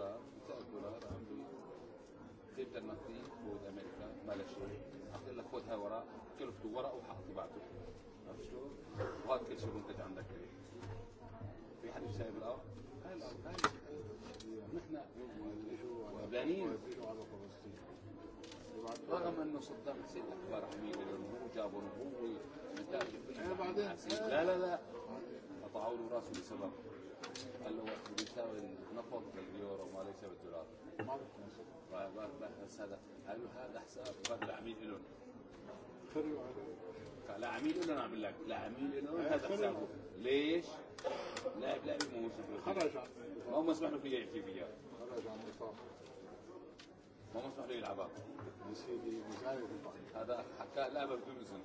dolar, 9 dolar عمري جبت النقدين خذ امريكا بلا شيء اقول لك خذها وراء كلفته وراء وحط بعته عرفت شلون؟ وهذا كل شيء منتج عندك في حد شايف الارض؟ هاي الارض هاي نحن وابلانيين رغم انه صدام حسين اخبار حميده لانه هو جابه هو نتائج لا لا لا قطعوا له راسه لسبب قال له وقت بيساوي النفط باليورو ما ليس بالدولار بحث هذا قال له هذا حساب قال عميل لهم لا عميل لهم عم لك لا عميل لهم هذا حسابه ليش؟ لاعب لاعب مو مسموح له خرج ما هو مسموح له فيه يحكي فيها خرج عن النطاق ما مسموح له يلعبها يا سيدي هذا حكى لعبه بدون اذن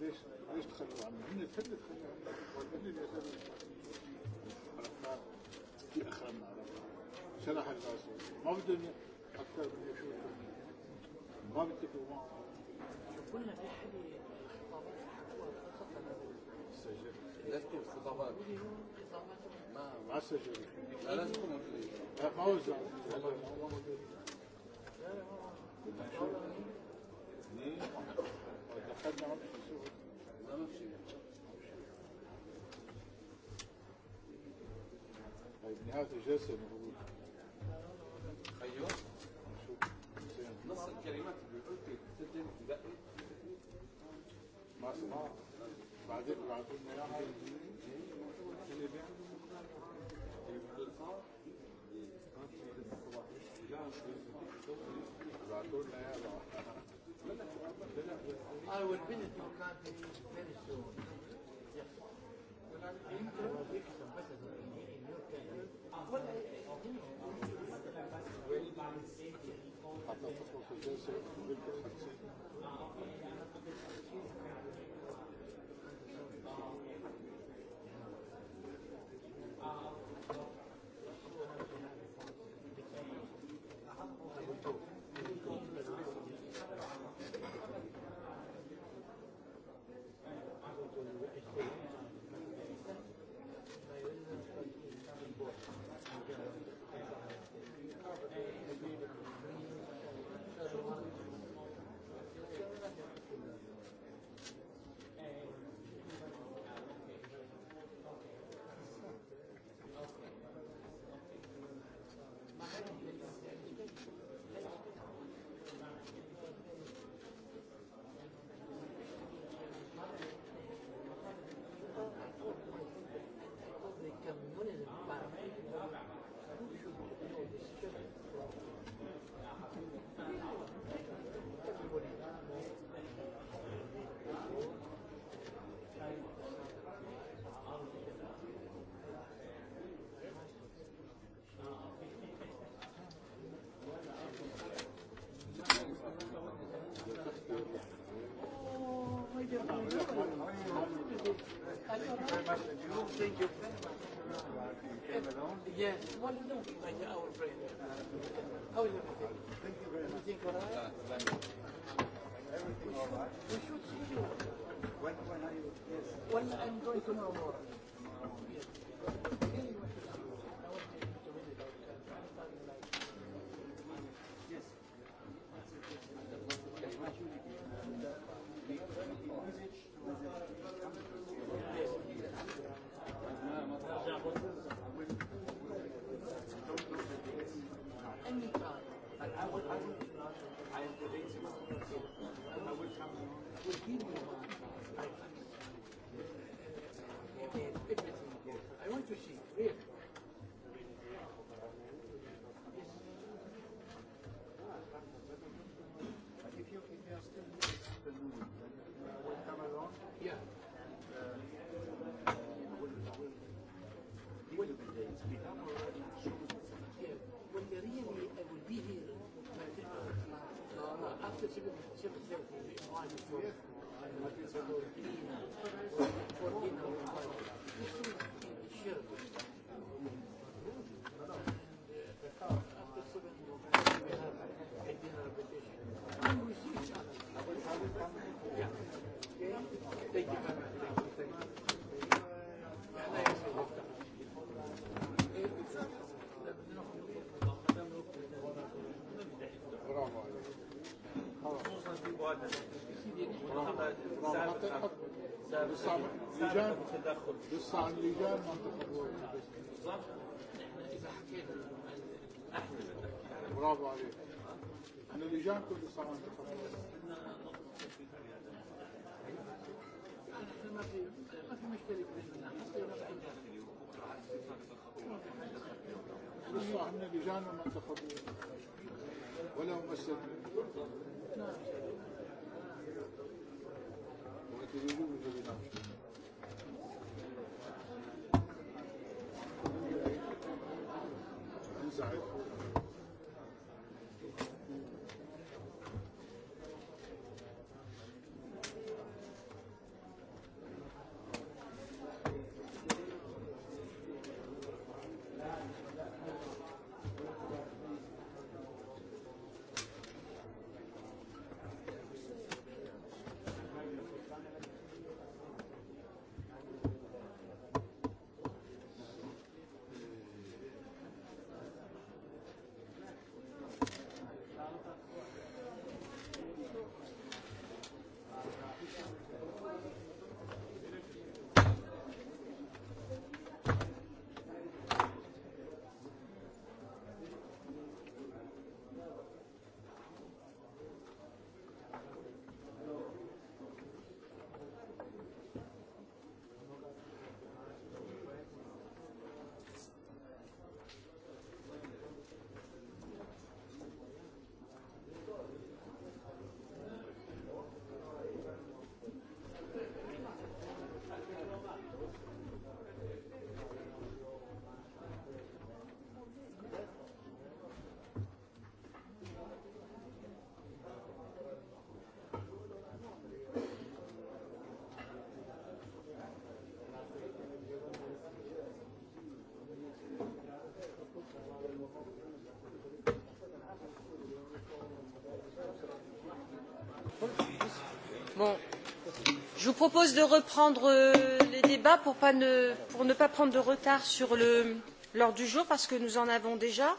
ليش ليش تخلوا عنه؟ هن السبب تخلوا عنه والمن اللي يخلوا في أخر المعركة شرح الرسول ما بدهم أكثر من يشوفوا ما بيتفقوا معه قلنا في حالي خطابات السجل لست خطابات ما ما سجل لا لازم تكون لا ما وزع لا لا ما نهاية الجلسة المفروض أيوه نص الكلمات اللي قلت تسجل تدقق ما اسمع بعدين بعتوا لنا اياها اللي بعتوا لنا اياها I will visit your country very soon. Yes. When I've been to Well, Yeah, well, no, my, our friend. Uh, how is everything? Thank you very much. Uh, everything all right? Everything all right? We should see you. When, when are you? Yes. When I'm going tomorrow morning. Yes. بالصعب لجان بالصعب لجان بالظبط اذا حكينا برافو عليك انا لجان كل صعب احنا ما في ما في مشكله بالنسبه لنا لجان وما انتخبوه ولا ممثل نعم Inside. propose de reprendre euh, les débats pour, pas ne, pour ne pas prendre de retard sur l'ordre du jour parce que nous en avons déjà.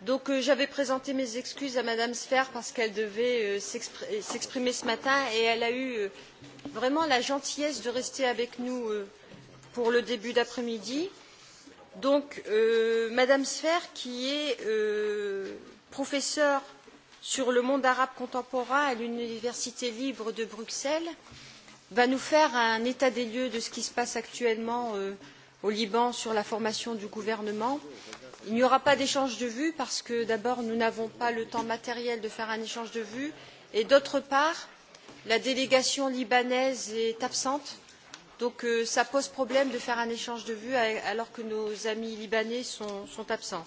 Donc euh, j'avais présenté mes excuses à Madame Sfer parce qu'elle devait euh, euh, s'exprimer ce matin et elle a eu euh, vraiment la gentillesse de rester avec nous euh, pour le début d'après-midi. Donc euh, Madame Sfer qui est euh, professeure sur le monde arabe contemporain à l'Université libre de Bruxelles, euh, va nous faire un état des lieux de ce qui se passe actuellement euh, au Liban sur la formation du gouvernement. Il n'y aura pas d'échange de vues parce que d'abord nous n'avons pas le temps matériel de faire un échange de vues et d'autre part la délégation libanaise est absente donc euh, ça pose problème de faire un échange de vues alors que nos amis libanais sont, sont absents.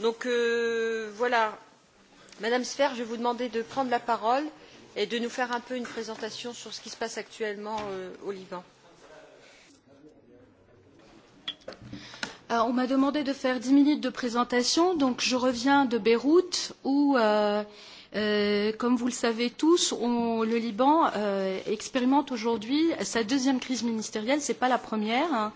Donc euh, voilà, Madame Sfer, je vais vous demander de prendre la parole et de nous faire un peu une présentation sur ce qui se passe actuellement euh, au Liban. Alors, euh, on m'a demandé de faire 10 minutes de présentation, donc je reviens de Beyrouth où, euh, euh, comme vous le savez tous, on, le Liban euh, expérimente aujourd'hui sa deuxième crise ministérielle, ce n'est pas la première. Hein.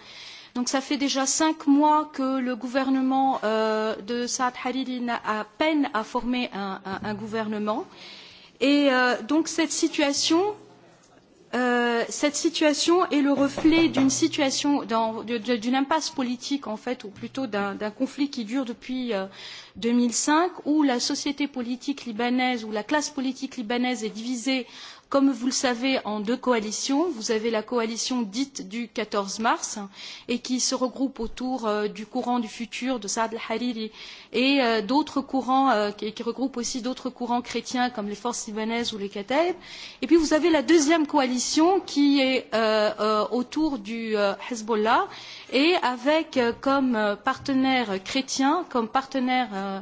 Donc ça fait déjà cinq mois que le gouvernement euh, de Saad Hariri a peine à former un, un, un gouvernement. Euh, Et euh, donc cette situation, euh, cette situation est le reflet d'une situation, d'une impasse politique en fait, ou plutôt d'un conflit qui dure depuis euh, 2005, où la société politique libanaise, où la classe politique libanaise est divisée euh, Comme vous le savez, en deux coalitions. Vous avez la coalition dite du 14 mars et qui se regroupe autour euh, du courant du futur de Saad al-Hariri et euh, d'autres courants euh, qui, qui regroupent aussi d'autres courants chrétiens comme les forces libanaises ou les Kataib. Et puis vous avez la deuxième coalition qui est euh, euh, autour du euh, Hezbollah et avec euh, comme euh, partenaire chrétien, comme partenaire euh,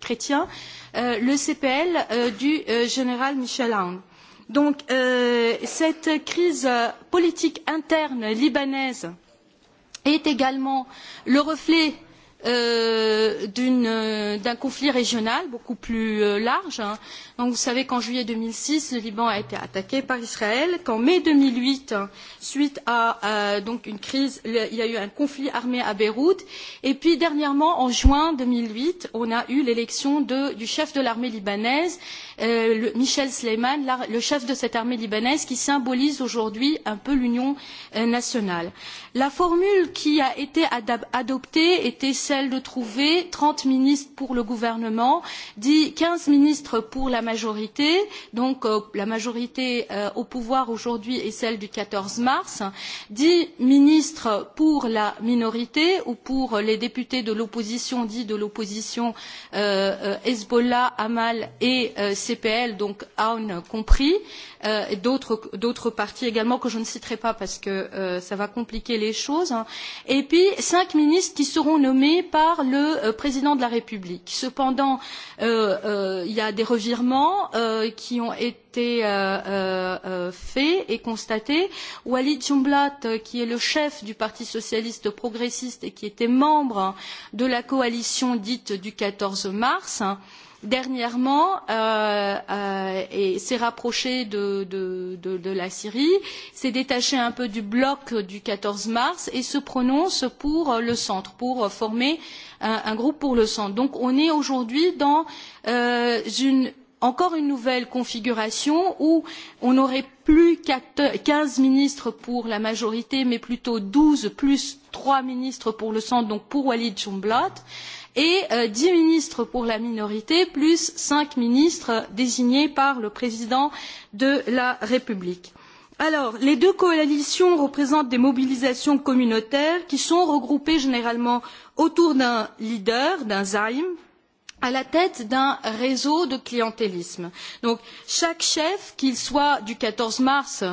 chrétien, euh, le CPL euh, du euh, général Michel Aoun. Euh, Donc euh, cette crise politique interne libanaise est également le reflet Euh, euh, d'un conflit régional beaucoup plus euh, large. Hein. Donc, vous savez qu'en juillet 2006, le Liban a été attaqué par Israël, qu'en mai 2008, hein, suite à euh, donc une crise, le, il y a eu un conflit armé à Beyrouth, et puis dernièrement, en juin 2008, on a eu l'élection du chef de l'armée libanaise, euh, le, Michel Sleiman, la, le chef de cette armée libanaise qui symbolise aujourd'hui un peu l'union euh, nationale. Euh, La formule qui a été adoptée était celle de trouver 30 ministres pour le gouvernement, 10, 15 ministres pour la majorité, donc euh, la majorité euh, au pouvoir aujourd'hui est celle du 14 mars, 10 ministres pour la minorité ou pour les députés de l'opposition, dit de l'opposition euh, euh Hezbollah, Amal et euh, CPL, donc Aoun compris, euh, euh, et d'autres partis également que je ne citerai pas parce que euh, ça va compliquer les choses. Hein. Et puis cinq ministres qui seront nommés par le euh, président de la République. Cependant, euh, euh, il y a des revirements euh, qui ont été euh, euh, euh faits et constatés. Walid Jumblat, euh, qui est le chef du Parti socialiste progressiste et qui était membre de la coalition dite du 14 mars, hein, dernièrement euh, euh, et s'est rapproché de, de, de, de la Syrie, s'est détaché un peu du bloc du 14 mars et se prononce pour le centre, pour former un, un groupe pour le centre. Donc on est aujourd'hui dans euh, une encore une nouvelle configuration où on n'aurait plus quinze ministres pour la majorité mais plutôt douze plus trois ministres pour le centre donc pour walid chumblat. Euh, et euh, dix ministres pour la minorité plus cinq ministres désignés par le président de la république. Alors, les deux coalitions représentent des mobilisations communautaires qui sont regroupées généralement autour d'un leader d'un zaïm à la tête d'un réseau de clientélisme. donc chaque chef qu'il soit du quatorze mars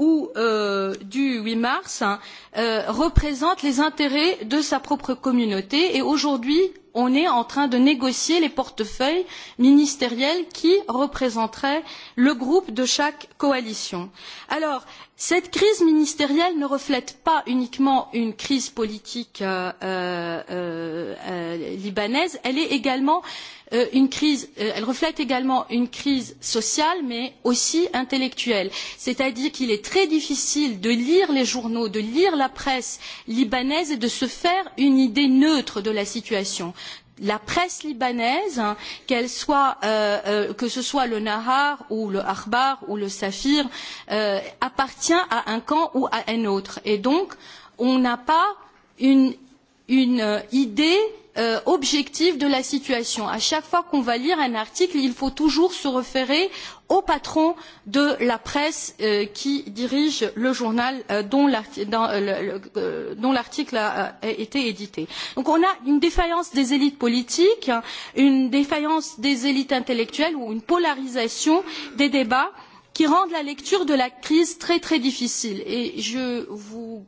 ou euh, du 8 mars hein, euh, représente les intérêts de sa propre communauté et aujourd'hui on est en train de négocier les portefeuilles ministériels qui représenteraient le groupe de chaque coalition. Alors, cette crise ministérielle ne reflète pas uniquement une crise politique euh, euh, euh, euh libanaise, elle est également euh, euh, une crise euh, elle reflète également une crise sociale mais aussi intellectuelle c'est à dire qu'il est très difficile de lire les journaux de lire la presse libanaise et de se faire une idée neutre de la situation la presse libanaise, qu'elle soit, euh, euh, que ce soit le Nahar ou le Harbar ou le Safir, euh, appartient à un camp ou à un autre. Et donc, on n'a pas une, une euh, idée euh, euh, objectif de la situation. À chaque fois qu'on va lire un article, il faut toujours se référer au patron de la presse euh, qui dirige le journal euh, dont euh, euh, l'article a, a été édité. Donc on a une défaillance des élites politiques, une défaillance des élites intellectuelles ou une polarisation des débats qui rendent la lecture de la crise très très difficile. Et je vous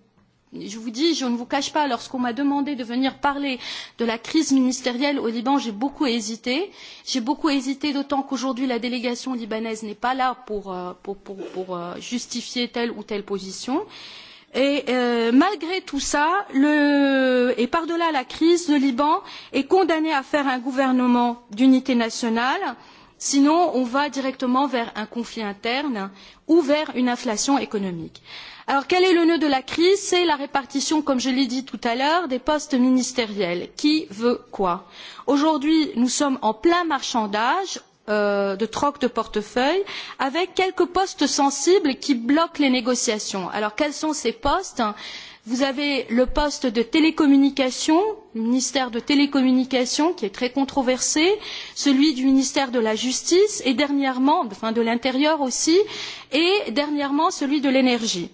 je vous dis, je ne vous cache pas, lorsqu'on m'a demandé de venir parler de la crise ministérielle au Liban, j'ai beaucoup hésité. J'ai beaucoup hésité, d'autant qu'aujourd'hui la délégation libanaise n'est pas là pour, euh, pour, pour, pour euh, justifier telle ou telle position. Et euh, malgré tout ça, le, et par-delà la crise, le Liban est condamné à faire un gouvernement d'unité nationale. Sinon, on va directement vers un conflit interne ou vers une inflation économique. Euh, Alors quel est le nœud de la crise C'est la répartition, comme je l'ai dit tout à l'heure, des postes ministériels. Qui veut quoi Aujourd'hui, nous sommes en plein marchandage euh, de troc de portefeuille avec quelques postes sensibles qui bloquent les négociations. Alors quels sont ces postes Vous avez le poste de télécommunication, le ministère de télécommunications qui est très controversé, celui du ministère de la Justice et dernièrement, enfin de l'Intérieur aussi, et dernièrement celui de l'énergie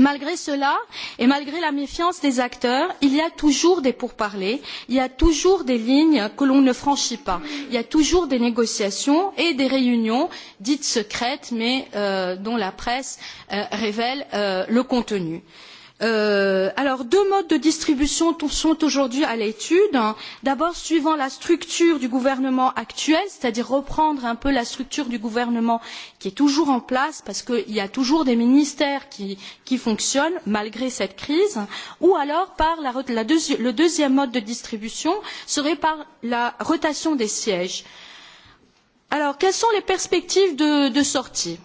Malgré cela et malgré la méfiance des acteurs, il y a toujours des pourparlers, il y a toujours des lignes que l'on ne franchit pas, il y a toujours des négociations et des réunions dites secrètes mais euh, dont la presse euh, révèle euh, le contenu. Euh, Euh, alors, deux modes de distribution sont aujourd'hui à l'étude. D'abord, suivant la structure du gouvernement actuel, c'est-à-dire reprendre un peu la structure du gouvernement qui est toujours en place, parce qu'il y a toujours des ministères qui, qui fonctionnent malgré cette crise, ou alors par la, la deuxi le deuxième mode de distribution serait par la rotation des sièges. Alors, quelles sont les perspectives de, de sortie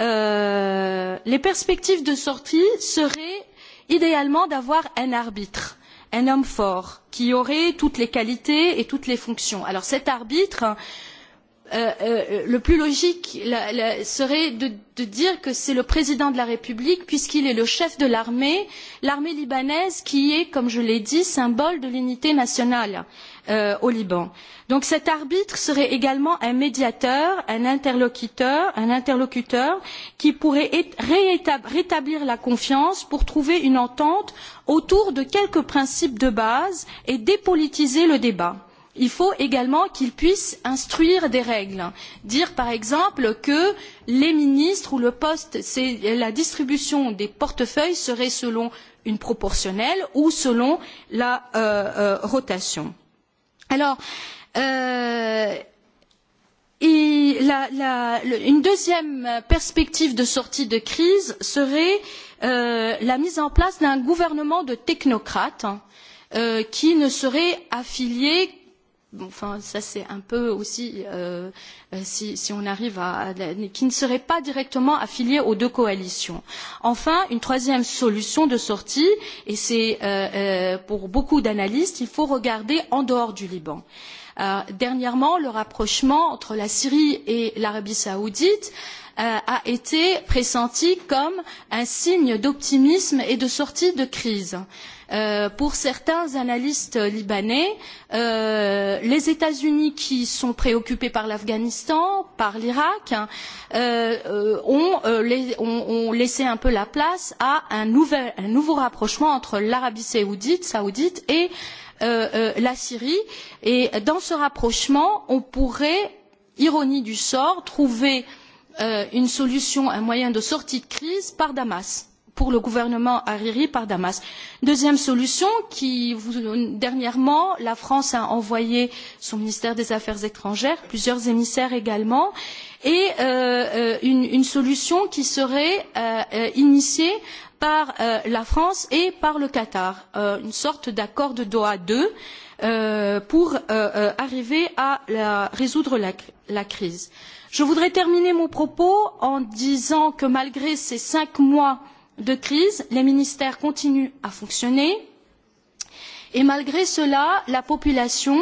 euh, les perspectives de sortie seraient idéalement d'avoir un arbitre un homme fort qui aurait toutes les qualités et toutes les fonctions. alors cet arbitre euh, euh, le plus logique la, la, serait de, de dire que c'est le président de la République puisqu'il est le chef de l'armée, l'armée libanaise qui est, comme je l'ai dit, symbole de l'unité nationale euh, au Liban. Donc cet arbitre serait également un médiateur, un interlocuteur, un interlocuteur qui pourrait rétablir la confiance pour trouver une entente autour de quelques principes de base et dépolitiser le débat il faut également qu'il puisse instruire des règles dire par exemple que les ministres ou le poste la distribution des portefeuilles serait selon une proportionnelle ou selon la euh, euh, rotation. Alors, euh, et la, la, le, une deuxième perspective de sortie de crise serait euh, la mise en place d'un gouvernement de technocrates hein, euh, qui ne serait affilié Bon, enfin, ça c'est un peu aussi euh, euh si, si on arrive à, à qui ne serait pas directement affilié aux deux coalitions. Enfin, une troisième solution de sortie, et c'est euh, euh, pour beaucoup d'analystes, il faut regarder en dehors du Liban. Euh, dernièrement, le rapprochement entre la Syrie et l'Arabie Saoudite euh, a été pressenti comme un signe d'optimisme et de sortie de crise. Euh, Euh, pour certains analystes libanais, euh, les États-Unis qui sont préoccupés par l'Afghanistan, par l'Irak, euh, ont, euh, les, ont, ont laissé un peu la place à un, nouvel, un nouveau rapprochement entre l'Arabie saoudite, saoudite et euh, euh, la Syrie. Et dans ce rapprochement, on pourrait, ironie du sort, trouver euh, une solution, un moyen de sortie de crise par Damas pour le gouvernement Hariri par Damas. Deuxième solution, qui, dernièrement, la France a envoyé son ministère des Affaires étrangères, plusieurs émissaires également, et euh, euh une, une solution qui serait euh, euh, initiée par euh, la France et par le Qatar, euh, une sorte d'accord de Doha 2 euh, pour euh, euh, arriver à la, résoudre la, la crise. Je voudrais terminer mon propos en disant que malgré ces cinq mois euh, de crise, les ministères continuent à fonctionner et malgré cela, la population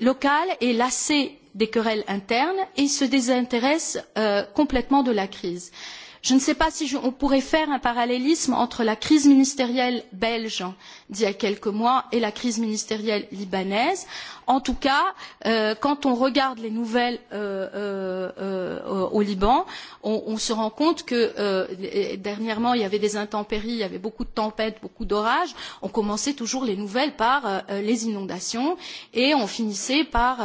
locale est lassée des querelles internes et se désintéresse euh, complètement de la crise. Euh, je ne sais pas si je, on pourrait faire un parallélisme entre la crise ministérielle belge d'il y a quelques mois et la crise ministérielle libanaise. en tout cas euh, quand on regarde les nouvelles euh, euh, euh au liban on, on se rend compte que euh, dernièrement il y avait des intempéries il y avait beaucoup de tempêtes beaucoup d'orages on commençait toujours les nouvelles par euh, les inondations et on finissait par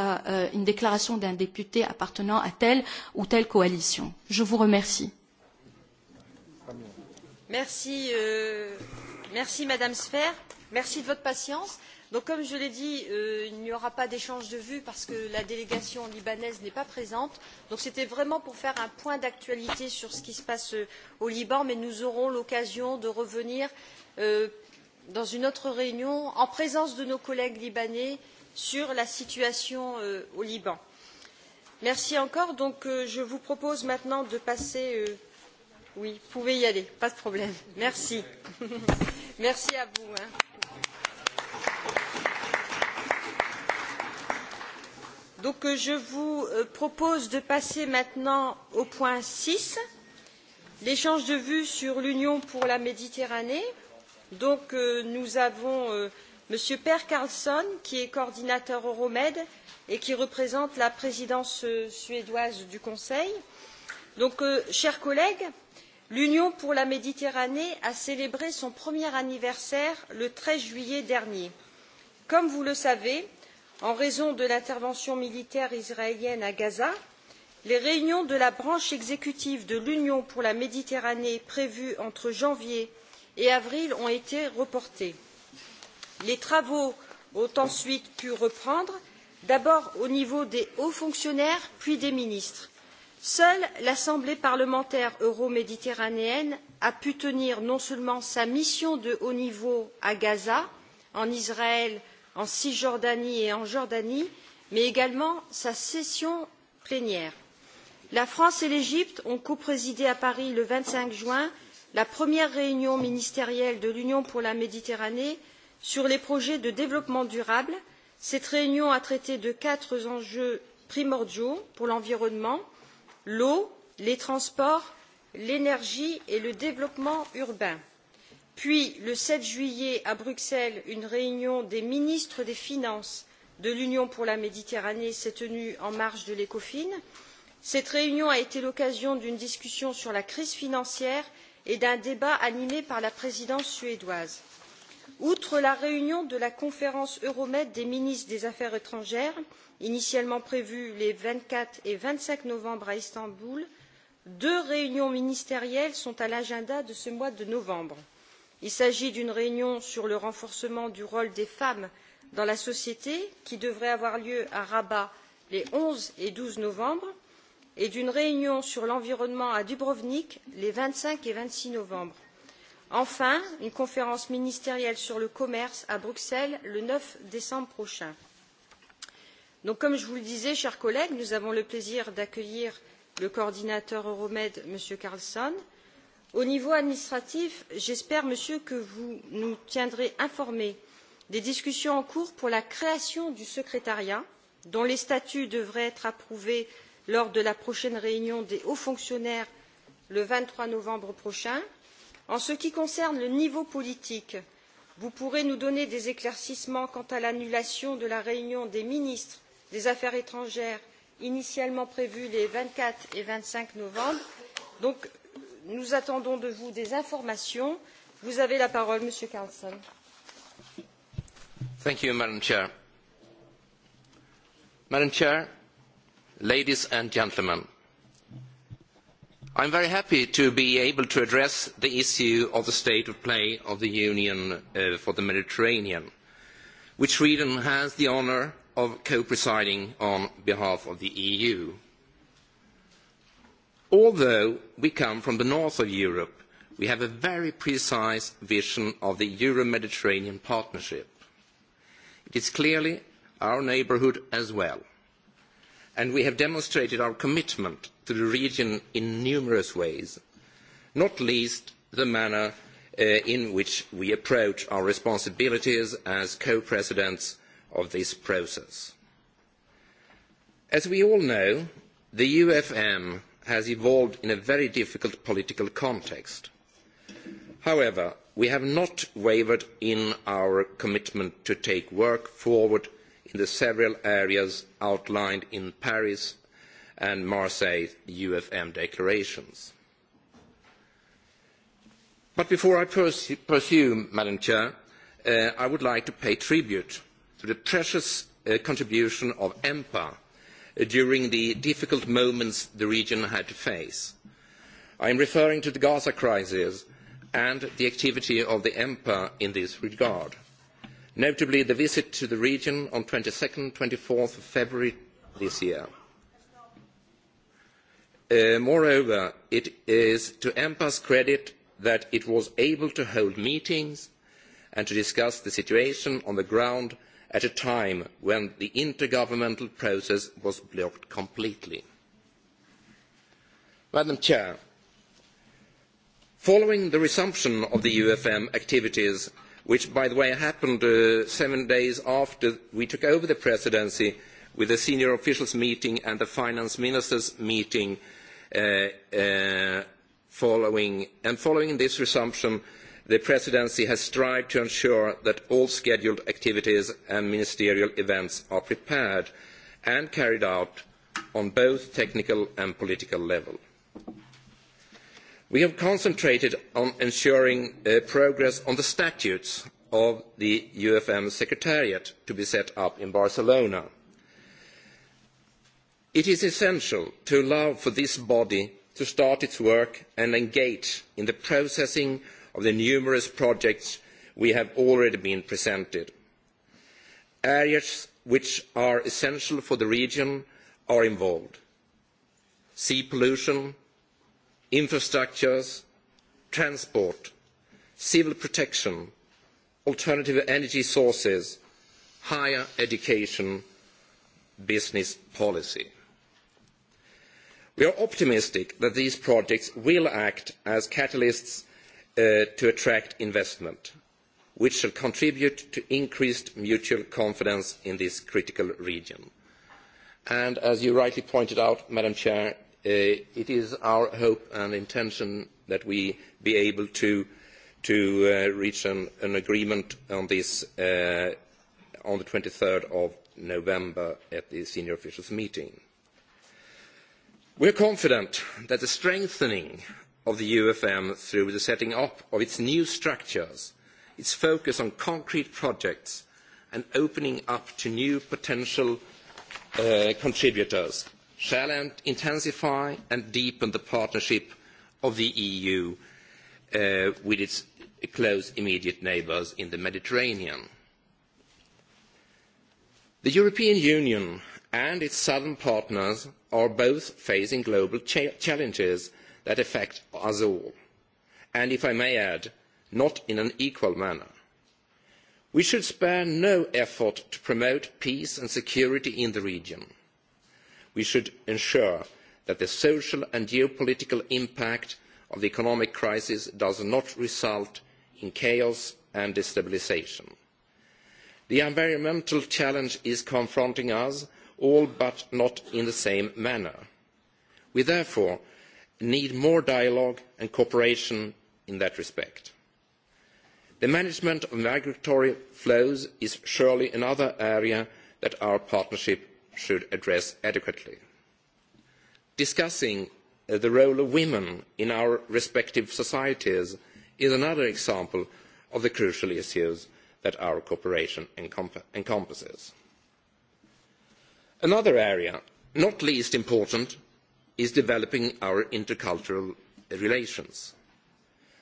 une déclaration d'un député appartenant à telle ou telle coalition. je vous remercie. Merci, euh, merci Madame Sfer, merci de votre patience. Donc, comme je l'ai dit, euh, il n'y aura pas d'échange de vues parce que la délégation libanaise n'est pas présente. Donc c'était vraiment pour faire un point d'actualité sur ce qui se passe euh, au Liban, mais nous aurons l'occasion de revenir euh, dans une autre réunion en présence de nos collègues libanais sur la situation euh, au Liban. Merci encore. Donc euh, je vous propose maintenant de passer euh, Oui, vous pouvez y aller, pas de problème. Merci. Merci à vous. Hein. Donc euh, je vous euh, propose de passer maintenant au point 6, l'échange de vues sur l'Union pour la Méditerranée. Donc euh, nous avons euh, M. Per Carlsson, qui est coordinateur Euromed et qui représente la présidence euh, suédoise du Conseil. Donc, euh, chers collègues, l'union pour la méditerranée a célébré son premier anniversaire le treize juillet dernier. comme vous le savez en raison de l'intervention militaire israélienne à gaza les réunions de la branche exécutive de l'union pour la méditerranée prévues entre janvier et avril ont été reportées. les travaux ont ensuite pu reprendre d'abord au niveau des hauts fonctionnaires puis des ministres seule l'assemblée parlementaire euroméditerranéenne a pu tenir non seulement sa mission de haut niveau à gaza en israël en cisjordanie et en jordanie mais également sa session plénière. la france et l'égypte ont coprésidé à paris le vingt cinq juin la première réunion ministérielle de l'union pour la méditerranée sur les projets de développement durable. cette réunion a traité de quatre enjeux primordiaux pour l'environnement l'eau les transports l'énergie et le développement urbain. puis le sept juillet à bruxelles une réunion des ministres des finances de l'union pour la méditerranée s'est tenue en marge de l'ecofin. cette réunion a été l'occasion d'une discussion sur la crise financière et d'un débat animé par la présidence suédoise. outre la réunion de la conférence euromed des ministres des affaires étrangères initialement prévues les vingt quatre et vingt cinq novembre à istanbul deux réunions ministérielles sont à l'agenda de ce mois de novembre. il s'agit d'une réunion sur le renforcement du rôle des femmes dans la société qui devrait avoir lieu à rabat les onze et douze novembre et d'une réunion sur l'environnement à dubrovnik les vingt cinq et vingt six novembre. enfin une conférence ministérielle sur le commerce à bruxelles le neuf décembre prochain. Donc, comme je vous le disais chers collègues nous avons le plaisir d'accueillir le coordinateur euromed m. carlsson. au niveau administratif j'espère monsieur que vous nous tiendrez informés des discussions en cours pour la création du secrétariat dont les statuts devraient être approuvés lors de la prochaine réunion des hauts fonctionnaires le vingt trois novembre prochain. en ce qui concerne le niveau politique vous pourrez nous donner des éclaircissements quant à l'annulation de la réunion des ministres des affaires étrangères initialement prévue les vingt quatre et vingt cinq novembre. donc nous attendons de vous des informations. vous avez la parole monsieur carlsson. thank you madam chair. madam chair ladies and gentlemen i am very happy to be able to address the issue of the state of play of the union uh, for the mediterranean which sweden has the honour of co-presiding on behalf of the EU. Although we come from the north of Europe, we have a very precise vision of the Euro-Mediterranean partnership. It is clearly our neighbourhood as well, and we have demonstrated our commitment to the region in numerous ways, not least the manner uh, in which we approach our responsibilities as co-presidents of this process. As we all know, the UFM has evolved in a very difficult political context. However, we have not wavered in our commitment to take work forward in the several areas outlined in Paris and Marseille UFM declarations. But before I pursue, Madam Chair, uh, I would like to pay tribute to the precious uh, contribution of EMPA uh, during the difficult moments the region had to face. I am referring to the Gaza crisis and the activity of the EMPA in this regard, notably the visit to the region on 22nd, 24th of February this year. Uh, moreover, it is to EMPA's credit that it was able to hold meetings and to discuss the situation on the ground at a time when the intergovernmental process was blocked completely. Madam Chair, following the resumption of the UFM activities, which by the way happened uh, seven days after we took over the presidency with the senior officials meeting and the finance ministers meeting uh, uh, following, and following this resumption, uh, the presidency has strived to ensure that all scheduled activities and ministerial events are prepared and carried out on both technical and political level. We have concentrated on ensuring uh, progress on the statutes of the UFM Secretariat to be set up in Barcelona. It is essential to allow for this body to start its work and engage in the processing of the numerous projects we have already been presented. Areas which are essential for the region are involved. Sea pollution, infrastructures, transport, civil protection, alternative energy sources, higher education, business policy. We are optimistic that these projects will act as catalysts uh, to attract investment, which shall contribute to increased mutual confidence in this critical region. And as you rightly pointed out, Madam Chair, uh, it is our hope and intention that we be able to, to uh, reach an, an agreement on this uh, on the 23rd of November at the senior officials meeting. We're confident that the strengthening of the UFM through the setting up of its new structures, its focus on concrete projects, and opening up to new potential uh, contributors shall intensify and deepen the partnership of the EU uh, with its close immediate neighbours in the Mediterranean. The European Union and its southern partners are both facing global cha challenges that affect us all, and if I may add, not in an equal manner. We should spare no effort to promote peace and security in the region. We should ensure that the social and geopolitical impact of the economic crisis does not result in chaos and destabilisation. The environmental challenge is confronting us all, but not in the same manner. We therefore need more dialogue and cooperation in that respect. The management of migratory flows is surely another area that our partnership should address adequately. Discussing uh, the role of women in our respective societies is another example of the crucial issues that our cooperation encomp encompasses. Another area, not least important, is developing our intercultural relations.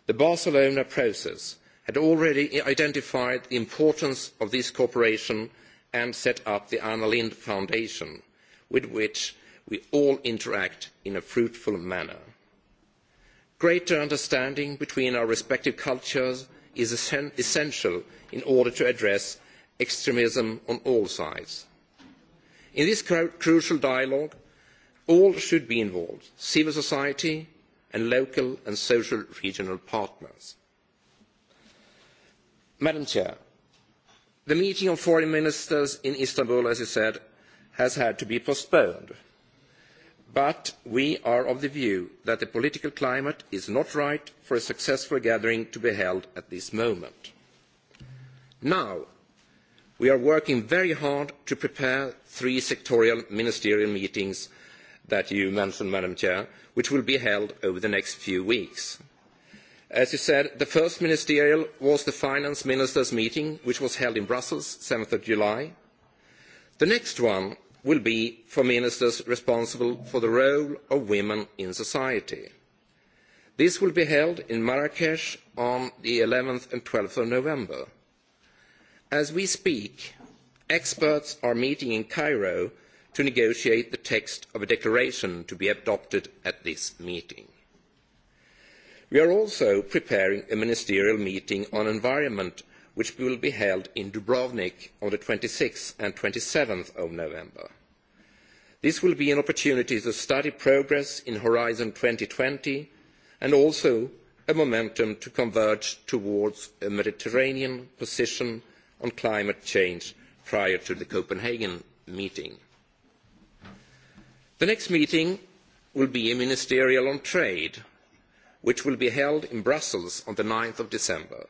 The Barcelona process had already identified the importance of this cooperation and set up the Anna Lindh Foundation, with which we all interact in a fruitful manner. Greater understanding between our respective cultures is essential in order to address extremism on all sides. In this crucial dialogue, All should be involved, civil society and local and social regional partners. Madam Chair, the meeting of foreign ministers in Istanbul, as you said, has had to be postponed. But we are of the view that the political climate is not right for a successful gathering to be held at this moment. Now, we are working very hard to prepare three sectorial ministerial meetings – that you mentioned, Madam Chair, which will be held over the next few weeks. As you said, the first ministerial was the finance ministers' meeting, which was held in Brussels, 7th of July. The next one will be for ministers responsible for the role of women in society. This will be held in Marrakesh on the 11th and 12th of November. As we speak, experts are meeting in Cairo to negotiate the text of a declaration to be adopted at this meeting. We are also preparing a ministerial meeting on environment, which will be held in Dubrovnik on the 26th and 27th of November. This will be an opportunity to study progress in Horizon 2020 and also a momentum to converge towards a Mediterranean position on climate change prior to the Copenhagen meeting. The next meeting will be a ministerial on trade, which will be held in Brussels on the 9th of December.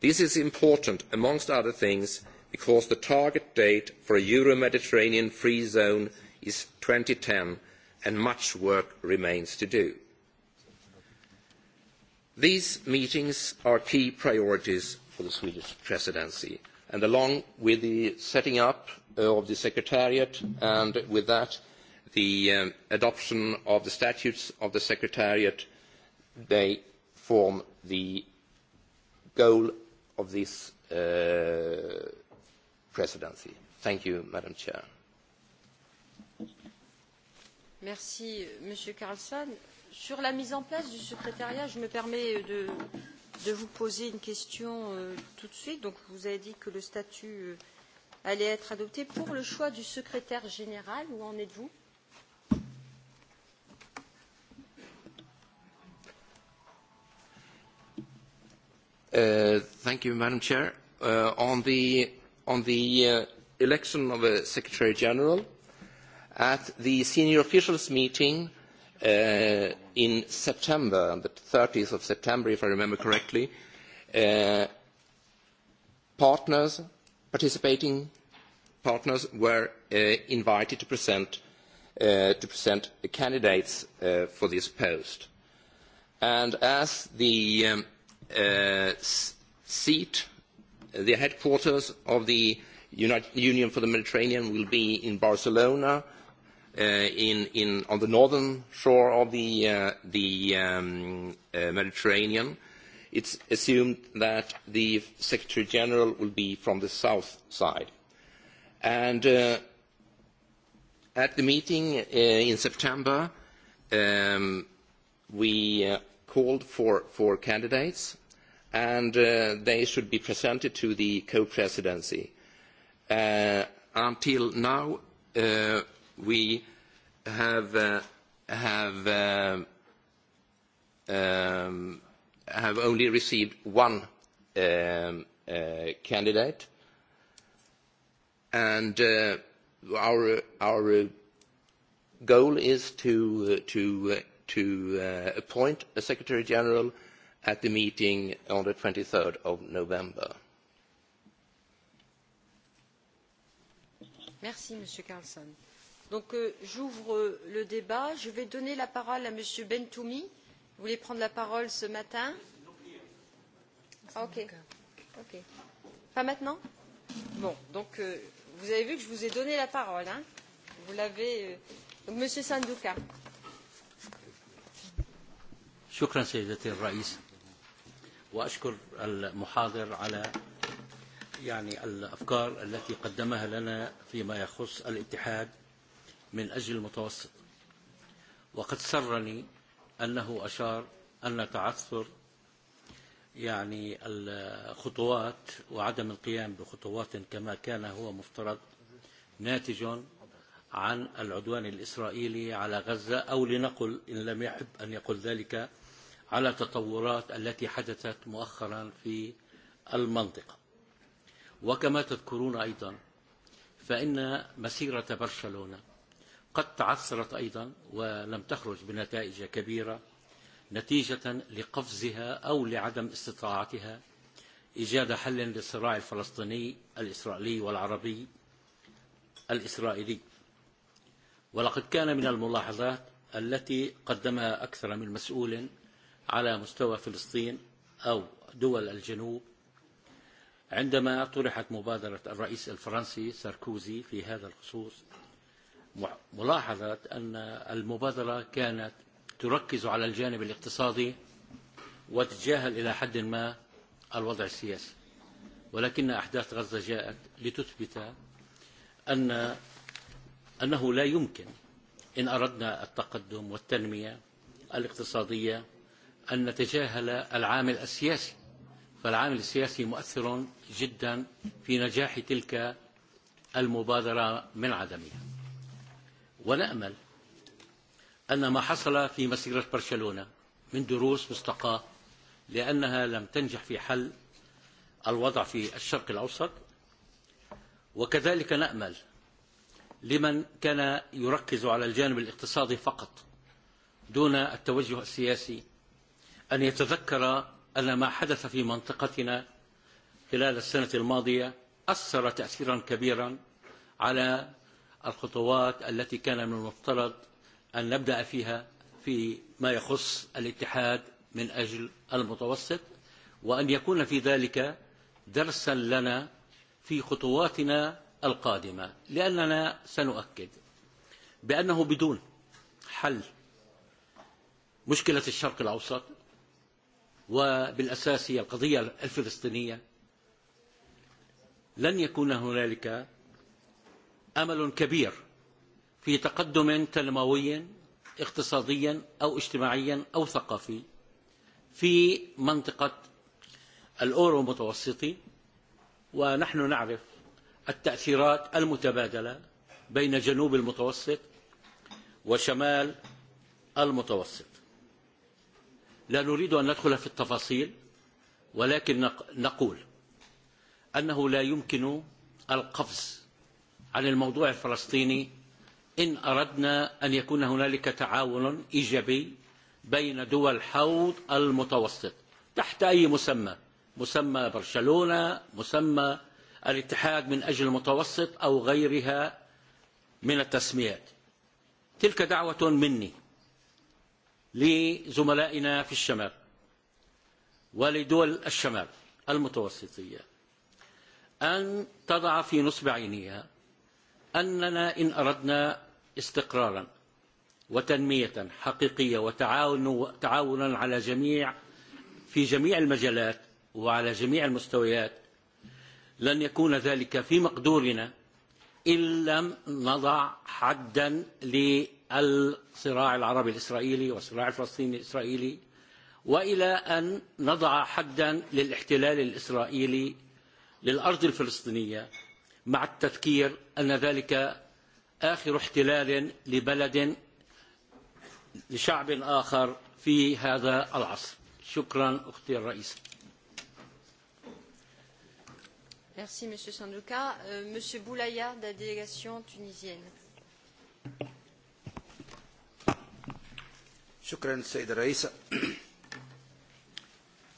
This is important, amongst other things, because the target date for a Euro-Mediterranean free zone is 2010 and much work remains to do. These meetings are key priorities for the Swedish presidency, and along with the setting up of the secretariat and with that, the um, adoption of the statutes of the Secretariat, they form the goal of this uh, presidency. Thank you, Madam Chair. Merci, Monsieur Carlson. Sur la mise en place du secrétariat, je me permets de, de vous poser une question euh, tout de suite. Donc, vous avez dit que le statut euh, allait être adopté. Pour le choix du secrétaire général, où en êtes-vous Uh, thank you, Madam Chair. Uh, on the, on the uh, election of a Secretary General, at the senior officials meeting uh, in September, on the 30th of September, if I remember correctly, uh, partners, participating partners were uh, invited to present, uh, to present candidates uh, for this post. And as the um, uh, seat, uh, the headquarters of the United Union for the Mediterranean will be in Barcelona, uh, in, in, on the northern shore of the, uh, the um, uh, Mediterranean. It's assumed that the Secretary General will be from the south side. And uh, at the meeting uh, in September, um, we uh, called for, for candidates, and uh, they should be presented to the co-presidency. Uh, until now, uh, we have, uh, have, uh, um, have only received one um, uh, candidate, and uh, our, our goal is to, uh, to uh, to uh, appoint a Secretary General at the meeting on the 23rd of November. Merci, Monsieur Carlson. Donc, euh, j'ouvre euh, le débat. Je vais donner la parole à Monsieur Bentoumi. Vous voulez prendre la parole ce matin ah, okay. ok. Pas maintenant Bon, donc euh, vous avez vu que je vous ai donné la parole. Hein vous l'avez. Euh... Donc, Monsieur Sanduka. Euh, شكرا سيدتي الرئيس وأشكر المحاضر على يعني الأفكار التي قدمها لنا فيما يخص الاتحاد من أجل المتوسط وقد سرني أنه أشار أن تعثر يعني الخطوات وعدم القيام بخطوات كما كان هو مفترض ناتج عن العدوان الإسرائيلي على غزة أو لنقل إن لم يحب أن يقول ذلك على التطورات التي حدثت مؤخرا في المنطقة وكما تذكرون أيضا فإن مسيرة برشلونة قد تعثرت أيضا ولم تخرج بنتائج كبيرة نتيجة لقفزها أو لعدم استطاعتها إيجاد حل للصراع الفلسطيني الإسرائيلي والعربي الإسرائيلي ولقد كان من الملاحظات التي قدمها أكثر من مسؤول على مستوى فلسطين أو دول الجنوب عندما طرحت مبادرة الرئيس الفرنسي ساركوزي في هذا الخصوص ملاحظة أن المبادرة كانت تركز على الجانب الاقتصادي وتتجاهل إلى حد ما الوضع السياسي ولكن أحداث غزة جاءت لتثبت أن أنه لا يمكن إن أردنا التقدم والتنمية الاقتصادية أن نتجاهل العامل السياسي فالعامل السياسي مؤثر جدا في نجاح تلك المبادرة من عدمها ونأمل أن ما حصل في مسيرة برشلونة من دروس مستقاة لأنها لم تنجح في حل الوضع في الشرق الأوسط وكذلك نأمل لمن كان يركز على الجانب الاقتصادي فقط دون التوجه السياسي أن يتذكر أن ما حدث في منطقتنا خلال السنة الماضية أثر تأثيرا كبيرا على الخطوات التي كان من المفترض أن نبدأ فيها في ما يخص الاتحاد من أجل المتوسط وأن يكون في ذلك درسا لنا في خطواتنا القادمة لأننا سنؤكد بأنه بدون حل مشكلة الشرق الأوسط وبالأساس هي القضية الفلسطينية لن يكون هنالك أمل كبير في تقدم تنموي اقتصاديا أو اجتماعيا أو ثقافي في منطقة الأورو المتوسطي ونحن نعرف التأثيرات المتبادلة بين جنوب المتوسط وشمال المتوسط لا نريد أن ندخل في التفاصيل ولكن نقول أنه لا يمكن القفز عن الموضوع الفلسطيني إن أردنا أن يكون هنالك تعاون إيجابي بين دول حوض المتوسط تحت أي مسمى مسمى برشلونة مسمى الاتحاد من أجل المتوسط أو غيرها من التسميات تلك دعوة مني لزملائنا في الشمال ولدول الشمال المتوسطية أن تضع في نصب عينها أننا إن أردنا استقرارا وتنمية حقيقية وتعاونا على جميع في جميع المجالات وعلى جميع المستويات لن يكون ذلك في مقدورنا إن لم نضع حدا للتنمية الصراع العربي الإسرائيلي والصراع الفلسطيني الإسرائيلي وإلى أن نضع حدا للاحتلال الإسرائيلي للأرض الفلسطينية مع التذكير أن ذلك آخر احتلال لبلد لشعب آخر في هذا العصر شكرا أختي الرئيسة Merci Monsieur Sanduka. Euh, Monsieur Boulaya de la délégation tunisienne. شكرا سيد الرئيس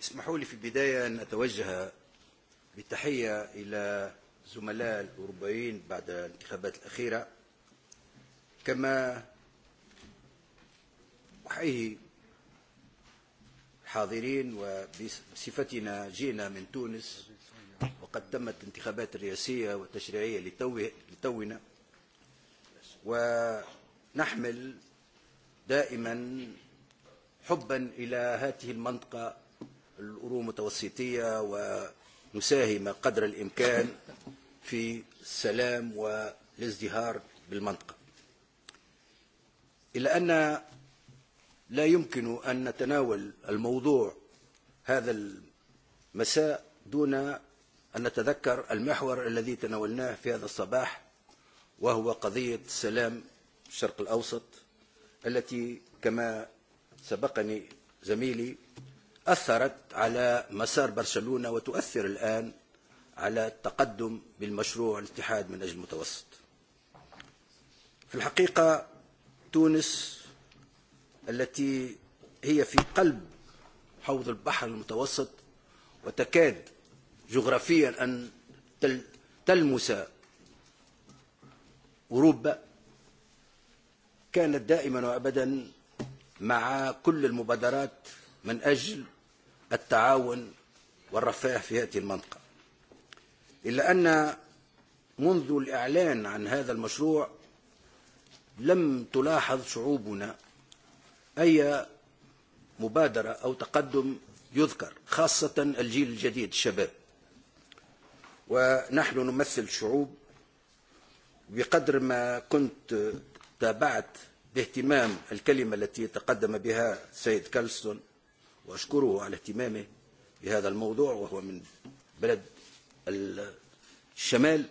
اسمحوا لي في البداية أن أتوجه بالتحية إلى زملاء الأوروبيين بعد الانتخابات الأخيرة كما أحيي الحاضرين وبصفتنا جئنا من تونس وقد تمت الانتخابات الرئاسية والتشريعية لتونا ونحمل دائما حبا إلى هذه المنطقة الأورو متوسطية ونساهم قدر الإمكان في السلام والازدهار بالمنطقة إلا أن لا يمكن أن نتناول الموضوع هذا المساء دون أن نتذكر المحور الذي تناولناه في هذا الصباح وهو قضية السلام الشرق الأوسط التي كما سبقني زميلي أثرت على مسار برشلونة وتؤثر الآن على التقدم بالمشروع الاتحاد من أجل المتوسط في الحقيقة تونس التي هي في قلب حوض البحر المتوسط وتكاد جغرافيا أن تلمس أوروبا كانت دائما وابدا مع كل المبادرات من اجل التعاون والرفاه في هذه المنطقه الا ان منذ الاعلان عن هذا المشروع لم تلاحظ شعوبنا اي مبادره او تقدم يذكر خاصه الجيل الجديد الشباب ونحن نمثل شعوب بقدر ما كنت تابعت باهتمام الكلمة التي تقدم بها سيد كالستون وأشكره على اهتمامه بهذا الموضوع وهو من بلد الشمال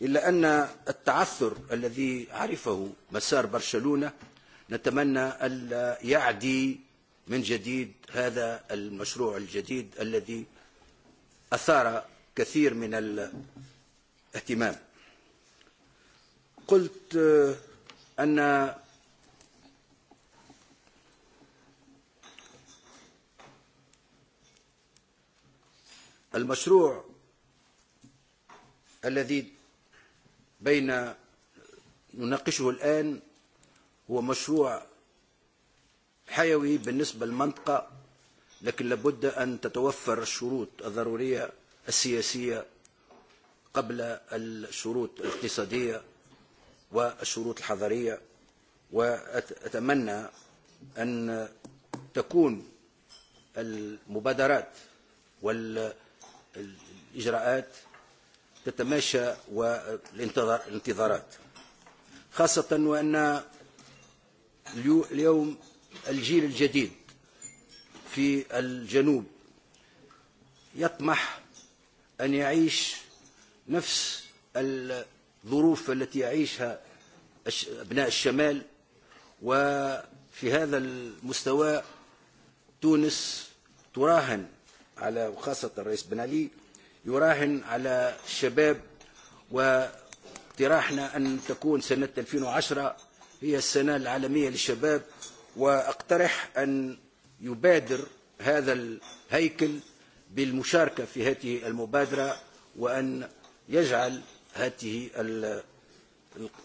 إلا أن التعثر الذي عرفه مسار برشلونة نتمنى ألا يعدي من جديد هذا المشروع الجديد الذي أثار كثير من الاهتمام قلت أن المشروع الذي بين نناقشه الآن هو مشروع حيوي بالنسبة للمنطقة لكن لابد أن تتوفر الشروط الضرورية السياسية قبل الشروط الاقتصادية والشروط الحضرية وأتمنى أن تكون المبادرات والإجراءات تتماشى والانتظارات خاصة وأن اليوم الجيل الجديد في الجنوب يطمح أن يعيش نفس ظروف التي يعيشها أبناء الشمال وفي هذا المستوى تونس تراهن على وخاصة الرئيس بن علي يراهن على الشباب واقتراحنا أن تكون سنة 2010 هي السنة العالمية للشباب وأقترح أن يبادر هذا الهيكل بالمشاركة في هذه المبادرة وأن يجعل هذه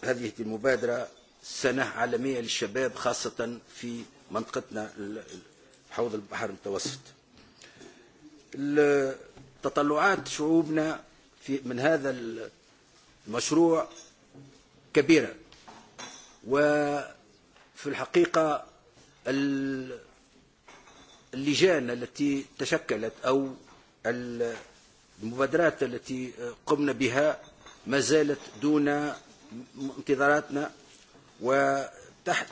هذه المبادرة سنة عالمية للشباب خاصة في منطقتنا حوض البحر المتوسط تطلعات شعوبنا في من هذا المشروع كبيرة وفي الحقيقة اللجان التي تشكلت أو المبادرات التي قمنا بها ما زالت دون انتظاراتنا وتحت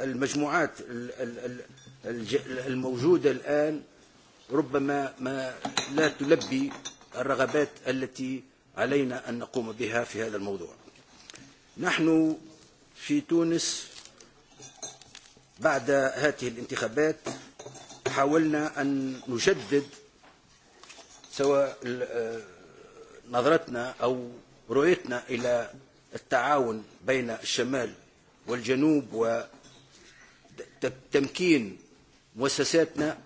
المجموعات الموجودة الآن ربما ما لا تلبي الرغبات التي علينا أن نقوم بها في هذا الموضوع نحن في تونس بعد هذه الانتخابات حاولنا أن نجدد سواء نظرتنا أو رؤيتنا إلى التعاون بين الشمال والجنوب وتمكين مؤسساتنا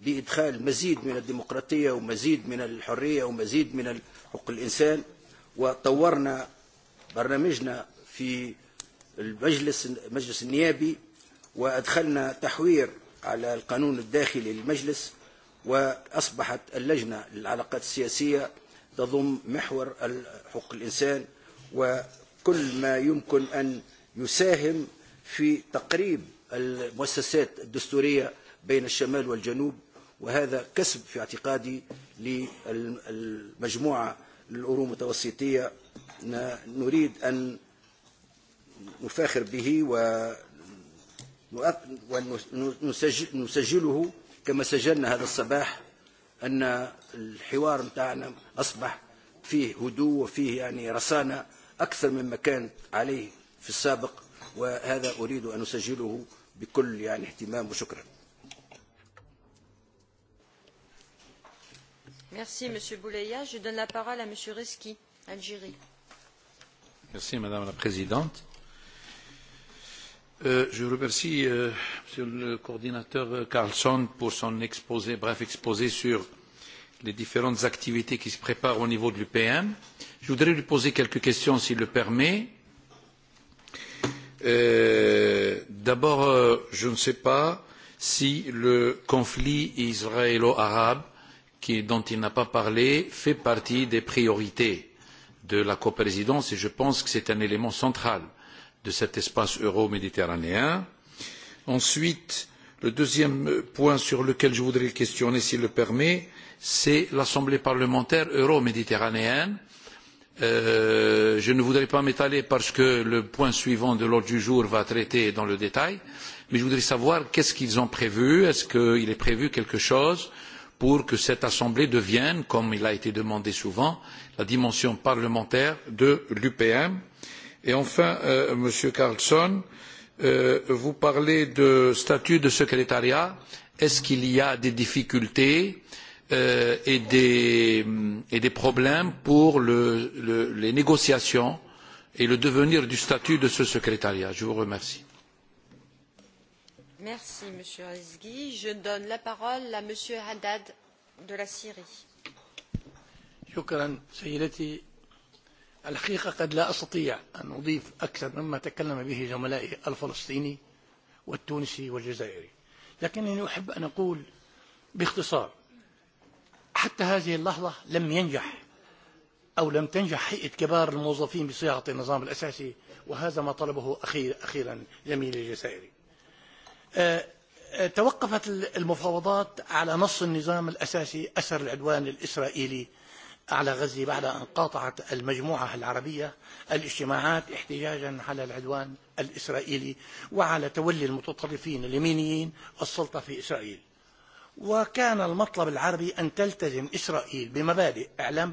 بإدخال مزيد من الديمقراطية ومزيد من الحرية ومزيد من حقوق الإنسان وطورنا برنامجنا في المجلس المجلس النيابي وأدخلنا تحوير على القانون الداخلي للمجلس وأصبحت اللجنة للعلاقات السياسية تضم محور حقوق الإنسان وكل ما يمكن أن يساهم في تقريب المؤسسات الدستورية بين الشمال والجنوب وهذا كسب في اعتقادي للمجموعة الأورو متوسطية نريد أن نفاخر به ونسجله كما سجلنا هذا الصباح أن الحوار متاعنا أصبح فيه هدوء وفيه يعني رسانة أكثر مما كان عليه في السابق وهذا أريد أن أسجله بكل يعني اهتمام وشكرا Merci Monsieur Bouleya. Je donne la parole à Monsieur Reski, Algérie. Merci Madame la Présidente Euh, je remercie euh, monsieur le coordinateur carlsson pour son exposé, bref exposé sur les différentes activités qui se préparent au niveau de l'upm. je voudrais lui poser quelques questions s'il le permet. Euh, d'abord euh, je ne sais pas si le conflit israélo arabe qui, dont il n'a pas parlé fait partie des priorités de la coprésidence et je pense que c'est un élément central de cet espace euro méditerranéen. ensuite le deuxième point sur lequel je voudrais questionner s'il le permet c'est l'assemblée parlementaire euro méditerranéenne. Euh, je ne voudrais pas m'étaler parce que le point suivant de l'ordre du jour va traiter dans le détail mais je voudrais savoir qu'est ce qu'ils ont prévu est ce qu'il est prévu quelque chose pour que cette assemblée devienne comme il a été demandé souvent la dimension parlementaire de l'upm? et enfin euh, monsieur carlsson euh, vous parlez du statut de secrétariat est ce qu'il y a des difficultés euh, et, des, et des problèmes pour le, le, les négociations et le devenir du statut de ce secrétariat? je vous remercie. merci monsieur rizvi. je donne la parole à monsieur haddad de la syrie. شكرا سيدتي الحقيقة قد لا أستطيع أن أضيف أكثر مما تكلم به زملائي الفلسطيني والتونسي والجزائري لكنني أحب أن أقول باختصار حتى هذه اللحظة لم ينجح أو لم تنجح هيئة كبار الموظفين بصياغة النظام الأساسي وهذا ما طلبه أخير أخيرا زميلي الجزائري توقفت المفاوضات على نص النظام الأساسي أثر العدوان الإسرائيلي على غزة بعد أن قاطعت المجموعة العربية الاجتماعات احتجاجا على العدوان الإسرائيلي وعلى تولي المتطرفين اليمينيين السلطة في إسرائيل وكان المطلب العربي أن تلتزم إسرائيل بمبادئ إعلام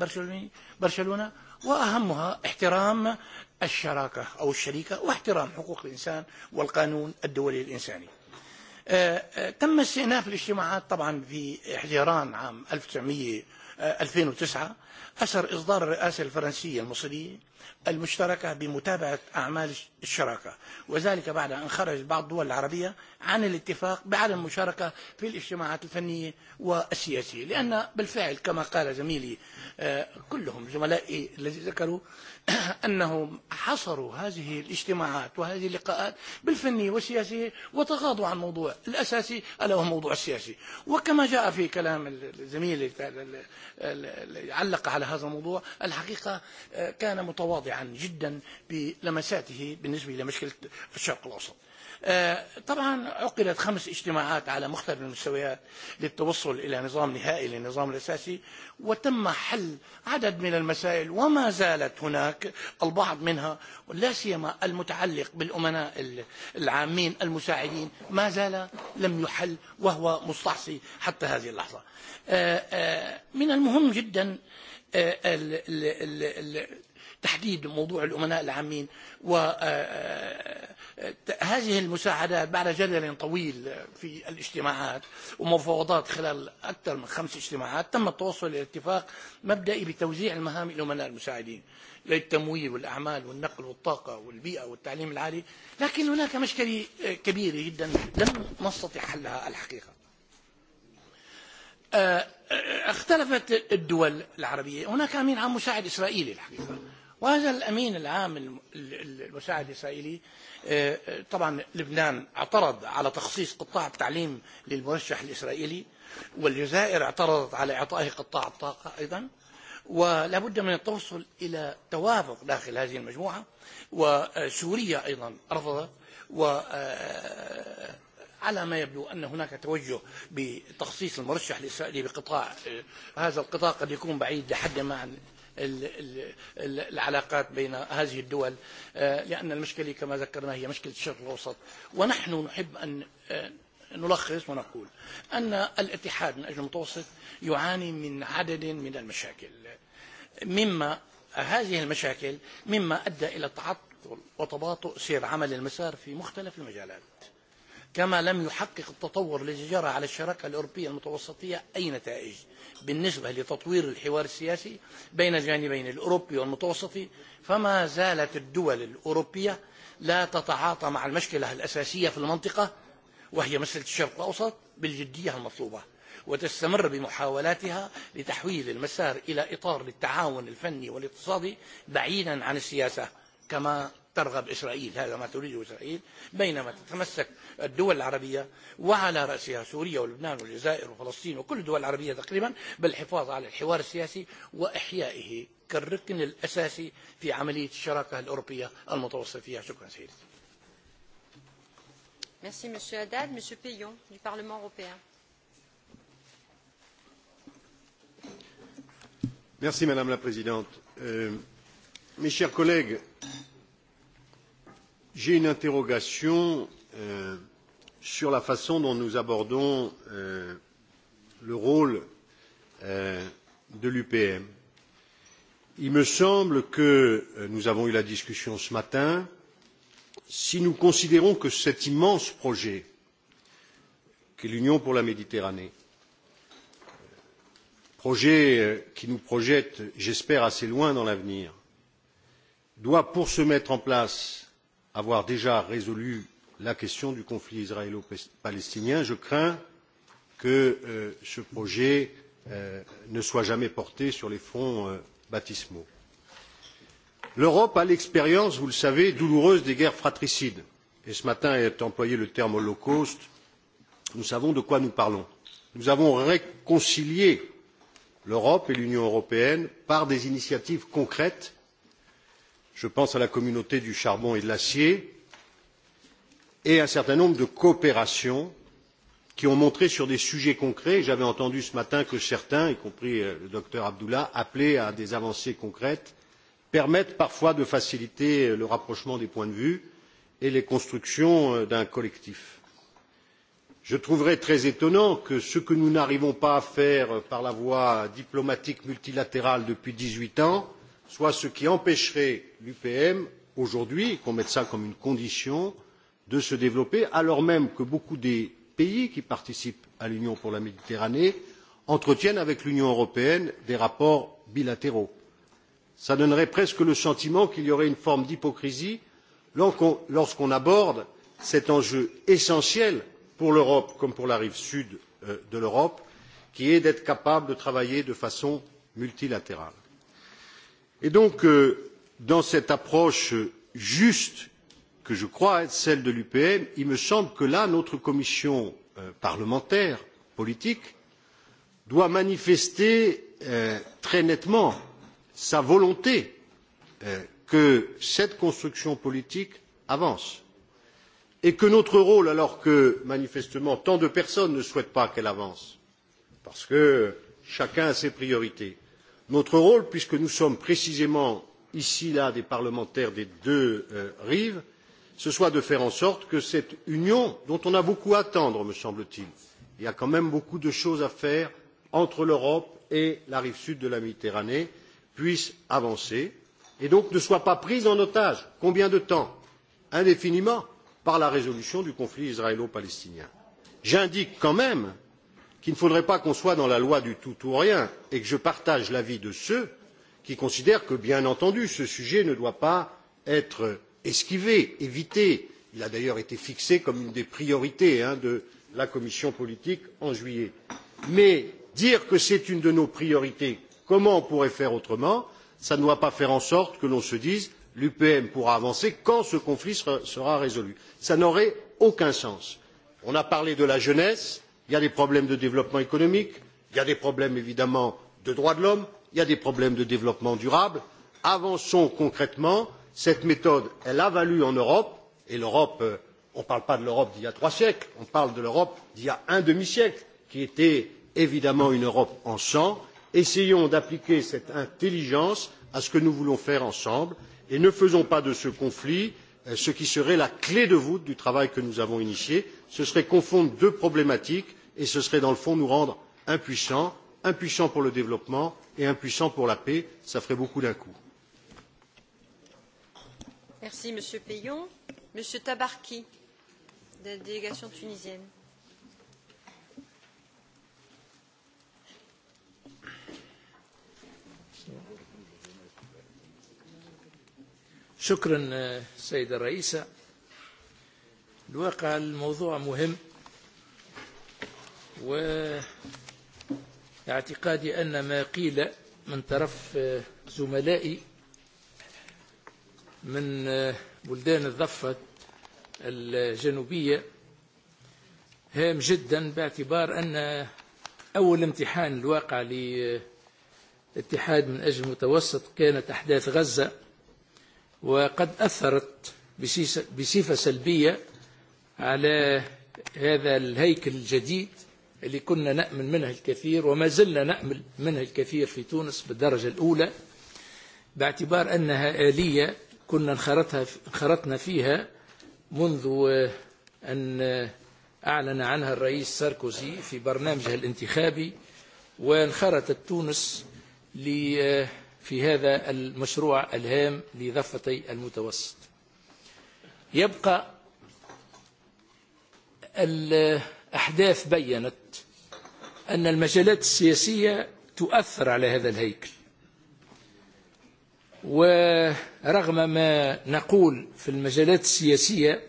برشلونة وأهمها احترام الشراكة أو الشريكة واحترام حقوق الإنسان والقانون الدولي الإنساني تم استئناف الاجتماعات طبعا في حزيران عام 1900 2009 أثر إصدار الرئاسة الفرنسية المصرية المشتركة بمتابعة أعمال الشراكة وذلك بعد أن خرج بعض الدول العربية عن الاتفاق بعدم المشاركة في الاجتماعات الفنية والسياسية لأن بالفعل كما قال زميلي كلهم زملائي الذي ذكروا أنهم حصروا هذه الاجتماعات وهذه اللقاءات بالفنية والسياسية وتغاضوا عن الموضوع الأساسي ألا وهو الموضوع السياسي وكما جاء في كلام الزميل علق على هذا الموضوع الحقيقة كان متواضع واضحا جدا بلمساته بالنسبة لمشكلة الشرق الأوسط طبعا عقدت خمس اجتماعات على مختلف المستويات للتوصل إلى نظام نهائي للنظام الأساسي وتم حل عدد من المسائل وما زالت هناك البعض منها لا سيما المتعلق بالأمناء العامين المساعدين ما زال لم يحل وهو مستعصي حتى هذه اللحظة من المهم جدا تحديد موضوع الأمناء العامين وهذه المساعدات بعد جدل طويل في الاجتماعات ومفاوضات خلال أكثر من خمس اجتماعات تم التوصل إلى اتفاق مبدئي بتوزيع المهام الأمناء المساعدين للتمويل والأعمال والنقل والطاقة والبيئة والتعليم العالي لكن هناك مشكلة كبيرة جدا لم نستطع حلها الحقيقة اختلفت الدول العربية هناك أمين عام مساعد إسرائيلي الحقيقة وهذا الأمين العام المساعد الإسرائيلي طبعا لبنان اعترض على تخصيص قطاع التعليم للمرشح الإسرائيلي والجزائر اعترضت على إعطائه قطاع الطاقة أيضا ولا بد من التوصل إلى توافق داخل هذه المجموعة وسوريا أيضا رفضت و على ما يبدو أن هناك توجه بتخصيص المرشح الإسرائيلي بقطاع هذا القطاع قد يكون بعيد لحد ما عن العلاقات بين هذه الدول لأن المشكلة كما ذكرنا هي مشكلة الشرق الأوسط ونحن نحب أن نلخص ونقول أن الاتحاد من أجل المتوسط يعاني من عدد من المشاكل مما هذه المشاكل مما أدى إلى تعطل وتباطؤ سير عمل المسار في مختلف المجالات كما لم يحقق التطور الذي جرى على الشراكة الأوروبية المتوسطية أي نتائج بالنسبة لتطوير الحوار السياسي بين الجانبين الأوروبي والمتوسطي فما زالت الدول الأوروبية لا تتعاطى مع المشكلة الأساسية في المنطقة وهي مسألة الشرق الأوسط بالجدية المطلوبة وتستمر بمحاولاتها لتحويل المسار إلى إطار للتعاون الفني والاقتصادي بعيدا عن السياسة كما ترغب إسرائيل هذا ما تريده إسرائيل بينما تتمسك الدول العربية وعلى رأسها سوريا ولبنان والجزائر وفلسطين وكل الدول العربية تقريبا بالحفاظ على الحوار السياسي وإحيائه كالركن الأساسي في عملية الشراكة الأوروبية المتوسط فيها شكرا سيدتي Merci Monsieur Haddad. Monsieur Payon du Parlement européen. Merci Madame la Présidente. Euh, mes chers collègues, j'ai une interrogation euh, sur la façon dont nous abordons euh, le rôle euh, de l'upm. il me semble que euh, nous avons eu la discussion ce matin si nous considérons que cet immense projet qu'est l'union pour la méditerranée projet euh, qui nous projette j'espère assez loin dans l'avenir doit pour se mettre en place avoir déjà résolu la question du conflit israélo palestinien je crains que euh, ce projet euh, ne soit jamais porté sur les fronts euh, baptismaux. l'europe a l'expérience vous le savez douloureuse des guerres fratricides et ce matin est employé le terme holocauste nous savons de quoi nous parlons. nous avons réconcilié l'europe et l'union européenne par des initiatives concrètes je pense à la communauté du charbon et de l'acier et à un certain nombre de coopérations qui ont montré sur des sujets concrets j'avais entendu ce matin que certains y compris euh, le docteur abdullah appelaient à des avancées concrètes permettent parfois de faciliter euh, le rapprochement des points de vue et les constructions euh, d'un collectif. je trouverais très étonnant que ce que nous n'arrivons pas à faire par la voie diplomatique multilatérale depuis dix huit ans soit ce qui empêcherait l'upm aujourd'hui qu'on mette cela comme une condition de se développer alors même que beaucoup des pays qui participent à l'union pour la méditerranée entretiennent avec l'union européenne des rapports bilatéraux. cela donnerait presque le sentiment qu'il y aurait une forme d'hypocrisie lorsqu'on aborde cet enjeu essentiel pour l'europe comme pour la rive sud euh, de l'europe qui est d'être capable de travailler de façon multilatérale et donc euh, dans cette approche juste que je crois être celle de l'upm il me semble que là notre commission euh, parlementaire politique doit manifester euh, très nettement sa volonté que cette construction politique avance et que notre rôle alors que manifestement tant de personnes ne souhaitent pas qu'elle avance parce que chacun a ses priorités notre rôle puisque nous sommes précisément ici là des parlementaires des deux euh, rives ce soit de faire en sorte que cette union dont on a beaucoup à attendre me semble t il il y a quand même beaucoup de choses à faire entre l'europe et la rive sud de la méditerranée puisse avancer et donc ne soit pas prise en otage combien de temps? indéfiniment par la résolution du conflit israélo palestinien. j'indique quand même qu'il ne faudrait pas qu'on soit dans la loi du tout ou rien et que je partage l'avis de ceux qui considèrent que bien entendu ce sujet ne doit pas être esquivé évité il a d'ailleurs été fixé comme une des priorités de la commission politique en juillet mais dire que c'est une de nos priorités comment on pourrait faire autrement cela ne doit pas faire en sorte que l'on se dise l'upm pourra avancer quand ce conflit sera résolu. cela n'aurait aucun sens. on a parlé de la jeunesse il y a des problèmes de développement économique il y a des problèmes évidemment de droits de l'homme il y a des problèmes de développement durable avançons concrètement cette méthode a valu en europe et l'europe euh, on ne parle pas de l'europe d'il y a trois siècles on parle de l'europe d'il y a un demi siècle qui était évidemment une europe en sang essayons d'appliquer cette intelligence à ce que nous voulons faire ensemble et ne faisons pas de ce conflit Euh, ce qui serait la clé de voûte du travail que nous avons initié ce serait confondre deux problématiques et ce serait dans le fond nous rendre impuissants impuissants pour le développement et impuissants pour la paix cela ferait beaucoup d'un coup. merci monsieur peillon. m. tabarky de la délégation tunisienne. شكرا سيد الرئيس الواقع الموضوع مهم واعتقادي أن ما قيل من طرف زملائي من بلدان الضفة الجنوبية هام جدا باعتبار أن أول امتحان الواقع لاتحاد من أجل المتوسط كانت أحداث غزة وقد أثرت بصفة سلبية على هذا الهيكل الجديد اللي كنا نأمل منه الكثير وما زلنا نأمل منه الكثير في تونس بالدرجة الأولى باعتبار أنها آلية كنا انخرطنا فيها منذ أن أعلن عنها الرئيس ساركوزي في برنامجه الانتخابي وانخرطت تونس لأسفل في هذا المشروع الهام لضفتي المتوسط يبقى الأحداث بيّنت أن المجالات السياسية تؤثر على هذا الهيكل ورغم ما نقول في المجالات السياسية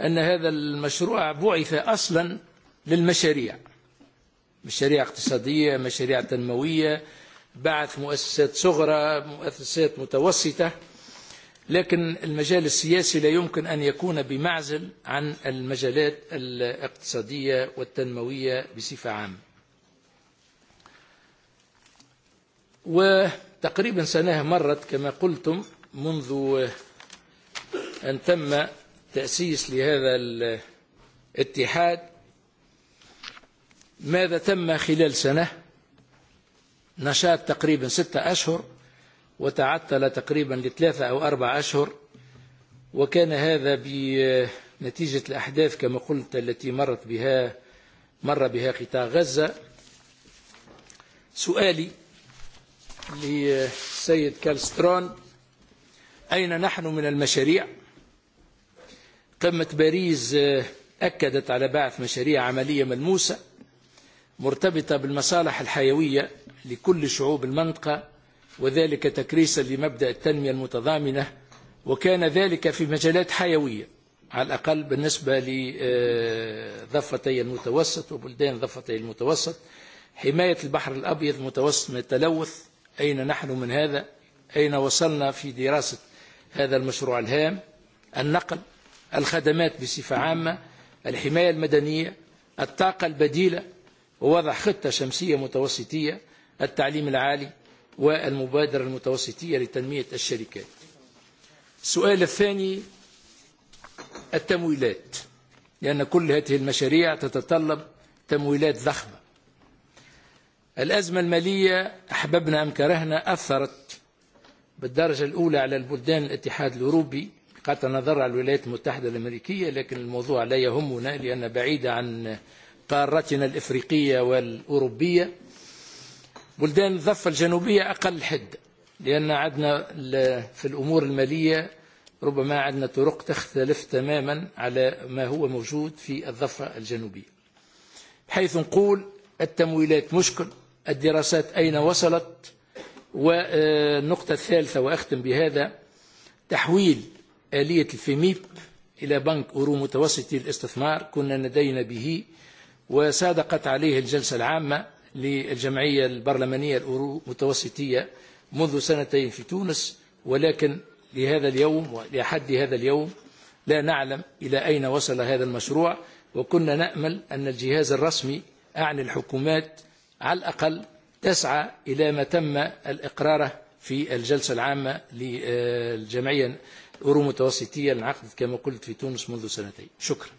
أن هذا المشروع بعث أصلا للمشاريع مشاريع اقتصادية مشاريع تنموية بعث مؤسسات صغرى مؤسسات متوسطة لكن المجال السياسي لا يمكن أن يكون بمعزل عن المجالات الاقتصادية والتنموية بصفة عامة وتقريبا سنة مرت كما قلتم منذ أن تم تأسيس لهذا الاتحاد ماذا تم خلال سنة؟ نشاط تقريبا ستة أشهر وتعطل تقريبا لثلاثة أو أربع أشهر وكان هذا بنتيجة الأحداث كما قلت التي مرت بها مر بها قطاع غزة سؤالي للسيد كالسترون أين نحن من المشاريع قمة باريس أكدت على بعث مشاريع عملية ملموسة مرتبطة بالمصالح الحيوية لكل شعوب المنطقة وذلك تكريسا لمبدأ التنمية المتضامنة وكان ذلك في مجالات حيوية على الأقل بالنسبة لضفتي المتوسط وبلدان ضفتي المتوسط حماية البحر الأبيض متوسط من التلوث أين نحن من هذا أين وصلنا في دراسة هذا المشروع الهام النقل الخدمات بصفة عامة الحماية المدنية الطاقة البديلة ووضع خطة شمسية متوسطية التعليم العالي والمبادرة المتوسطية لتنمية الشركات السؤال الثاني التمويلات لأن كل هذه المشاريع تتطلب تمويلات ضخمة الأزمة المالية أحببنا أم كرهنا أثرت بالدرجة الأولى على البلدان الاتحاد الأوروبي قطع نظر على الولايات المتحدة الأمريكية لكن الموضوع لا يهمنا لأن بعيد عن قارتنا الإفريقية والأوروبية بلدان الضفة الجنوبية أقل حدة لأن عدنا في الأمور المالية ربما عدنا طرق تختلف تماما على ما هو موجود في الضفة الجنوبية حيث نقول التمويلات مشكل الدراسات أين وصلت والنقطة الثالثة وأختم بهذا تحويل آلية الفيميب إلى بنك أورو متوسطي الاستثمار كنا لدينا به وصادقت عليه الجلسة العامة للجمعية البرلمانية المتوسطية منذ سنتين في تونس ولكن لهذا اليوم ولحد هذا اليوم لا نعلم إلى أين وصل هذا المشروع وكنا نأمل أن الجهاز الرسمي أعني الحكومات على الأقل تسعى إلى ما تم الإقراره في الجلسة العامة للجمعية الأورو متوسطية انعقدت كما قلت في تونس منذ سنتين شكرا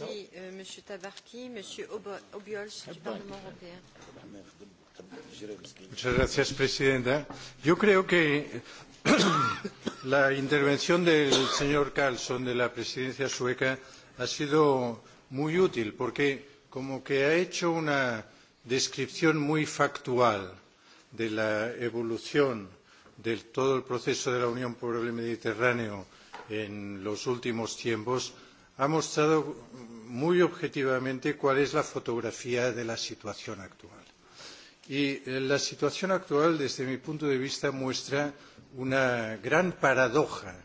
Merci, euh, Monsieur Tabarki. Monsieur Obiols, du Parlement européen. Señora presidenta, yo creo que la intervención del señor Carlson de la presidencia sueca ha sido muy útil porque como que ha hecho una descripción muy factual de la evolución de todo el proceso de la Unión por el Mediterráneo en los últimos tiempos ha mostrado muy objetivamente cuál es la fotografía de la situación actual. Y eh, la situación actual, desde mi punto de vista, muestra una gran paradoja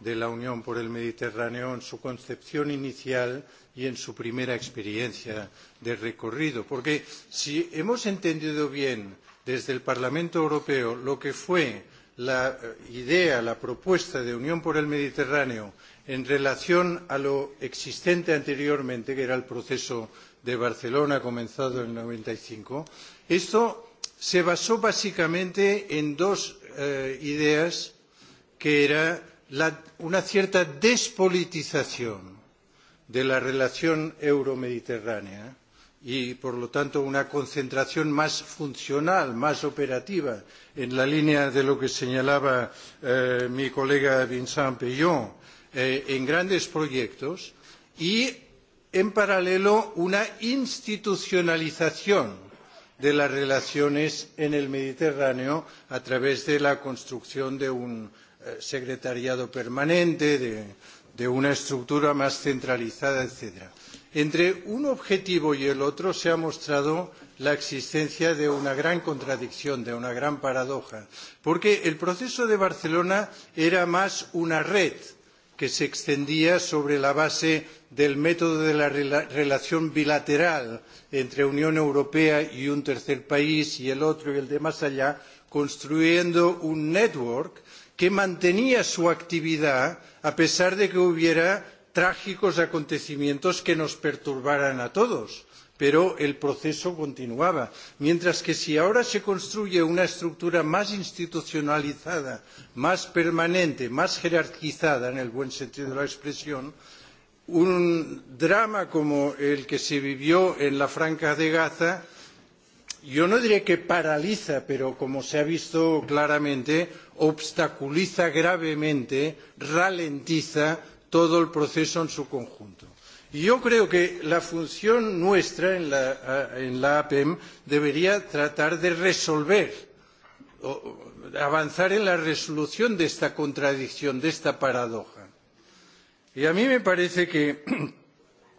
de la Unión por el Mediterráneo en su concepción inicial y en su primera experiencia de recorrido. Porque si hemos entendido bien desde el Parlamento Europeo lo que fue la eh, idea, la propuesta de Unión por el Mediterráneo en relación a lo existente anteriormente, que era el proceso de Barcelona comenzado en 95, esto se basó básicamente en dos eh, ideas que era la, una cierta despolitización de la relación euromediterránea y, por lo tanto, una concentración más funcional, más operativa, en la línea de lo que señalaba eh, mi colega Vincent Peillon, eh, en grandes proyectos y, en paralelo, una institucionalización de las relaciones en el Mediterráneo a través de la construcción de un eh, secretariado permanente, de, de una estructura más centralizada, etc. Entre un objetivo y el otro se ha mostrado la existencia de una gran contradicción, de una gran paradoja, porque el proceso de Barcelona era más una red que se extendía sobre la base del método de la rela relación bilateral entre Unión Europea y un tercer país y el otro y el de más allá, construyendo un network que mantenía su actividad a pesar de que hubiera trágicos acontecimientos que nos perturbaran a todos pero el proceso continuaba. Mientras que si ahora se construye una estructura más institucionalizada, más permanente, más jerarquizada, en el buen sentido de la expresión, un drama como el que se vivió en la Franja de Gaza, yo no diré que paraliza, pero como se ha visto claramente, obstaculiza gravemente, ralentiza todo el proceso en su conjunto. Yo creo que la función nuestra en la, en la APEM debería tratar de resolver, o avanzar en la resolución de esta contradicción, de esta paradoja. Y a mí me parece que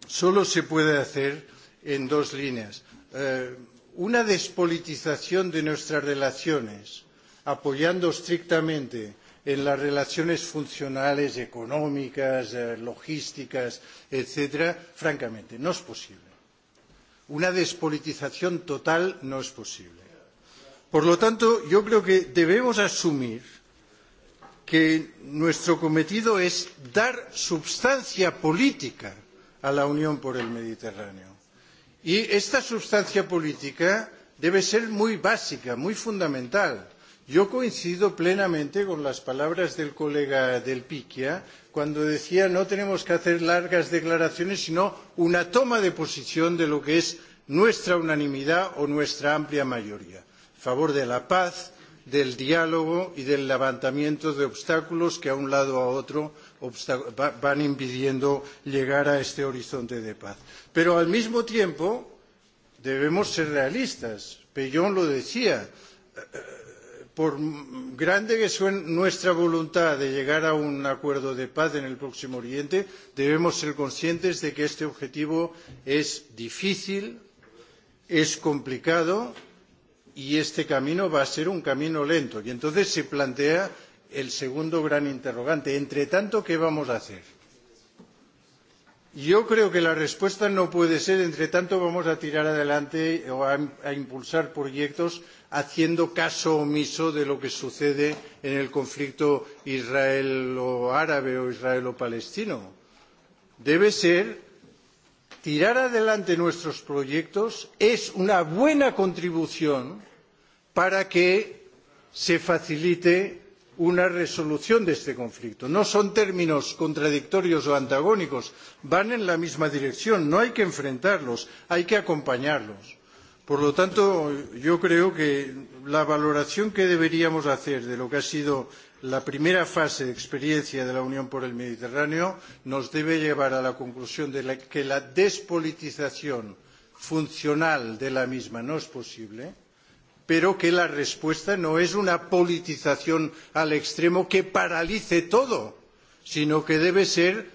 solo se puede hacer en dos líneas. Eh, una despolitización de nuestras relaciones, apoyando estrictamente en las relaciones funcionales, económicas, eh, logísticas, etcétera, francamente, no es posible. Una despolitización total no es posible. Por lo tanto, yo creo que debemos asumir que nuestro cometido es dar substancia política a la Unión por el Mediterráneo. Y esta substancia política debe ser muy básica, muy fundamental Yo coincido plenamente con las palabras del colega Del Piquia cuando decía no tenemos que hacer largas declaraciones, sino una toma de posición de lo que es nuestra unanimidad o nuestra amplia mayoría a favor de la paz, del diálogo y del levantamiento de obstáculos que a un lado o a otro van impidiendo llegar a este horizonte de paz. Pero al mismo tiempo debemos ser realistas. Pellón lo decía por grande que sea nuestra voluntad de llegar a un acuerdo de paz en el próximo Oriente, debemos ser conscientes de que este objetivo es difícil, es complicado y este camino va a ser un camino lento. Y entonces se plantea el segundo gran interrogante. Entre tanto, ¿qué vamos a hacer? Yo creo que la respuesta no puede ser, entre tanto, vamos a tirar adelante o a, a impulsar proyectos haciendo caso omiso de lo que sucede en el conflicto israelo-árabe o israelo-palestino. Debe ser tirar adelante nuestros proyectos es una buena contribución para que se facilite una resolución de este conflicto. No son términos contradictorios o antagónicos, van en la misma dirección, no hay que enfrentarlos, hay que acompañarlos Por lo tanto, yo creo que la valoración que deberíamos hacer de lo que ha sido la primera fase de experiencia de la Unión por el Mediterráneo nos debe llevar a la conclusión de la, que la despolitización funcional de la misma no es posible, pero que la respuesta no es una politización al extremo que paralice todo, sino que debe ser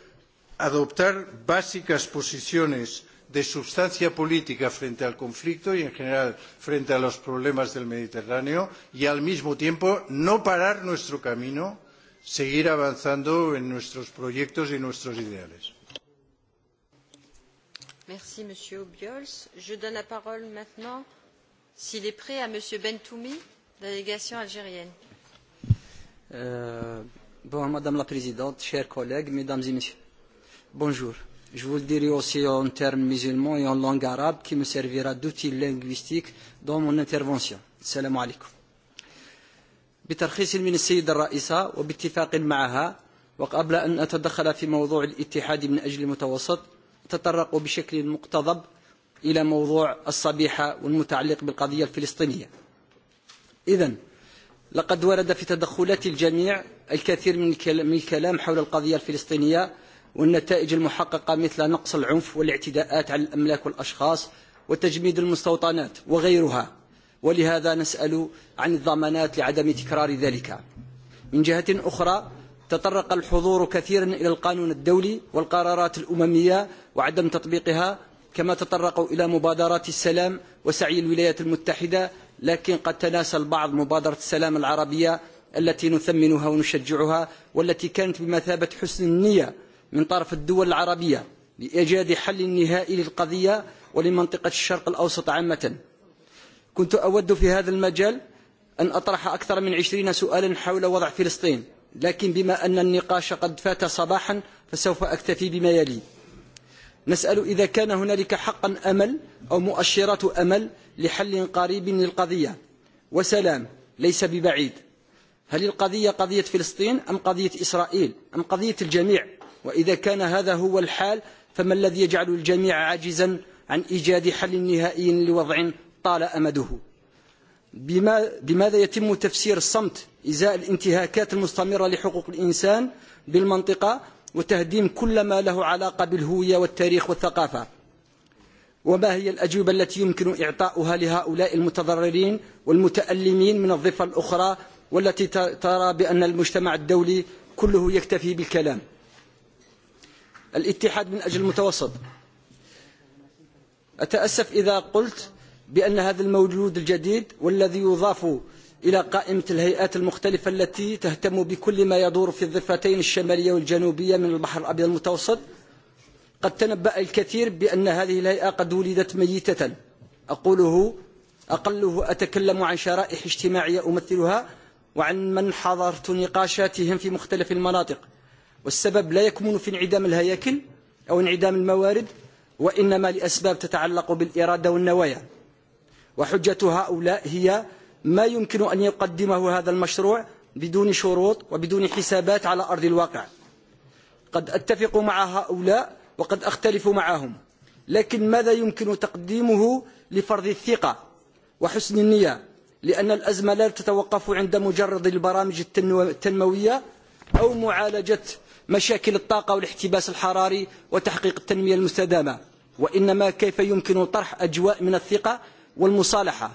adoptar básicas posiciones de sustancia política frente al conflicto y en general frente a los problemas del Mediterráneo y al mismo tiempo no parar nuestro camino, seguir avanzando en nuestros proyectos y nuestros ideales. Merci Monsieur Obiols. Je donne la parole maintenant, s'il est prêt, à Monsieur Bentoumi, délégation algérienne. Euh, bon, Madame la Présidente, chers collègues, Mesdames et Messieurs, bonjour. Euh, je vous le dirai aussi en termes musulmans et en langue arabe, qui me servira d'outil linguistique dans mon intervention. Salam alaikum. بترخيص من السيدة الرئيسة وباتفاق معها وقبل أن أتدخل في موضوع الاتحاد من أجل المتوسط تطرق بشكل مقتضب إلى موضوع الصبيحة والمتعلق بالقضية الفلسطينية إذا لقد ورد في تدخلات الجميع الكثير من الكلام حول القضية الفلسطينية والنتائج المحققة مثل نقص العنف والاعتداءات على الأملاك والأشخاص وتجميد المستوطنات وغيرها ولهذا نسأل عن الضمانات لعدم تكرار ذلك من جهة أخرى تطرق الحضور كثيرا إلى القانون الدولي والقرارات الأممية وعدم تطبيقها كما تطرقوا إلى مبادرات السلام وسعي الولايات المتحدة لكن قد تناسى البعض مبادرة السلام العربية التي نثمنها ونشجعها والتي كانت بمثابة حسن النية من طرف الدول العربية لإيجاد حل نهائي للقضية ولمنطقة الشرق الأوسط عامة كنت أود في هذا المجال أن أطرح أكثر من عشرين سؤالا حول وضع فلسطين لكن بما أن النقاش قد فات صباحا فسوف أكتفي بما يلي نسأل إذا كان هنالك حقا أمل أو مؤشرات أمل لحل قريب للقضية وسلام ليس ببعيد هل القضية قضية فلسطين أم قضية إسرائيل أم قضية الجميع وإذا كان هذا هو الحال فما الذي يجعل الجميع عاجزا عن إيجاد حل نهائي لوضع طال أمده بما بماذا يتم تفسير الصمت إزاء الانتهاكات المستمرة لحقوق الإنسان بالمنطقة وتهديم كل ما له علاقة بالهوية والتاريخ والثقافة وما هي الأجوبة التي يمكن إعطاؤها لهؤلاء المتضررين والمتألمين من الضفة الأخرى والتي ترى بأن المجتمع الدولي كله يكتفي بالكلام الاتحاد من أجل المتوسط أتأسف إذا قلت بأن هذا الموجود الجديد والذي يضاف إلى قائمة الهيئات المختلفة التي تهتم بكل ما يدور في الضفتين الشمالية والجنوبية من البحر الأبيض المتوسط قد تنبأ الكثير بأن هذه الهيئة قد ولدت ميتة أقوله أقله أتكلم عن شرائح اجتماعية أمثلها وعن من حضرت نقاشاتهم في مختلف المناطق والسبب لا يكمن في انعدام الهياكل أو انعدام الموارد وإنما لأسباب تتعلق بالإرادة والنوايا وحجة هؤلاء هي ما يمكن أن يقدمه هذا المشروع بدون شروط وبدون حسابات على أرض الواقع قد أتفق مع هؤلاء وقد أختلف معهم لكن ماذا يمكن تقديمه لفرض الثقة وحسن النية لأن الأزمة لا تتوقف عند مجرد البرامج التنموية أو معالجة مشاكل الطاقة والاحتباس الحراري وتحقيق التنمية المستدامة وإنما كيف يمكن طرح أجواء من الثقة والمصالحة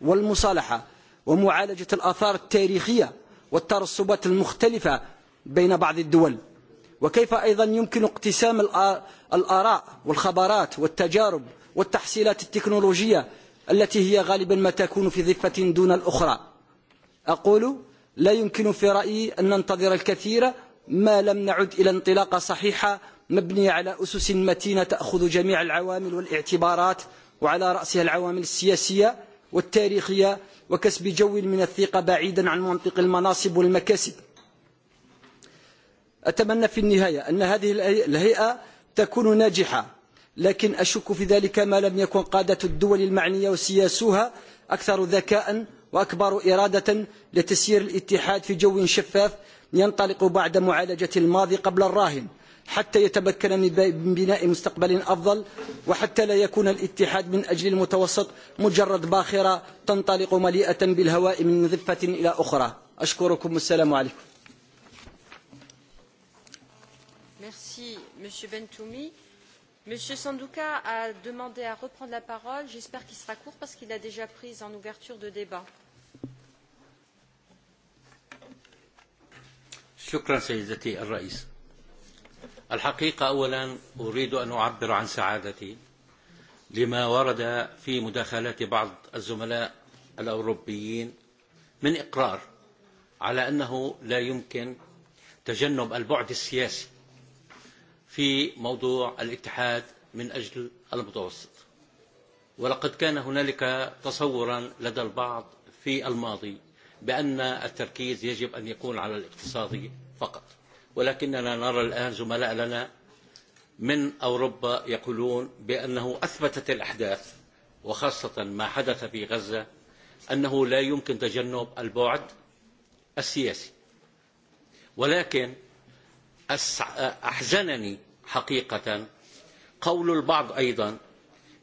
والمصالحة ومعالجة الآثار التاريخية والترسبات المختلفة بين بعض الدول وكيف أيضا يمكن اقتسام الآراء والخبرات والتجارب والتحصيلات التكنولوجية التي هي غالبا ما تكون في ضفة دون الأخرى أقول لا يمكن في رأيي أن ننتظر الكثير ما لم نعد إلى انطلاقة صحيحة مبنية على أسس متينة تأخذ جميع العوامل والاعتبارات وعلى رأسها العوامل السياسية والتاريخية وكسب جو من الثقة بعيدا عن منطق المناصب والمكاسب أتمنى في النهاية أن هذه الهيئة تكون ناجحة لكن أشك في ذلك ما لم يكن قادة الدول المعنية وسياسوها أكثر ذكاء وأكبر إرادة لتسيير الاتحاد في جو شفاف ينطلق بعد معالجة الماضي قبل الراهن حتى يتمكن من بناء مستقبل أفضل وحتى لا يكون الاتحاد من أجل المتوسط مجرد باخرة تنطلق مليئة بالهواء من ضفة إلى أخرى أشكركم والسلام عليكم Merci, Monsieur Bentoumi. Monsieur Sanduka a demandé à reprendre la parole. J'espère qu'il sera court parce qu'il l'a déjà prise en ouverture de débat. شكرا سيدتي الرئيس الحقيقة أولا أريد أن أعبر عن سعادتي لما ورد في مداخلات بعض الزملاء الأوروبيين من إقرار على أنه لا يمكن تجنب البعد السياسي في موضوع الاتحاد من أجل المتوسط ولقد كان هنالك تصورا لدى البعض في الماضي بأن التركيز يجب أن يكون على الاقتصاد فقط ولكننا نرى الآن زملاء لنا من أوروبا يقولون بأنه أثبتت الأحداث وخاصة ما حدث في غزة أنه لا يمكن تجنب البعد السياسي ولكن أحزنني حقيقة قول البعض أيضا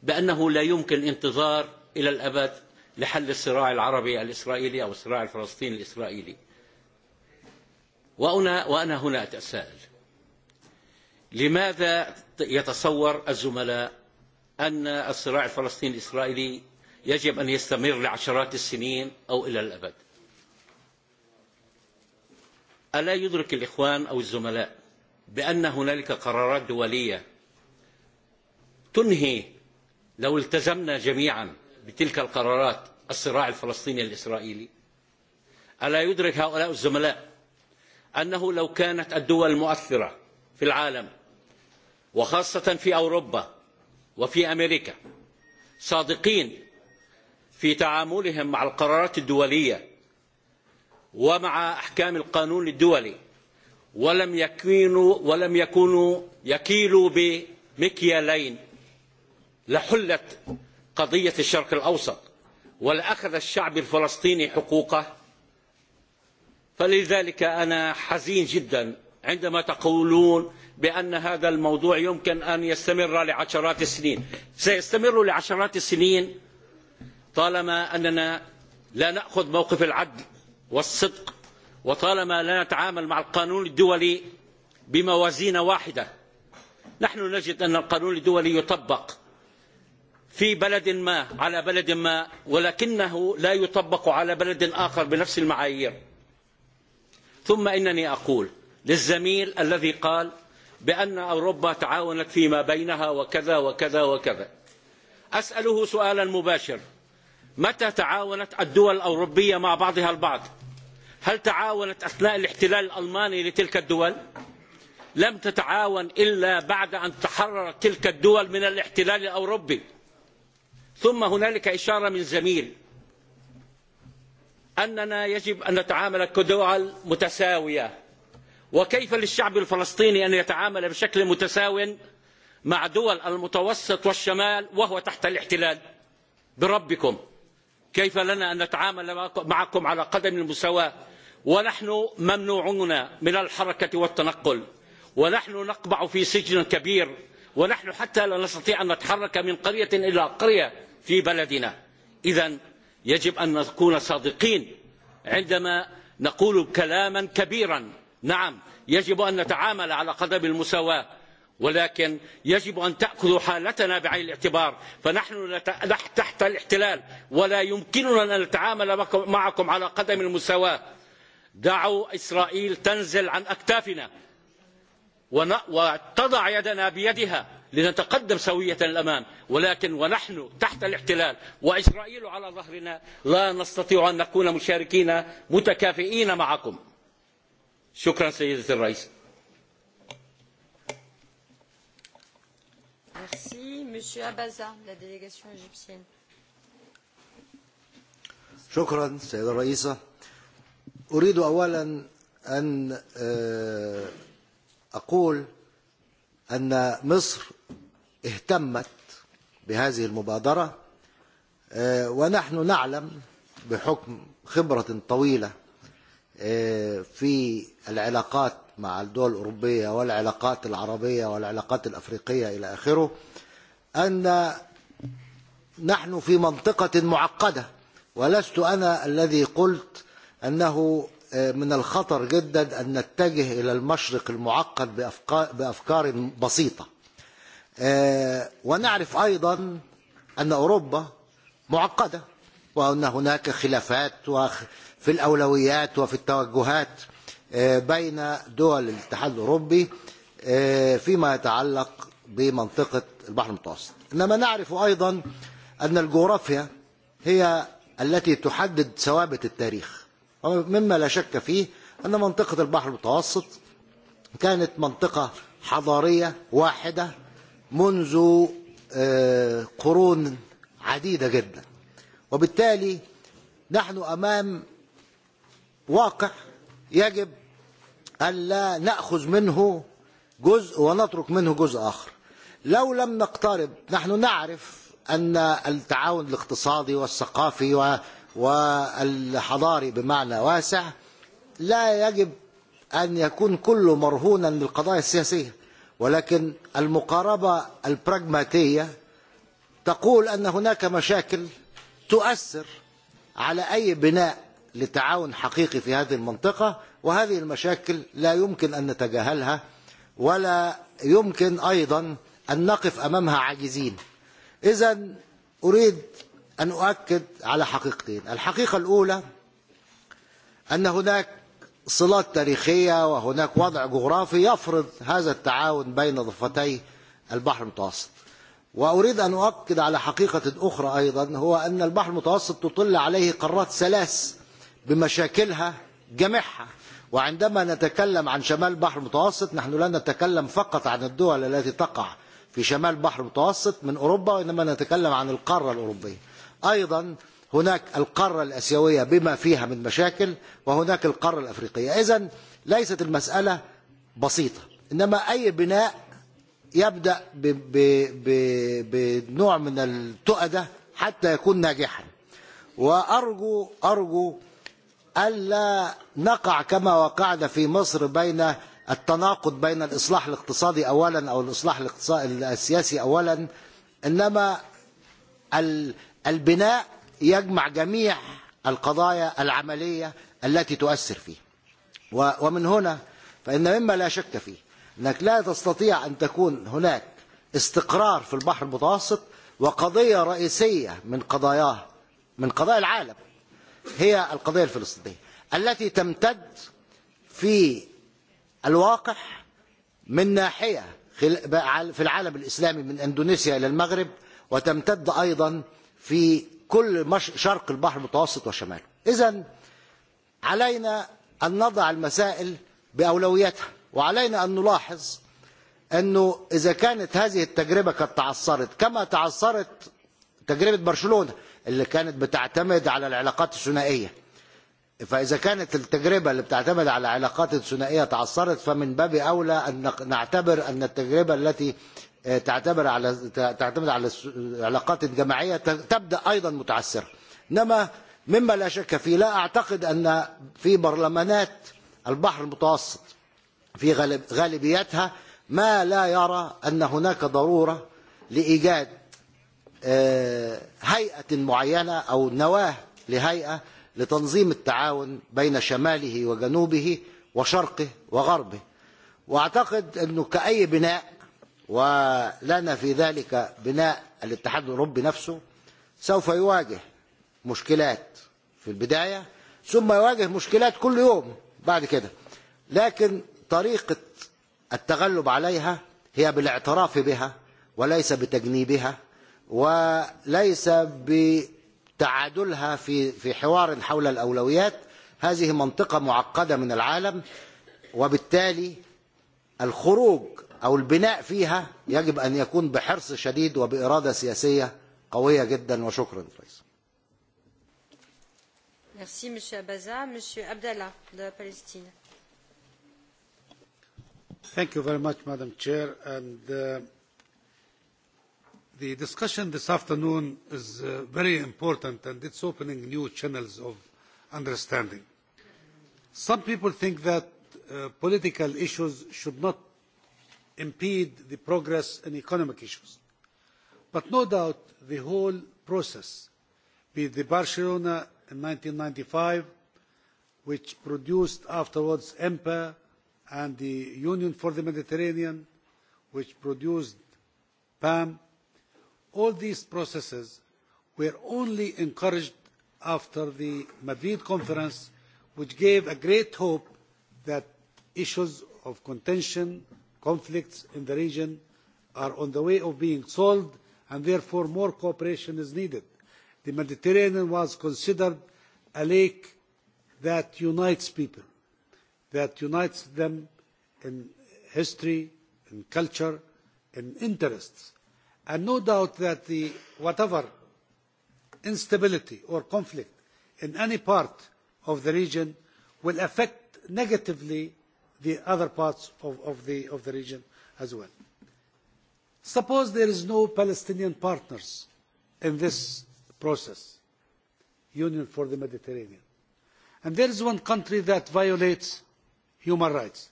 بأنه لا يمكن انتظار إلى الأبد لحل الصراع العربي الإسرائيلي أو الصراع الفلسطيني الإسرائيلي وأنا, وأنا هنا أتساءل لماذا يتصور الزملاء أن الصراع الفلسطيني الإسرائيلي يجب أن يستمر لعشرات السنين أو إلى الأبد ألا يدرك الإخوان أو الزملاء بأن هنالك قرارات دولية تنهي لو التزمنا جميعا بتلك القرارات الصراع الفلسطيني الإسرائيلي ألا يدرك هؤلاء الزملاء أنه لو كانت الدول المؤثرة في العالم وخاصة في أوروبا وفي أمريكا صادقين في تعاملهم مع القرارات الدولية ومع أحكام القانون الدولي ولم يكونوا ولم يكونوا يكيلوا بمكيالين لحلت قضية الشرق الأوسط والأخذ الشعب الفلسطيني حقوقه فلذلك أنا حزين جدا عندما تقولون بأن هذا الموضوع يمكن أن يستمر لعشرات السنين سيستمر لعشرات السنين طالما أننا لا نأخذ موقف العدل والصدق وطالما لا نتعامل مع القانون الدولي بموازين واحدة نحن نجد أن القانون الدولي يطبق في بلد ما على بلد ما ولكنه لا يطبق على بلد آخر بنفس المعايير ثم إنني أقول للزميل الذي قال بأن أوروبا تعاونت فيما بينها وكذا وكذا وكذا أسأله سؤالا مباشر متى تعاونت الدول الأوروبية مع بعضها البعض هل تعاونت أثناء الاحتلال الألماني لتلك الدول لم تتعاون إلا بعد أن تحررت تلك الدول من الاحتلال الأوروبي ثم هنالك إشارة من زميل أننا يجب أن نتعامل كدول متساوية وكيف للشعب الفلسطيني أن يتعامل بشكل متساو مع دول المتوسط والشمال وهو تحت الاحتلال بربكم كيف لنا أن نتعامل معكم على قدم المساواة ونحن ممنوعون من الحركة والتنقل ونحن نقبع في سجن كبير ونحن حتى لا نستطيع أن نتحرك من قرية إلى قرية في بلدنا إذا يجب أن نكون صادقين عندما نقول كلاما كبيرا نعم يجب أن نتعامل على قدم المساواة ولكن يجب أن تأخذوا حالتنا بعين الاعتبار فنحن تحت الاحتلال ولا يمكننا أن نتعامل معكم على قدم المساواة دعوا إسرائيل تنزل عن أكتافنا وتضع يدنا بيدها لنتقدم سوية الأمام ولكن ونحن تحت الاحتلال وإسرائيل على ظهرنا لا نستطيع أن نكون مشاركين متكافئين معكم شكرا سيدة الرئيس Merci. Monsieur Abaza, de la délégation égyptienne. شكرا سيد الرئيس أريد أولا أن أقول أن مصر اهتمت بهذه المبادرة ونحن نعلم بحكم خبرة طويلة في العلاقات مع الدول الأوروبية والعلاقات العربية والعلاقات الأفريقية إلى آخره أن نحن في منطقة معقدة ولست أنا الذي قلت أنه من الخطر جدا أن نتجه إلى المشرق المعقد بأفكار بسيطة ونعرف أيضا أن أوروبا معقدة وأن هناك خلافات في الأولويات وفي التوجهات بين دول الاتحاد الأوروبي فيما يتعلق بمنطقة البحر المتوسط إنما نعرف أيضا أن الجغرافيا هي التي تحدد ثوابت التاريخ مما لا شك فيه أن منطقة البحر المتوسط كانت منطقة حضارية واحدة منذ قرون عديدة جدا وبالتالي نحن أمام واقع يجب ألا نأخذ منه جزء ونترك منه جزء آخر لو لم نقترب نحن نعرف أن التعاون الاقتصادي والثقافي والحضاري بمعنى واسع لا يجب أن يكون كله مرهونا بالقضايا السياسية ولكن المقاربة البراغماتية تقول أن هناك مشاكل تؤثر على أي بناء لتعاون حقيقي في هذه المنطقة وهذه المشاكل لا يمكن أن نتجاهلها ولا يمكن أيضا أن نقف أمامها عاجزين إذا أريد أن أؤكد على حقيقتين الحقيقة الأولى أن هناك صلات تاريخية وهناك وضع جغرافي يفرض هذا التعاون بين ضفتي البحر المتوسط وأريد أن أؤكد على حقيقة أخرى أيضا هو أن البحر المتوسط تطل عليه قارات ثلاث بمشاكلها جميعها وعندما نتكلم عن شمال البحر المتوسط نحن لا نتكلم فقط عن الدول التي تقع في شمال البحر المتوسط من أوروبا وإنما نتكلم عن القارة الأوروبية أيضا هناك القارة الأسيوية بما فيها من مشاكل وهناك القارة الأفريقية إذا ليست المسألة بسيطة إنما أي بناء يبدأ بنوع من التؤدة حتى يكون ناجحا وأرجو أرجو ألا نقع كما وقعنا في مصر بين التناقض بين الإصلاح الاقتصادي أولا أو الإصلاح السياسي أولا إنما البناء يجمع جميع القضايا العملية التي تؤثر فيه ومن هنا فإن مما لا شك فيه أنك لا تستطيع أن تكون هناك استقرار في البحر المتوسط وقضية رئيسية من قضاياه من قضايا العالم هي القضية الفلسطينية التي تمتد في الواقع من ناحية في العالم الإسلامي من أندونيسيا إلى المغرب وتمتد أيضا في كل شرق البحر المتوسط وشماله إذا علينا أن نضع المسائل بأولوياتها وعلينا أن نلاحظ أنه إذا كانت هذه التجربة قد تعثرت كما تعثرت تجربة برشلونة اللي كانت بتعتمد على العلاقات الثنائية فإذا كانت التجربة اللي بتعتمد على علاقات ثنائية تعثرت فمن باب أولى أن نعتبر أن التجربة التي تعتمد على تعتمد على العلاقات الجماعيه تبدا ايضا متعثره انما مما لا شك فيه لا اعتقد ان في برلمانات البحر المتوسط في غالبيتها ما لا يرى ان هناك ضروره لايجاد هيئه معينه او نواه لهيئه لتنظيم التعاون بين شماله وجنوبه وشرقه وغربه واعتقد انه كاي بناء ولنا في ذلك بناء الاتحاد الأوروبي نفسه سوف يواجه مشكلات في البداية ثم يواجه مشكلات كل يوم بعد كده لكن طريقة التغلب عليها هي بالاعتراف بها وليس بتجنيبها وليس بتعادلها في في حوار حول الأولويات هذه منطقة معقدة من العالم وبالتالي الخروج أو البناء فيها يجب أن يكون بحرص شديد وبإرادة سياسية قوية جدا وشكرا رئيس Merci Monsieur Abaza. Monsieur Abdallah de la Palestine. Thank you very much, Madam Chair. And uh, the discussion this afternoon is uh, very important and it's opening new channels of understanding. Some people think that uh, political issues should not impede the progress in economic issues. But no doubt the whole process, be it the Barcelona in 1995, which produced afterwards EMPA and the Union for the Mediterranean, which produced PAM, all these processes were only encouraged after the Madrid conference, which gave a great hope that issues of contention conflicts in the region are on the way of being solved and therefore more cooperation is needed. The Mediterranean was considered a lake that unites people, that unites them in history, in culture, in interests. And no doubt that the, whatever instability or conflict in any part of the region will affect negatively the other parts of, of, the, of the region as well. Suppose there is no Palestinian partners in this process, Union for the Mediterranean, and there is one country that violates human rights,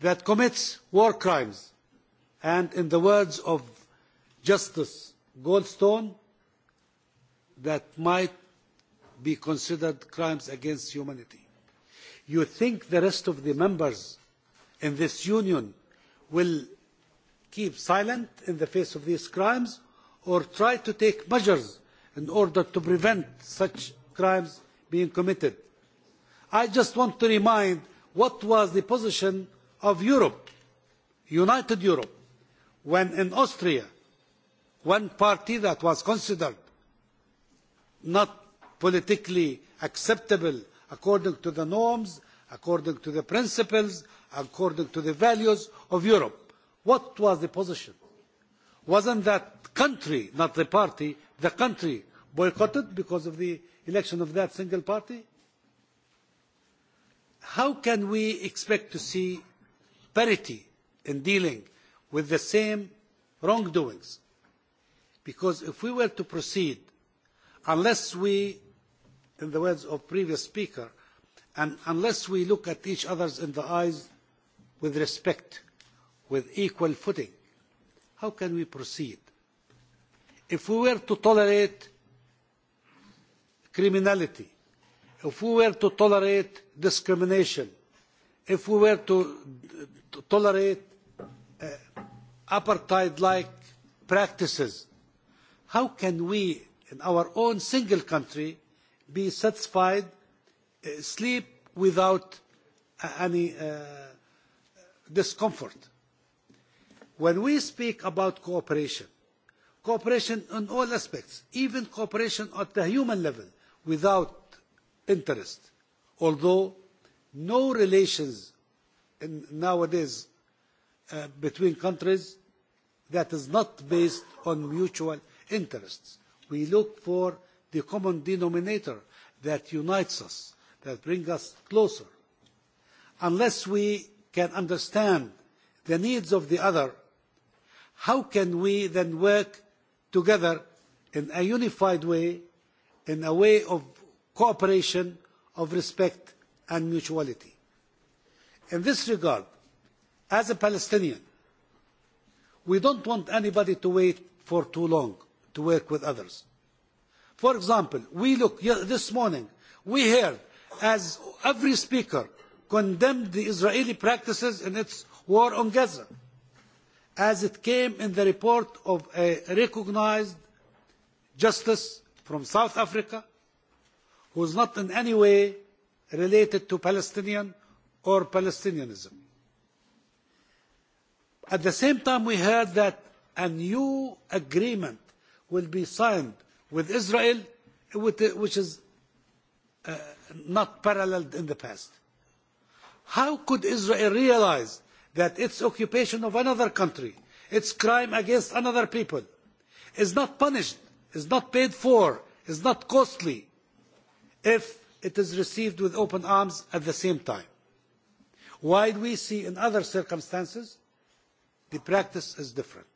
that commits war crimes, and in the words of Justice Goldstone, that might be considered crimes against humanity you think the rest of the members in this union will keep silent in the face of these crimes or try to take measures in order to prevent such crimes being committed. I just want to remind what was the position of Europe, United Europe, when in Austria, one party that was considered not politically acceptable according to the norms, according to the principles, according to the values of Europe. What was the position? Wasn't that country, not the party, the country boycotted because of the election of that single party? How can we expect to see parity in dealing with the same wrongdoings? Because if we were to proceed, unless we in the words of previous speaker, and unless we look at each other in the eyes with respect, with equal footing, how can we proceed? If we were to tolerate criminality, if we were to tolerate discrimination, if we were to, to tolerate uh, apartheid-like practices, how can we, in our own single country, be satisfied, uh, sleep without uh, any uh, discomfort. When we speak about cooperation, cooperation on all aspects, even cooperation at the human level, without interest, although no relations in, nowadays uh, between countries that is not based on mutual interests. We look for the common denominator that unites us, that brings us closer. Unless we can understand the needs of the other, how can we then work together in a unified way, in a way of cooperation, of respect and mutuality? In this regard, as a Palestinian, we don't want anybody to wait for too long to work with others For example, we look this morning, we heard as every speaker condemned the Israeli practices in its war on Gaza, as it came in the report of a recognized justice from South Africa, who is not in any way related to Palestinian or Palestinianism. At the same time, we heard that a new agreement will be signed with Israel, which is uh, not paralleled in the past. How could Israel realize that its occupation of another country, its crime against another people, is not punished, is not paid for, is not costly, if it is received with open arms at the same time? Why do we see in other circumstances the practice is different?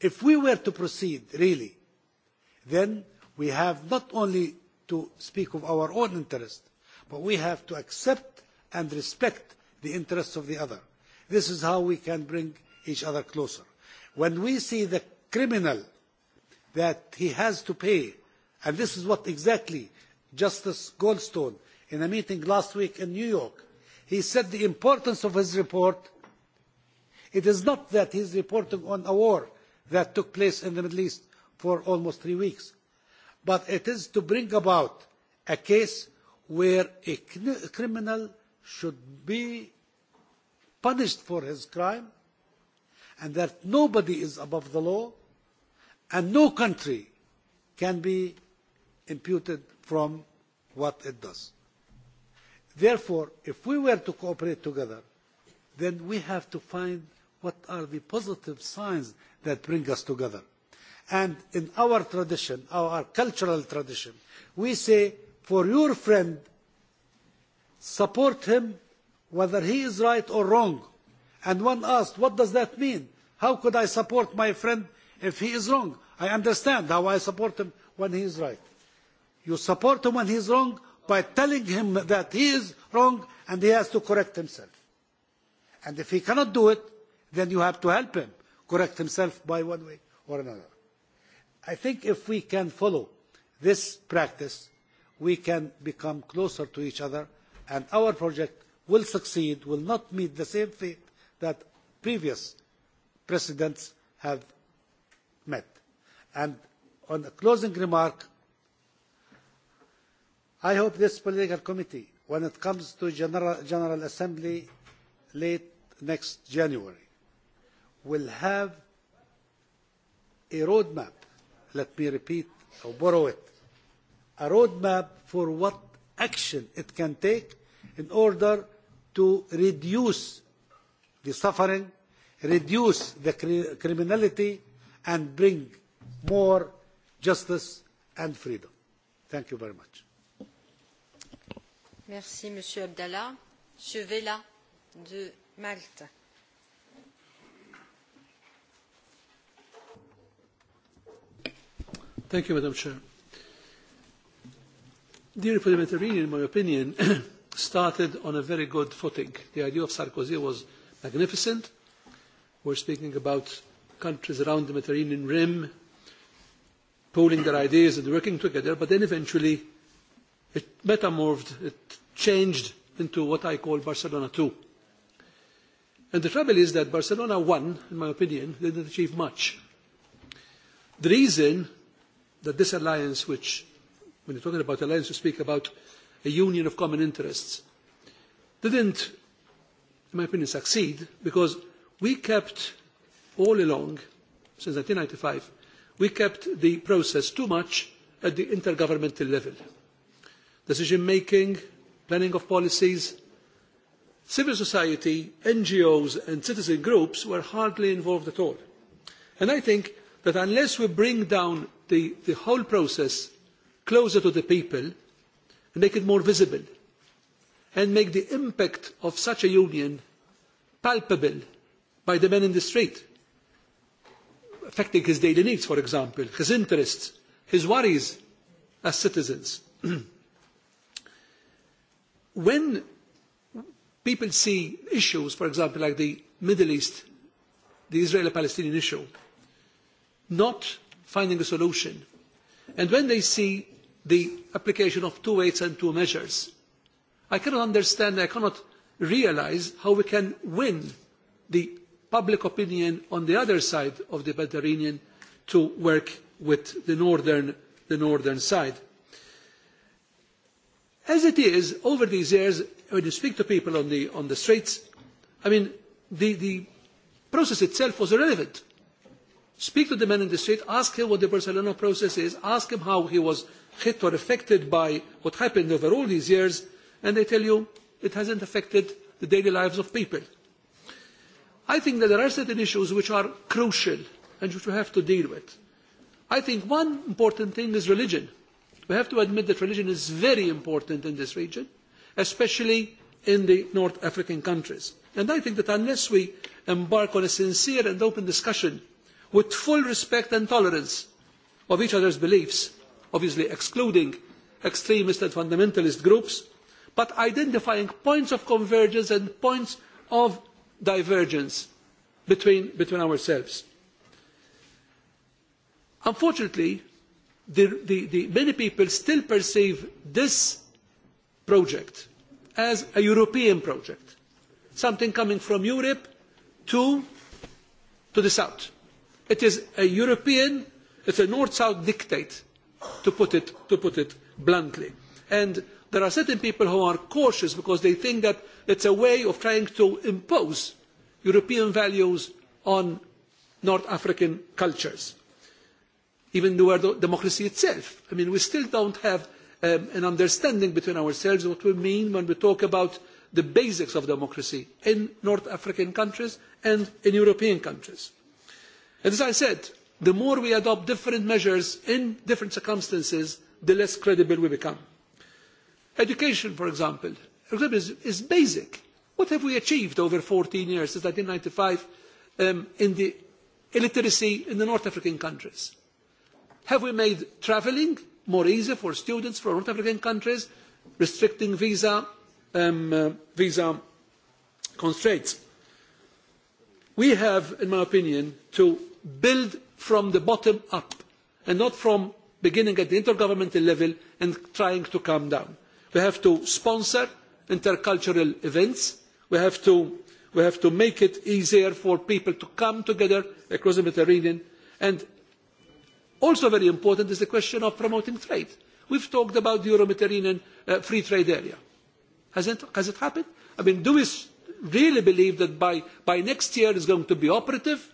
If we were to proceed, really, then we have not only to speak of our own interest, but we have to accept and respect the interests of the other. This is how we can bring each other closer. When we see the criminal that he has to pay, and this is what exactly Justice Goldstone, in a meeting last week in New York, he said the importance of his report. It is not that he is reporting on a war that took place in the Middle East for almost three weeks. But it is to bring about a case where a criminal should be punished for his crime and that nobody is above the law and no country can be imputed from what it does. Therefore, if we were to cooperate together, then we have to find what are the positive signs that bring us together And in our tradition, our cultural tradition, we say, for your friend, support him whether he is right or wrong. And one asked, what does that mean? How could I support my friend if he is wrong? I understand how I support him when he is right. You support him when he is wrong by telling him that he is wrong and he has to correct himself. And if he cannot do it, then you have to help him correct himself by one way or another. I think if we can follow this practice, we can become closer to each other, and our project will succeed, will not meet the same fate that previous precedents have met. And on a closing remark, I hope this political committee, when it comes to General, General Assembly late next January, will have a roadmap let me repeat or borrow it, a roadmap for what action it can take in order to reduce the suffering, reduce the cr criminality, and bring more justice and freedom. Thank you very much. Merci, Monsieur Abdallah. Monsieur Vela de Malte. Thank you, Madam Chair. Dear parliamentarian, in my opinion, started on a very good footing. The idea of Sarkozy was magnificent. We're speaking about countries around the Mediterranean Rim pooling their ideas and working together, but then eventually it metamorphed, it changed into what I call Barcelona 2. And the trouble is that Barcelona 1, in my opinion, didn't achieve much. The reason that this alliance, which, when you're talking about alliance, you speak about a union of common interests, didn't, in my opinion, succeed because we kept all along, since 1995, we kept the process too much at the intergovernmental level. Decision making, planning of policies, civil society, NGOs and citizen groups were hardly involved at all. And I think that unless we bring down the, the whole process closer to the people and make it more visible and make the impact of such a union palpable by the man in the street, affecting his daily needs, for example, his interests, his worries as citizens. when people see issues, for example, like the Middle East, the Israeli-Palestinian issue, not finding a solution. And when they see the application of two weights and two measures, I cannot understand, I cannot realise how we can win the public opinion on the other side of the Mediterranean to work with the northern, the northern side. As it is, over these years, when you speak to people on the, on the streets, I mean, the, the process itself was irrelevant Speak to the man in the street, ask him what the Barcelona process is, ask him how he was hit or affected by what happened over all these years, and they tell you it hasn't affected the daily lives of people. I think that there are certain issues which are crucial and which we have to deal with. I think one important thing is religion. We have to admit that religion is very important in this region, especially in the North African countries. And I think that unless we embark on a sincere and open discussion with full respect and tolerance of each other's beliefs, obviously excluding extremist and fundamentalist groups, but identifying points of convergence and points of divergence between, between ourselves. Unfortunately, the, the, the many people still perceive this project as a European project, something coming from Europe to, to the south It is a European, it's a North-South dictate, to put, it, to put it bluntly. And there are certain people who are cautious because they think that it's a way of trying to impose European values on North African cultures. Even the word democracy itself. I mean, we still don't have um, an understanding between ourselves what we mean when we talk about the basics of democracy in North African countries and in European countries. And as I said, the more we adopt different measures in different circumstances, the less credible we become. Education, for example, is, is basic. What have we achieved over 14 years since 1995 um, in the illiteracy in the North African countries? Have we made travelling more easy for students from North African countries, restricting visa, um, uh, visa constraints? we have, in my opinion, to build from the bottom up and not from beginning at the intergovernmental level and trying to come down. We have to sponsor intercultural events. We have to, we have to make it easier for people to come together across the Mediterranean. And also very important is the question of promoting trade. We've talked about the Euro-Mediterranean uh, free trade area. Has it, has it happened? I mean, do we really believe that by, by next year it's going to be operative,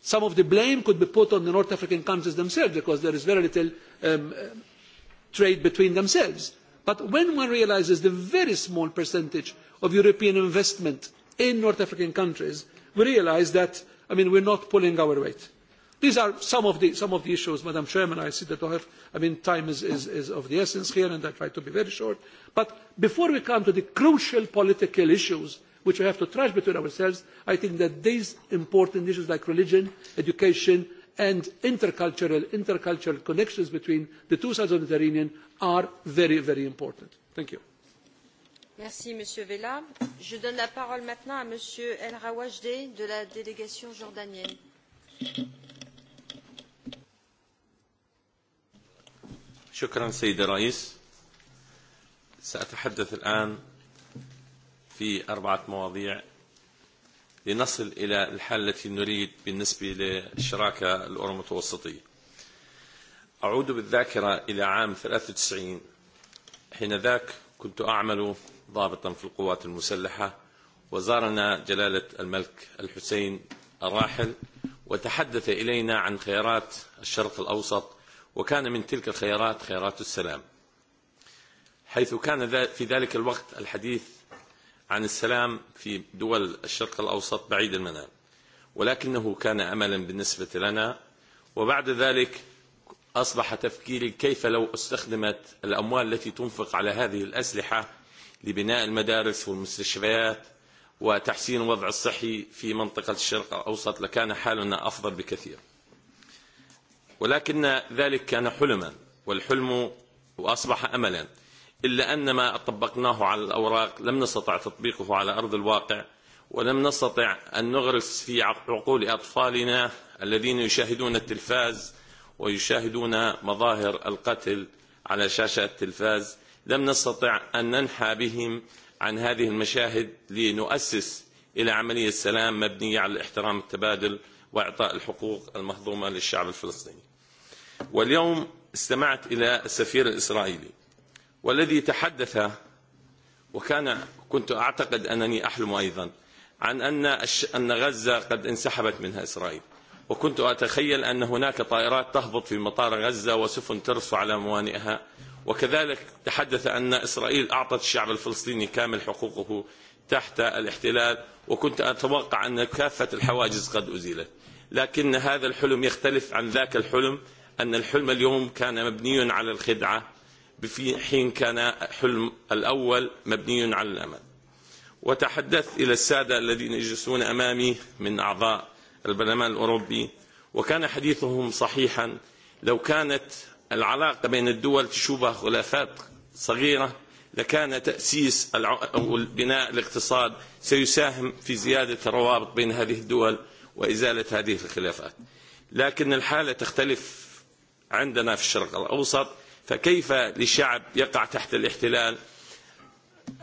some of the blame could be put on the North African countries themselves because there is very little um, uh, trade between themselves. But when one realizes the very small percentage of European investment in North African countries, we realize that, I mean, we're not pulling our weight. These are some of the, some of the issues, Madam Chairman. I see that I have, I mean, time is, is, is of the essence here, and I try to be very short. But before we come to the crucial political issues which we have to trash between ourselves, I think that these important issues like religion, education, and intercultural, intercultural connections between the two sides of the Mediterranean are very, very important. Thank you. Merci, Monsieur Vella. Je donne la parole maintenant à Monsieur El Rawajde de la délégation jordanienne. شكرا سيد الرئيس سأتحدث الآن في أربعة مواضيع لنصل إلى الحل التي نريد بالنسبة للشراكة الأورو متوسطية أعود بالذاكرة إلى عام 93 حين ذاك كنت أعمل ضابطا في القوات المسلحة وزارنا جلالة الملك الحسين الراحل وتحدث إلينا عن خيارات الشرق الأوسط وكان من تلك الخيارات خيارات السلام حيث كان في ذلك الوقت الحديث عن السلام في دول الشرق الأوسط بعيد المنام ولكنه كان أملا بالنسبة لنا وبعد ذلك أصبح تفكيري كيف لو استخدمت الأموال التي تنفق على هذه الأسلحة لبناء المدارس والمستشفيات وتحسين الوضع الصحي في منطقة الشرق الأوسط لكان حالنا أفضل بكثير ولكن ذلك كان حلما والحلم وأصبح أملا إلا أن ما طبقناه على الأوراق لم نستطع تطبيقه على أرض الواقع ولم نستطع أن نغرس في عقول أطفالنا الذين يشاهدون التلفاز ويشاهدون مظاهر القتل على شاشة التلفاز لم نستطع أن ننحى بهم عن هذه المشاهد لنؤسس إلى عملية سلام مبنية على الاحترام التبادل وإعطاء الحقوق المهضومة للشعب الفلسطيني واليوم استمعت إلى السفير الإسرائيلي والذي تحدث وكان كنت أعتقد أنني أحلم أيضا عن أن أن غزة قد انسحبت منها إسرائيل وكنت أتخيل أن هناك طائرات تهبط في مطار غزة وسفن ترس على موانئها وكذلك تحدث أن إسرائيل أعطت الشعب الفلسطيني كامل حقوقه تحت الاحتلال وكنت أتوقع أن كافة الحواجز قد أزيلت لكن هذا الحلم يختلف عن ذاك الحلم أن الحلم اليوم كان مبني على الخدعة في حين كان حلم الأول مبني على الأمل وتحدثت إلى السادة الذين يجلسون أمامي من أعضاء البرلمان الأوروبي وكان حديثهم صحيحا لو كانت العلاقة بين الدول تشوبها خلافات صغيرة لكان تأسيس أو بناء الاقتصاد سيساهم في زيادة الروابط بين هذه الدول وإزالة هذه الخلافات لكن الحالة تختلف عندنا في الشرق الأوسط فكيف للشعب يقع تحت الاحتلال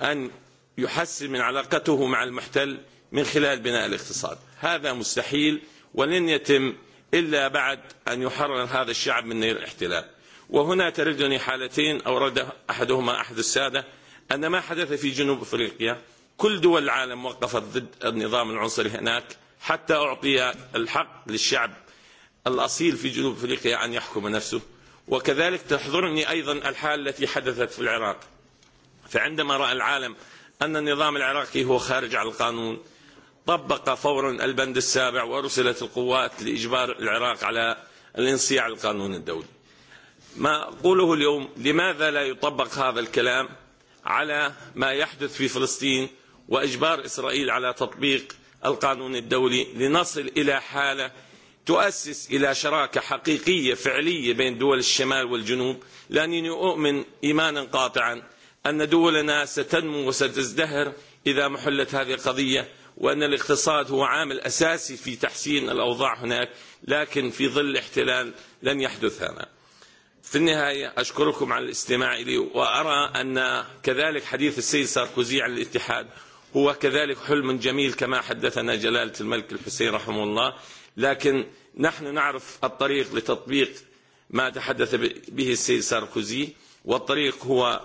أن يحسن من علاقته مع المحتل من خلال بناء الاقتصاد هذا مستحيل ولن يتم إلا بعد أن يحرر هذا الشعب من نير الاحتلال وهنا تردني حالتين أورد أحدهما أحد السادة أن ما حدث في جنوب أفريقيا كل دول العالم وقفت ضد النظام العنصري هناك حتى أعطي الحق للشعب الأصيل في جنوب أفريقيا أن يحكم نفسه وكذلك تحضرني أيضا الحال التي حدثت في العراق فعندما رأى العالم أن النظام العراقي هو خارج عن القانون طبق فورا البند السابع وأرسلت القوات لإجبار العراق على الانصياع القانون الدولي ما أقوله اليوم لماذا لا يطبق هذا الكلام على ما يحدث في فلسطين وإجبار إسرائيل على تطبيق القانون الدولي لنصل إلى حالة تؤسس إلى شراكة حقيقية فعلية بين دول الشمال والجنوب لأنني أؤمن إيمانا قاطعا أن دولنا ستنمو وستزدهر إذا محلت هذه القضية وأن الاقتصاد هو عامل أساسي في تحسين الأوضاع هناك لكن في ظل الاحتلال لن يحدث هذا في النهاية أشكركم على الاستماع إلي وأرى أن كذلك حديث السيد ساركوزي عن الاتحاد هو كذلك حلم جميل كما حدثنا جلالة الملك الحسين رحمه الله لكن نحن نعرف الطريق لتطبيق ما تحدث به السيد ساركوزي والطريق هو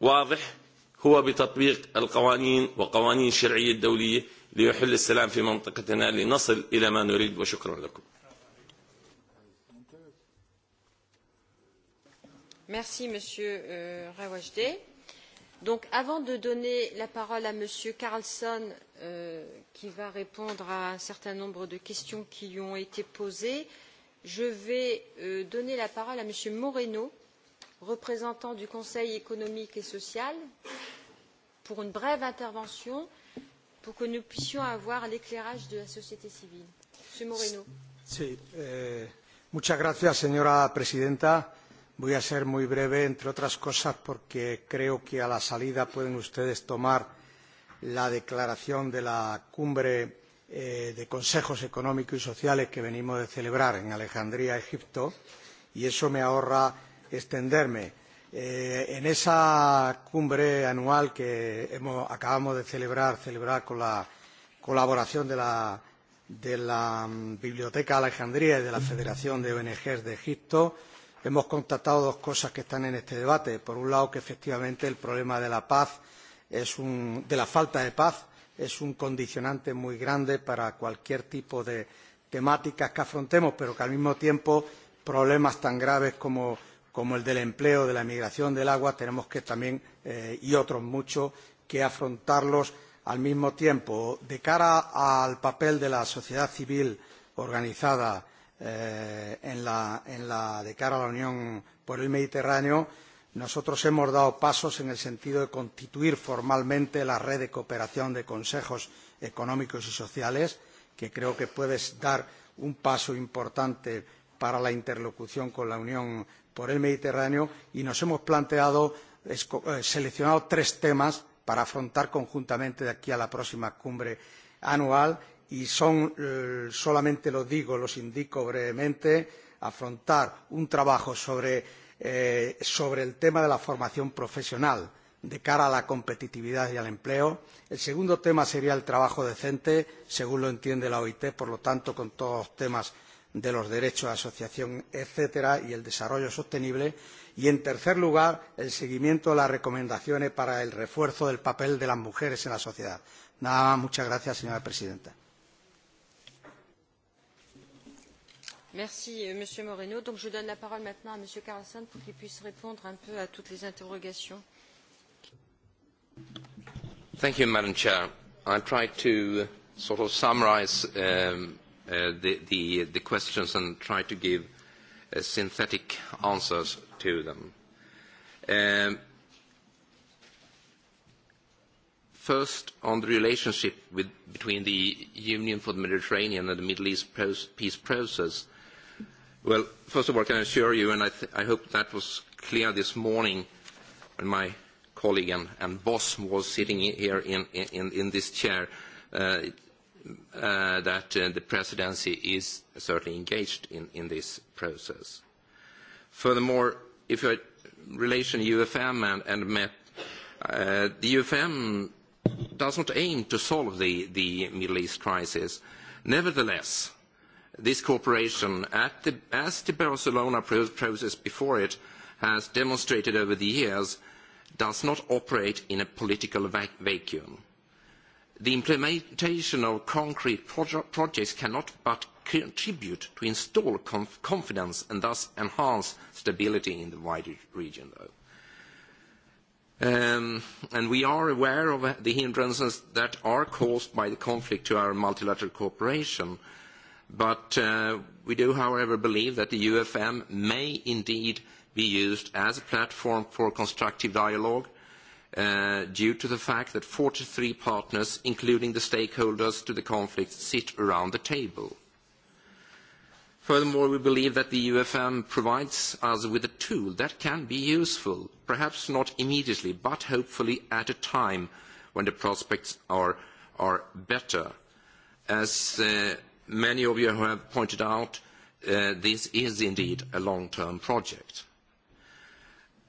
واضح هو بتطبيق القوانين وقوانين الشرعية الدولية ليحل السلام في منطقتنا لنصل إلى ما نريد وشكرا لكم Merci, Monsieur euh, Rawajde. Donc, avant de donner la parole à M. Carlson, euh, qui va répondre à un certain nombre de questions qui lui ont été posées, je vais euh, donner la parole à M. Moreno, représentant du Conseil économique et social, pour une brève intervention, pour que nous puissions avoir l'éclairage de la société civile. M. Moreno. Sí, eh, muchas gracias, señora presidenta Voy a ser muy breve, entre otras cosas, porque creo que a la salida pueden ustedes tomar la declaración de la cumbre eh, de consejos económicos y sociales que venimos de celebrar en Alejandría, Egipto, y eso me ahorra extenderme. Eh, en esa cumbre anual que hemos, acabamos de celebrar, celebrar con la colaboración de la, de la mm, Biblioteca Alejandría y de la Federación de ONG de Egipto, hemos constatado dos cosas que están en este debate. Por un lado, que efectivamente el problema de la paz es un, de la falta de paz es un condicionante muy grande para cualquier tipo de temáticas que afrontemos, pero que al mismo tiempo problemas tan graves como, como el del empleo, de la migración, del agua, tenemos que también, eh, y otros muchos, que afrontarlos al mismo tiempo. De cara al papel de la sociedad civil organizada eh, en la, en la, de cara a la Unión por el Mediterráneo, nosotros hemos dado pasos en el sentido de constituir formalmente la red de cooperación de consejos económicos y sociales, que creo que puede dar un paso importante para la interlocución con la Unión por el Mediterráneo, y nos hemos planteado, eh, seleccionado tres temas para afrontar conjuntamente de aquí a la próxima cumbre anual y son, eh, solamente los digo, los indico brevemente, afrontar un trabajo sobre, eh, sobre el tema de la formación profesional de cara a la competitividad y al empleo. El segundo tema sería el trabajo decente, según lo entiende la OIT, por lo tanto, con todos los temas de los derechos de asociación, etcétera, y el desarrollo sostenible. Y, en tercer lugar, el seguimiento de las recomendaciones para el refuerzo del papel de las mujeres en la sociedad. Nada más. Muchas gracias, señora presidenta. Merci euh, Monsieur Moreno. Donc je donne la parole maintenant à Monsieur Carlson pour qu'il puisse répondre un peu à toutes les interrogations. Thank you, Madam Chair. I tried to uh, sort of summarize um, uh, the, the, the questions and try to give uh, synthetic answers to them. Um, First, on the relationship with, between the Union for the Mediterranean and the Middle East pro peace process, Well, first of all, can I assure you, and I, th I hope that was clear this morning when my colleague and, and boss was sitting in, here in, in, in this chair, uh, uh, that uh, the presidency is certainly engaged in, in this process. Furthermore, if you relation UFM and, and MEP, uh, the UFM does not aim to solve the, the Middle East crisis. Nevertheless, this cooperation, the, as the Barcelona pro process before it has demonstrated over the years, does not operate in a political vac vacuum. The implementation of concrete proje projects cannot but contribute to install conf confidence and thus enhance stability in the wider region, though. Um, and we are aware of the hindrances that are caused by the conflict to our multilateral cooperation, uh, But uh, we do, however, believe that the UFM may indeed be used as a platform for constructive dialogue uh, due to the fact that 43 partners, including the stakeholders to the conflict, sit around the table. Furthermore, we believe that the UFM provides us with a tool that can be useful, perhaps not immediately, but hopefully at a time when the prospects are, are better. As uh, many of you have pointed out, uh, this is indeed a long-term project.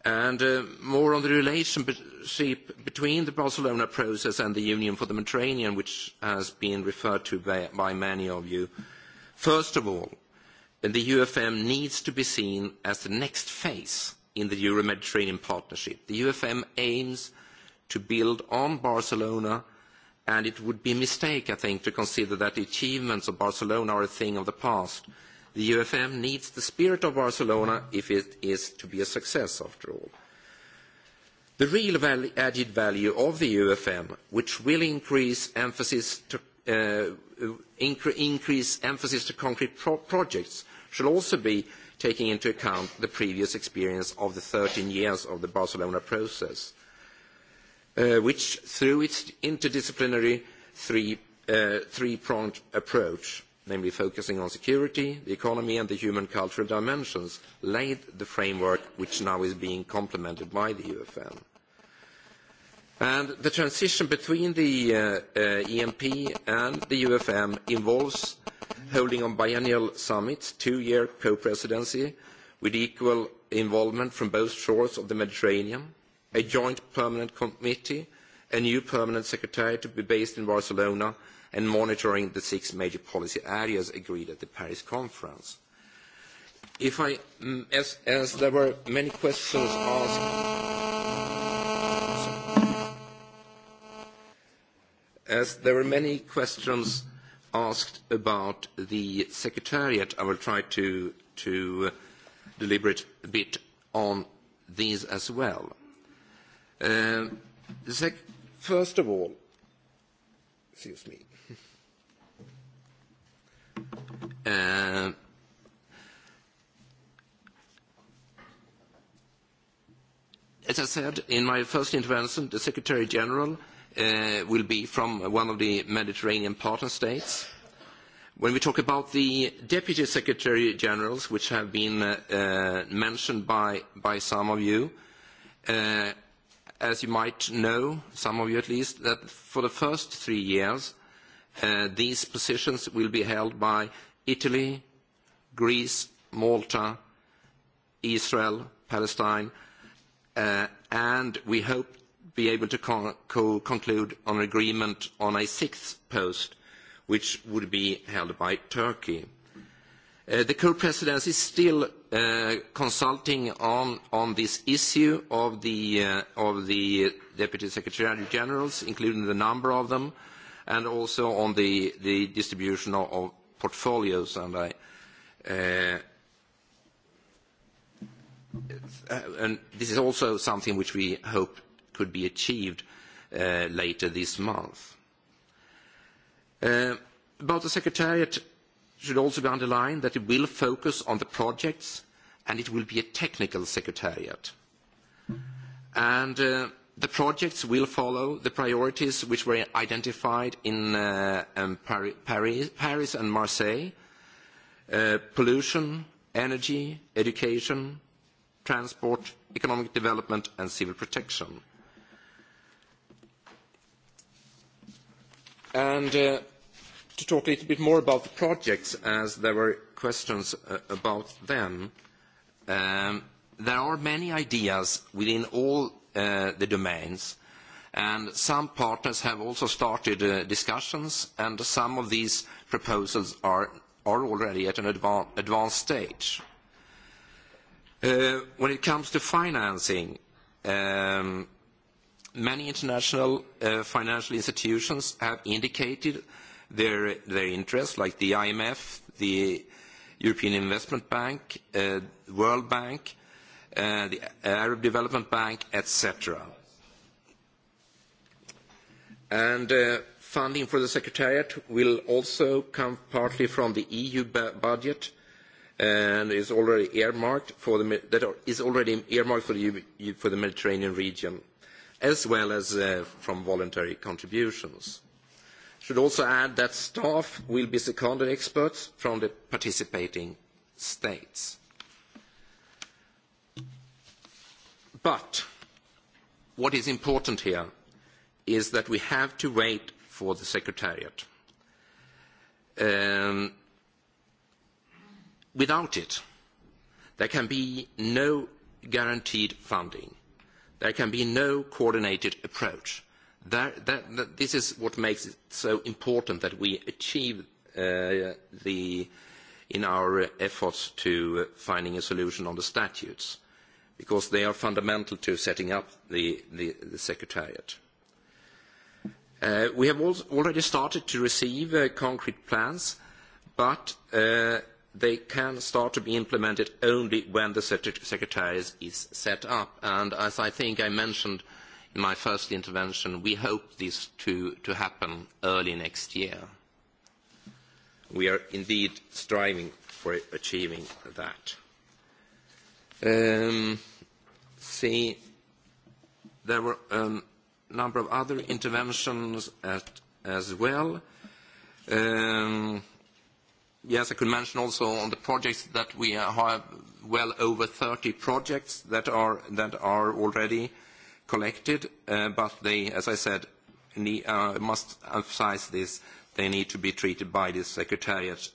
And uh, more on the relationship between the Barcelona process and the Union for the Mediterranean, which has been referred to by, by many of you. First of all, the UFM needs to be seen as the next phase in the Euro-Mediterranean partnership. The UFM aims to build on Barcelona and it would be a mistake, I think, to consider that the achievements of Barcelona are a thing of the past. The UFM needs the spirit of Barcelona if it is to be a success, after all. The real value, added value of the UFM, which will increase emphasis to, uh, incre increase emphasis to concrete pro projects, should also be taking into account the previous experience of the 13 years of the Barcelona process uh, which, through its interdisciplinary three, uh, three-pronged approach, namely focusing on security, the economy and the human cultural dimensions, laid the framework which now is being complemented by the UFM. And the transition between the uh, uh, EMP and the UFM involves holding on biennial summits, two-year co-presidency, with equal involvement from both shores of the Mediterranean, a joint permanent committee, a new permanent secretariat to be based in Barcelona, and monitoring the six major policy areas agreed at the Paris conference. If I, mm, as, as there were many questions asked, as there were many questions asked about the secretariat, I will try to, to deliberate a bit on these as well. Uh, sec- first of all, excuse me. Uh, as I said in my first intervention, the Secretary General uh, will be from one of the Mediterranean partner states. When we talk about the Deputy Secretary Generals, which have been uh, uh mentioned by, by some of you, uh, as you might know, some of you at least, that for the first three years, uh, these positions will be held by Italy, Greece, Malta, Israel, Palestine, uh, and we hope be able to con co conclude on an agreement on a sixth post, which would be held by Turkey. Uh, the co-presidency still uh, consulting on, on this issue of the, uh, of the Deputy Secretary Generals, including the number of them, and also on the, the distribution of, of portfolios. And I, uh, uh and this is also something which we hope could be achieved uh, later this month. Uh, about the Secretariat, should also be underlined that it will focus on the projects, and it will be a technical secretariat. And, uh, the projects will follow the priorities which were identified in uh, um, Pari Paris, Paris and Marseille, uh, pollution, energy, education, transport, economic development, and civil protection. And, uh, to talk a little bit more about the projects as there were questions uh, about them. Um, there are many ideas within all uh, the domains, and some partners have also started uh, discussions, and some of these proposals are, are already at an advan advanced stage. Uh, when it comes to financing, um, many international uh, financial institutions have indicated their, their interests, like the IMF, the European Investment Bank, uh, World Bank, uh, the Arab Development Bank, etc. And uh, funding for the Secretariat will also come partly from the EU bu budget and is already earmarked for the, that are, is already earmarked for the, for the Mediterranean region, as well as uh, from voluntary contributions should also add that staff will be seconded experts from the participating states. But what is important here is that we have to wait for the Secretariat. Um, without it, there can be no guaranteed funding. There can be no coordinated approach There, that, that, this is what makes it so important that we achieve uh, the, in our efforts to uh, finding a solution on the statutes, because they are fundamental to setting up the, the, the secretariat. Uh, we have already started to receive uh, concrete plans, but uh, they can start to be implemented only when the secretariat is set up. And as I think I mentioned my first intervention, we hope this to, to happen early next year. We are indeed striving for achieving that. Um, see, there were a um, number of other interventions at, as well. Um, yes, I could mention also on the projects that we have well over 30 projects that are, that are already uh, collected, uh, but they, as I said, need, uh, must emphasize this, they need to be treated by the Secretariat.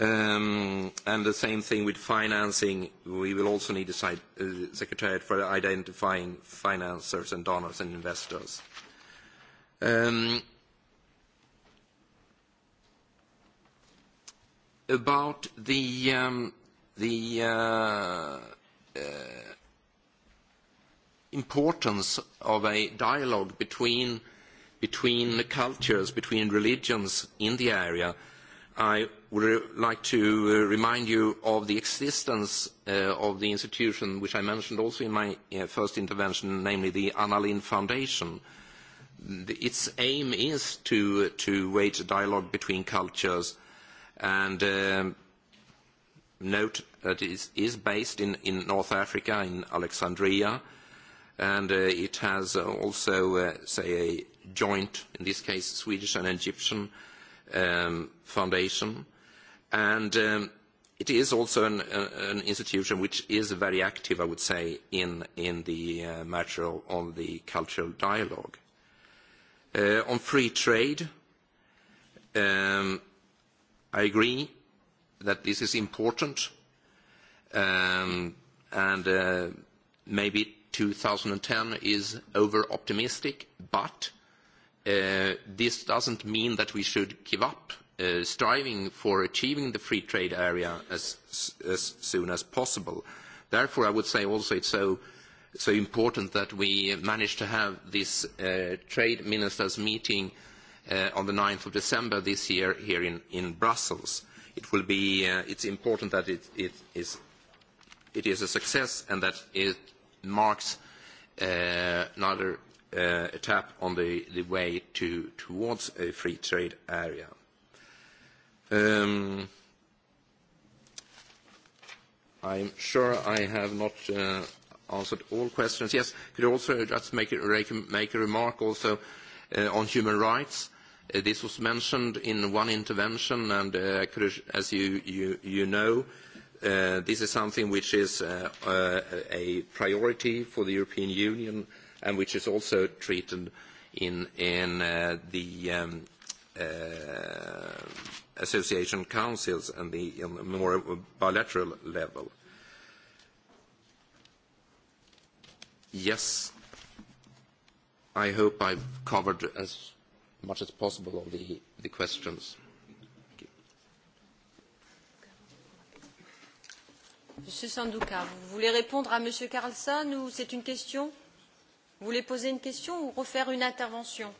Um, and the same thing with financing, we will also need a side, uh, Secretariat for identifying financiers and donors and investors. Um, about the, um, the uh, uh, importance of a dialogue between, between the cultures, between religions in the area, I would like to uh, remind you of the existence uh, of the institution which I mentioned also in my uh, first intervention, namely the Anna Lindh Foundation. The, its aim is to, to wage a dialogue between cultures and um, note that it is, is based in, in North Africa, in Alexandria, uh, and uh, it has uh, also, uh, say, a joint, in this case, Swedish and Egyptian um, foundation. And um, it is also an, uh, an institution which is very active, I would say, in, in the uh, matter of, on the cultural dialogue. Uh, on free trade, um, I agree that this is important, um, and uh, maybe 2010 is over-optimistic, but uh, this doesn't mean that we should give up uh, striving for achieving the free trade area as, as soon as possible. Therefore, I would say also it's so, so important that we managed to have this uh, trade ministers meeting uh, on the 9th of December this year here in, in Brussels. It will be, uh, it's important that it, it, is, it is a success and that it marks uh, another uh, tap on the, the way to, towards a free trade area. Um, I'm sure I have not uh, answered all questions. Yes, could also just make a, make a remark also uh, on human rights. Uh, this was mentioned in one intervention, and uh, could, as you, you, you know, uh, Uh, this is something which is uh, uh, a priority for the European Union and which is also treated in, in uh, the um, uh, association councils and the in the more bilateral level. Yes, I hope I've covered as much as possible of the, the questions. Monsieur Sanduka, vous voulez répondre à Monsieur Carlson ou c'est une question Vous voulez poser une question ou refaire une intervention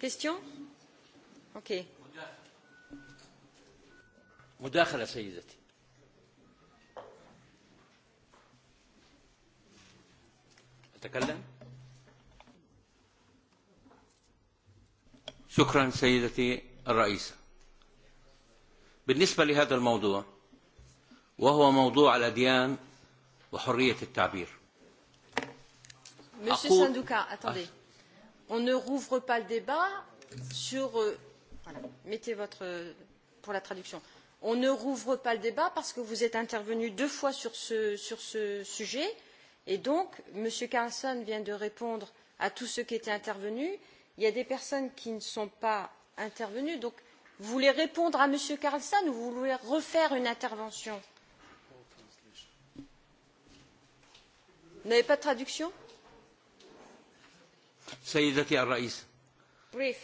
Question Ok. مداخلة سيدتي أتكلم شكرا سيدتي الرئيسة بالنسبة لهذا الموضوع وهو موضوع الأديان وحرية التعبير Monsieur أقول... Sanduka, attendez. On ne rouvre pas le débat sur... Euh, voilà, mettez votre... pour la traduction. On ne rouvre pas le débat parce que vous êtes intervenu deux fois sur ce, sur ce sujet. Et donc, M. Carlson vient de répondre à tous ceux qui étaient intervenus. Il y a des personnes qui ne sont pas intervenues. Donc, vous voulez répondre à M. Carlson ou vous voulez refaire une intervention Vous n'avez pas de traduction سيدتي الرئيس بريف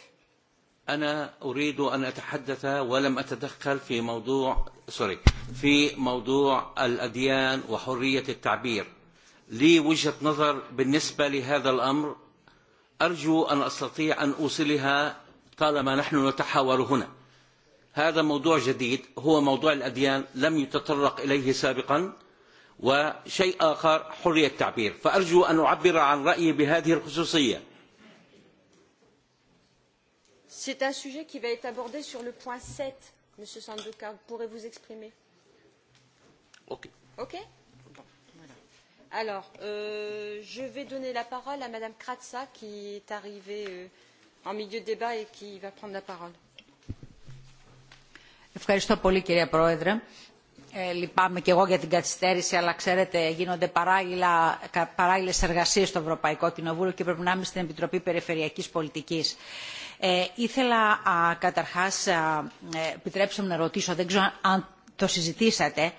أنا أريد أن أتحدث ولم أتدخل في موضوع سوري في موضوع الأديان وحرية التعبير لي وجهة نظر بالنسبة لهذا الأمر أرجو أن أستطيع أن أوصلها طالما نحن نتحاور هنا هذا موضوع جديد هو موضوع الأديان لم يتطرق إليه سابقا وشيء آخر حرية التعبير فأرجو أن أعبر عن رأيي بهذه الخصوصية C'est un sujet qui va être abordé sur le point 7, Monsieur Sandoka. Vous pourrez vous exprimer. OK. OK voilà. Alors, euh, je vais donner la parole à Madame Kratza, qui est arrivée euh, en milieu de débat et qui va prendre la parole. Ευχαριστώ πολύ κυρία Πρόεδρε. Ε, λυπάμαι και εγώ για την καθυστέρηση, αλλά ξέρετε γίνονται παράλληλα, παράλληλες εργασίες στο Ευρωπαϊκό Κοινοβούλιο και πρέπει να είμαι στην Επιτροπή Περιφερειακής Πολιτικής. Ε, ήθελα α, καταρχάς, α, ε, επιτρέψτε μου να ρωτήσω, δεν ξέρω αν το συζητήσατε,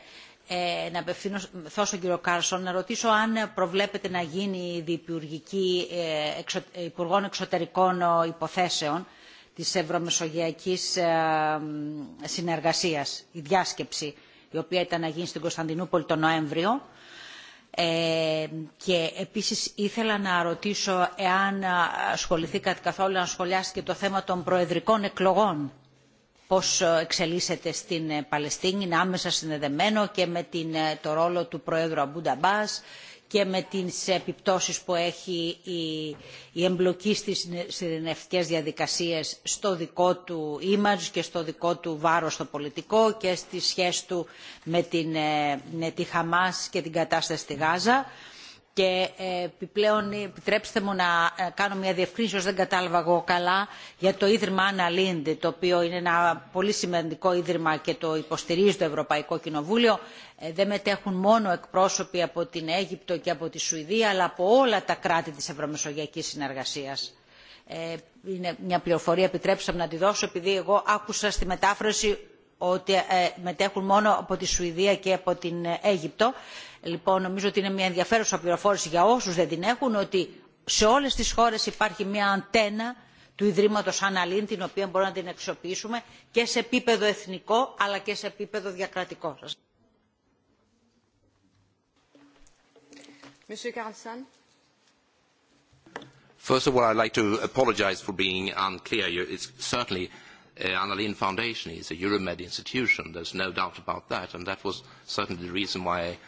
ε, να απευθυνθώ στον κύριο Κάρσον, να ρωτήσω αν προβλέπετε να γίνει διπουργική ε, εξω, Υπουργών Εξωτερικών Υποθέσεων της Ευρωμεσογειακής ε, Συνεργασίας, η διάσκεψη η οποία ήταν να γίνει στην Κωνσταντινούπολη τον Νοέμβριο. Ε, και επίσης ήθελα να ρωτήσω εάν ασχοληθήκατε καθόλου να σχολιάσετε το θέμα των προεδρικών εκλογών πώς εξελίσσεται στην Παλαιστίνη, είναι άμεσα συνδεδεμένο και με την, το ρόλο του Προέδρου Αμπούντα Μπάς και με τις επιπτώσεις που έχει η, η εμπλοκή στις συνενευτικές διαδικασίες στο δικό του image και στο δικό του βάρος στο πολιτικό και στη σχέση του με, την, με τη Χαμάς και την κατάσταση στη Γάζα. Mm και επιπλέον επιτρέψτε μου να κάνω μια διευκρίνηση όσο δεν κατάλαβα εγώ καλά για το Ίδρυμα Άννα Λίντ το οποίο είναι ένα πολύ σημαντικό Ίδρυμα και το υποστηρίζει το Ευρωπαϊκό Κοινοβούλιο δεν μετέχουν μόνο εκπρόσωποι από την Αίγυπτο και από τη Σουηδία αλλά από όλα τα κράτη της Ευρωμεσογειακής Συνεργασίας. Είναι μια πληροφορία, επιτρέψτε μου να τη δώσω, επειδή εγώ άκουσα στη μετάφραση ότι μετέχουν μόνο από τη Σουηδία και από την Αίγυπτο Λοιπόν, νομίζω ότι είναι μια ενδιαφέρουσα πληροφόρηση για όσους δεν την έχουν, ότι σε όλες τις χώρες υπάρχει μια αντένα του Ιδρύματος Αναλύν, την οποία μπορούμε να την αξιοποιήσουμε και σε επίπεδο εθνικό, αλλά και σε επίπεδο διακρατικό. Monsieur Carlson. First of all, I'd like to apologize for being unclear. It's certainly uh, Annalene Foundation is a Euromed institution. There's no doubt about that, and that was certainly the reason why I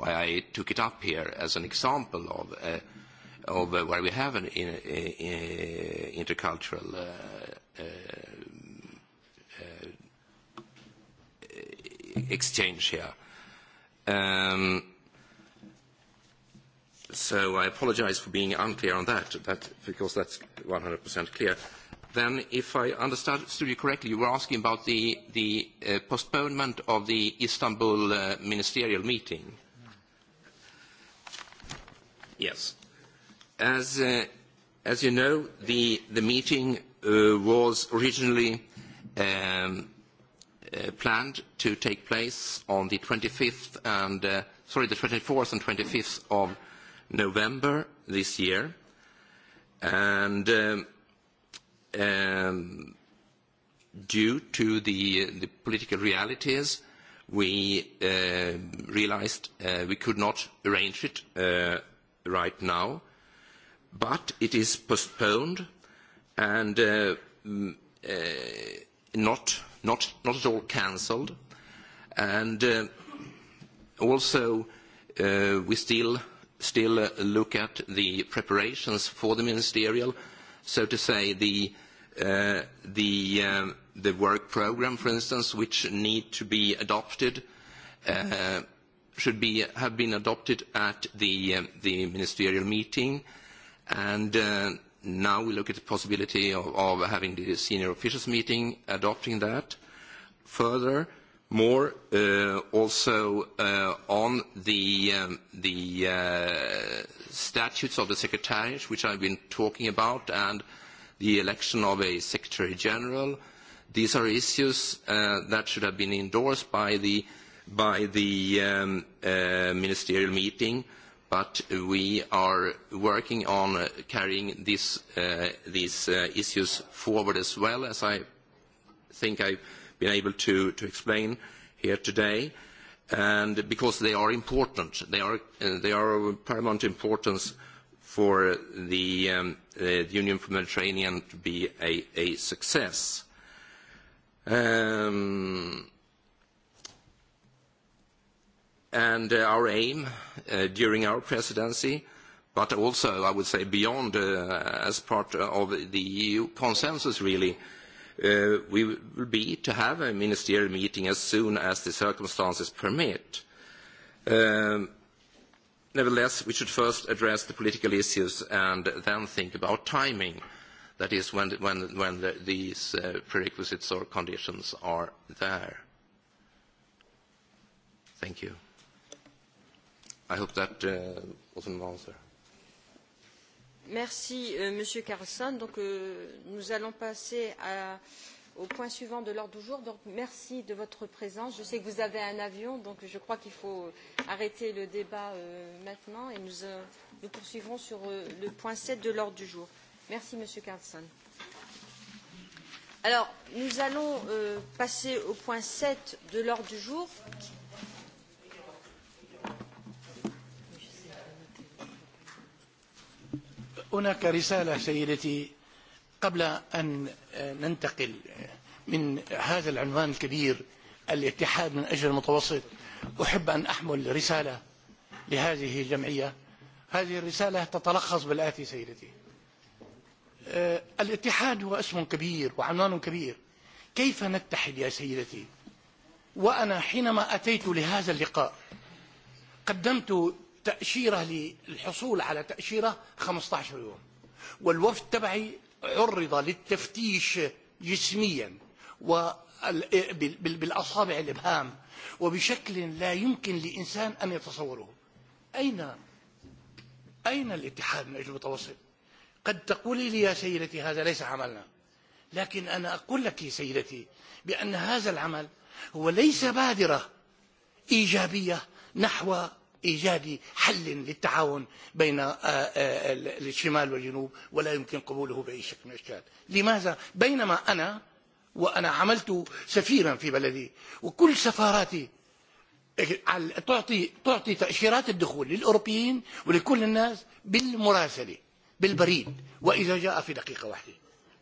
why I took it up here as an example of, uh, of uh, where we have an in, uh, intercultural uh, uh, uh, exchange here. Um, so I apologize for being unclear on that, that because that's 100% clear. Then, if I understood you correctly, you were asking about the, the uh, postponement of the Istanbul uh, ministerial meeting. Uh, Yes. As, uh, as you know, the, the meeting uh, was originally um, uh, planned to take place on the 25th and, uh, sorry, the 24th and 25th of November this year. And um, um, due to the, the political realities, we uh, realized uh, we could not arrange it uh, right now, but it is postponed and uh, mm, uh, not, not, not at all canceled. And uh, also, uh, we still, still uh, look at the preparations for the ministerial, so to say, the, uh, the, um, the work program, for instance, which need to be adopted uh, should be, have been adopted at the, um, the ministerial meeting. And uh, now we look at the possibility of, of having the senior officials meeting, adopting that. Further, more uh, also uh, on the, um, the uh, statutes of the secretariat, which I've been talking about, and the election of a secretary general. These are issues uh, that should have been endorsed by the uh, by the um, uh, ministerial meeting, but we are working on uh, carrying this, uh, these uh, issues forward as well, as I think I've been able to, to explain here today. And because they are important, they are, uh, they are of paramount importance for the, um, uh, the Union for Mediterranean to be a, a success. Um, And uh, our aim uh, during our presidency, but also, I would say, beyond, uh, as part of the EU consensus, really, uh, we will be to have a ministerial meeting as soon as the circumstances permit. Um, nevertheless, we should first address the political issues and then think about timing. That is, when, when, when the, these uh, prerequisites or conditions are there. Thank you. I hope that uh, was an answer. Merci, euh, Monsieur Carlson. Donc, euh, nous allons passer à, au point suivant de l'ordre du jour. Donc, merci de votre présence. Je sais que vous avez un avion, donc je crois qu'il faut arrêter le débat euh, maintenant et nous, euh, nous poursuivrons sur euh, le point 7 de l'ordre du jour. Merci, Monsieur Carlson. Alors, nous allons euh, passer au point 7 de l'ordre du jour. Qui هناك رسالة سيدتي قبل أن ننتقل من هذا العنوان الكبير الاتحاد من أجل المتوسط أحب أن أحمل رسالة لهذه الجمعية هذه الرسالة تتلخص بالآتي سيدتي الاتحاد هو اسم كبير وعنوان كبير كيف نتحد يا سيدتي وأنا حينما أتيت لهذا اللقاء قدمت تأشيرة للحصول على تأشيرة 15 يوم والوفد تبعي عرض للتفتيش جسميا بالأصابع الإبهام وبشكل لا يمكن لإنسان أن يتصوره أين أين الاتحاد من أجل المتوسط قد تقولي لي يا سيدتي هذا ليس عملنا لكن أنا أقول لك سيدتي بأن هذا العمل هو ليس بادرة إيجابية نحو ايجاد حل للتعاون بين الشمال والجنوب ولا يمكن قبوله باي شكل من الاشكال لماذا بينما انا وانا عملت سفيرا في بلدي وكل سفاراتي تعطي تعطي تاشيرات الدخول للاوروبيين ولكل الناس بالمراسله بالبريد واذا جاء في دقيقه واحده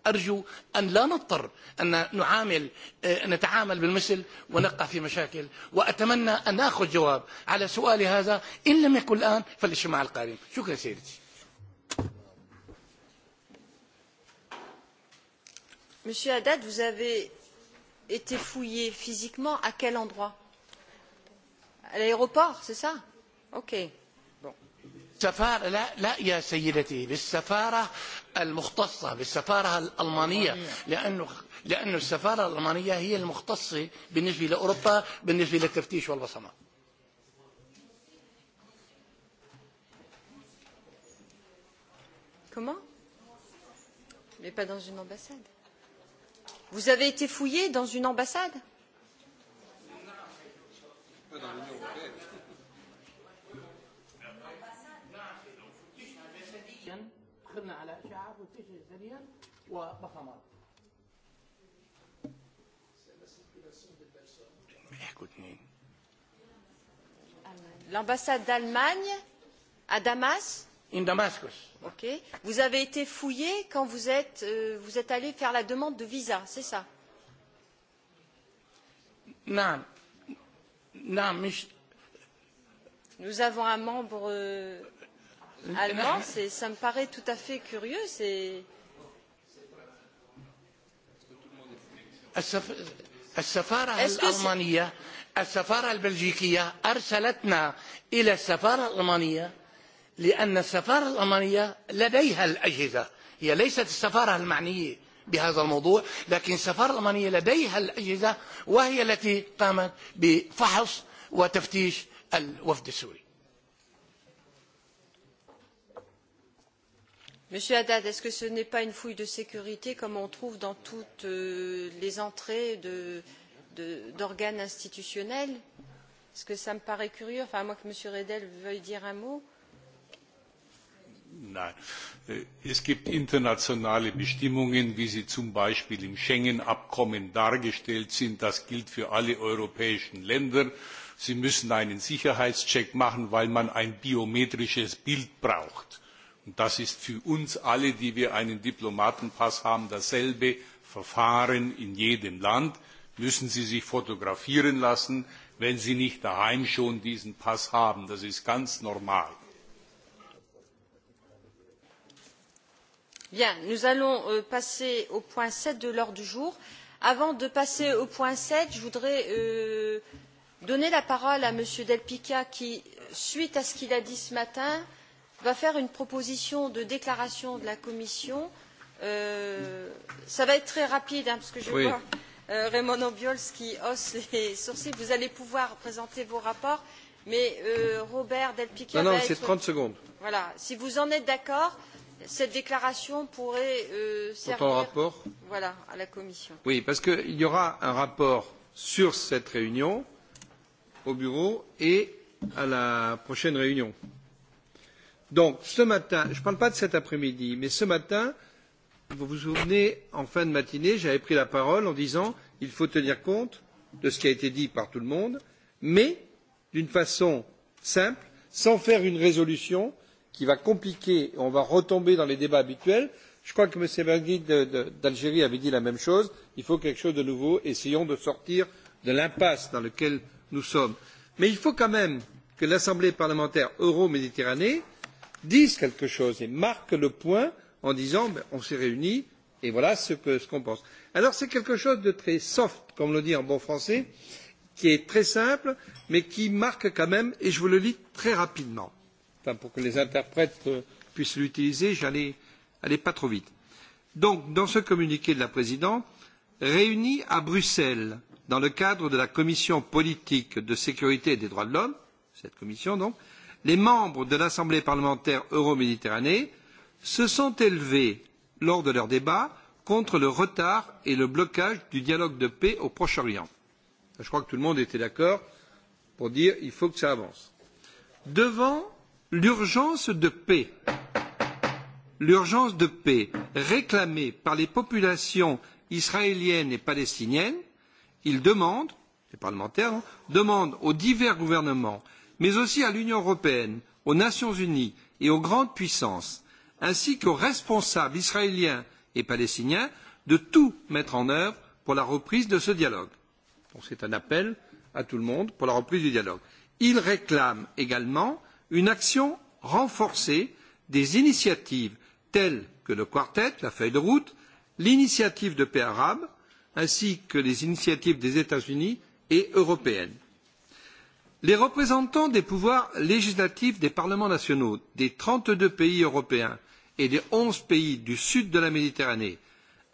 أرجو أن لا نضطر أن نعامل نتعامل بالمثل ونقع في مشاكل وأتمنى أن أخذ جواب على سؤالي هذا إن لم يكن الآن فالاجتماع القادم شكرا سيدتي Monsieur Haddad, vous avez été fouillé physiquement à quel endroit À l'aéroport, c'est ça Ok. سفارة لا لا يا سيدتي بالسفارة المختصة بالسفارة الألمانية لأنه لأن السفارة الألمانية هي المختصة بالنسبة لأوروبا بالنسبة للتفتيش والبصمة Comment Mais pas dans une ambassade. Vous avez été fouillé dans une ambassade Pas dans l'Union européenne. دخلنا على اشعه والتشهد ثانيا وبصمات L'ambassade d'Allemagne à Damas In Damascus. Ok. Vous avez été fouillé quand vous êtes, euh, vous êtes allé faire la demande de visa, c'est ça Non. Non, mais... Nous avons un membre. Euh allemand, ça me paraît tout à fait curieux. C'est... السفارة الألمانية السفارة البلجيكية أرسلتنا إلى السفارة الألمانية لأن السفارة الألمانية لديها الأجهزة هي ليست السفارة المعنية بهذا الموضوع لكن السفارة الألمانية لديها الأجهزة وهي التي قامت بفحص وتفتيش الوفد السوري Monsieur Haddad, est-ce que ce n'est pas une fouille de sécurité comme on trouve dans toutes euh, les entrées d'organes de, de, institutionnels Parce que ça me paraît curieux, enfin, à moins que M. Redel veuille dire un mot. Nein. Äh, es gibt internationale Bestimmungen, wie sie zum Beispiel im Schengen-Abkommen dargestellt sind. Das gilt für alle europäischen Länder. Sie müssen einen Sicherheitscheck machen, weil man ein biometrisches Bild braucht und das ist für uns alle, die wir einen Diplomatenpass haben, dasselbe Verfahren in jedem Land, müssen Sie sich fotografieren lassen, wenn Sie nicht daheim schon diesen Pass haben. Das ist ganz normal. Bien, nous allons euh, passer au point 7 de l'ordre du jour. Avant de passer au point 7, je voudrais euh, donner la parole à M. Delpica qui, suite à ce qu'il a dit ce matin, euh, va faire une proposition de déclaration de la Commission. Euh, ça va être très rapide, hein, parce que je oui. vois euh, Raymond Obiols qui hausse les sourcils. Vous allez pouvoir présenter vos rapports, mais euh, Robert Delpique... Non, non, être... c'est 30 secondes. Voilà. Si vous en êtes d'accord, cette déclaration pourrait euh, servir Pour ton rapport voilà, à la Commission. Oui, parce qu'il y aura un rapport sur cette réunion au bureau et à la prochaine réunion. Donc, ce matin, je ne parle pas de cet après-midi, mais ce matin, vous vous souvenez, en fin de matinée, j'avais pris la parole en disant il faut tenir compte de ce qui a été dit par tout le monde, mais d'une façon simple, sans faire une résolution qui va compliquer, on va retomber dans les débats habituels. Je crois que M. Bergui d'Algérie avait dit la même chose. Il faut quelque chose de nouveau. Essayons de sortir de l'impasse dans laquelle nous sommes. Mais il faut quand même que l'Assemblée parlementaire euro-méditerranée, disent quelque chose et marquent le point en disant ben, on s'est réunis et voilà ce qu'on ce qu pense. Alors c'est quelque chose de très soft, comme le dit en bon français, qui est très simple, mais qui marque quand même, et je vous le lis très rapidement, enfin, pour que les interprètes euh, puissent l'utiliser, j'allais aller pas trop vite. Donc, dans ce communiqué de la présidente, réunie à Bruxelles, dans le cadre de la commission politique de sécurité et des droits de l'homme, cette commission donc, les membres de l'Assemblée parlementaire euroméditerranée se sont élevés lors de leurs débats contre le retard et le blocage du dialogue de paix au Proche-Orient. Je crois que tout le monde était d'accord pour dire qu'il faut que ça avance. Devant l'urgence de paix, l'urgence de paix réclamée par les populations israéliennes et palestiniennes, ils demandent, les parlementaires, demandent aux divers gouvernements mais aussi à l'Union européenne, aux Nations unies et aux grandes puissances, ainsi qu'aux responsables israéliens et palestiniens de tout mettre en œuvre pour la reprise de ce dialogue. Donc c'est un appel à tout le monde pour la reprise du dialogue. Il réclame également une action renforcée des initiatives telles que le quartet, la feuille de route, l'initiative de paix arabe, ainsi que les initiatives des États-Unis et européennes. Les représentants des pouvoirs législatifs des parlements nationaux des 32 pays européens et des 11 pays du sud de la Méditerranée,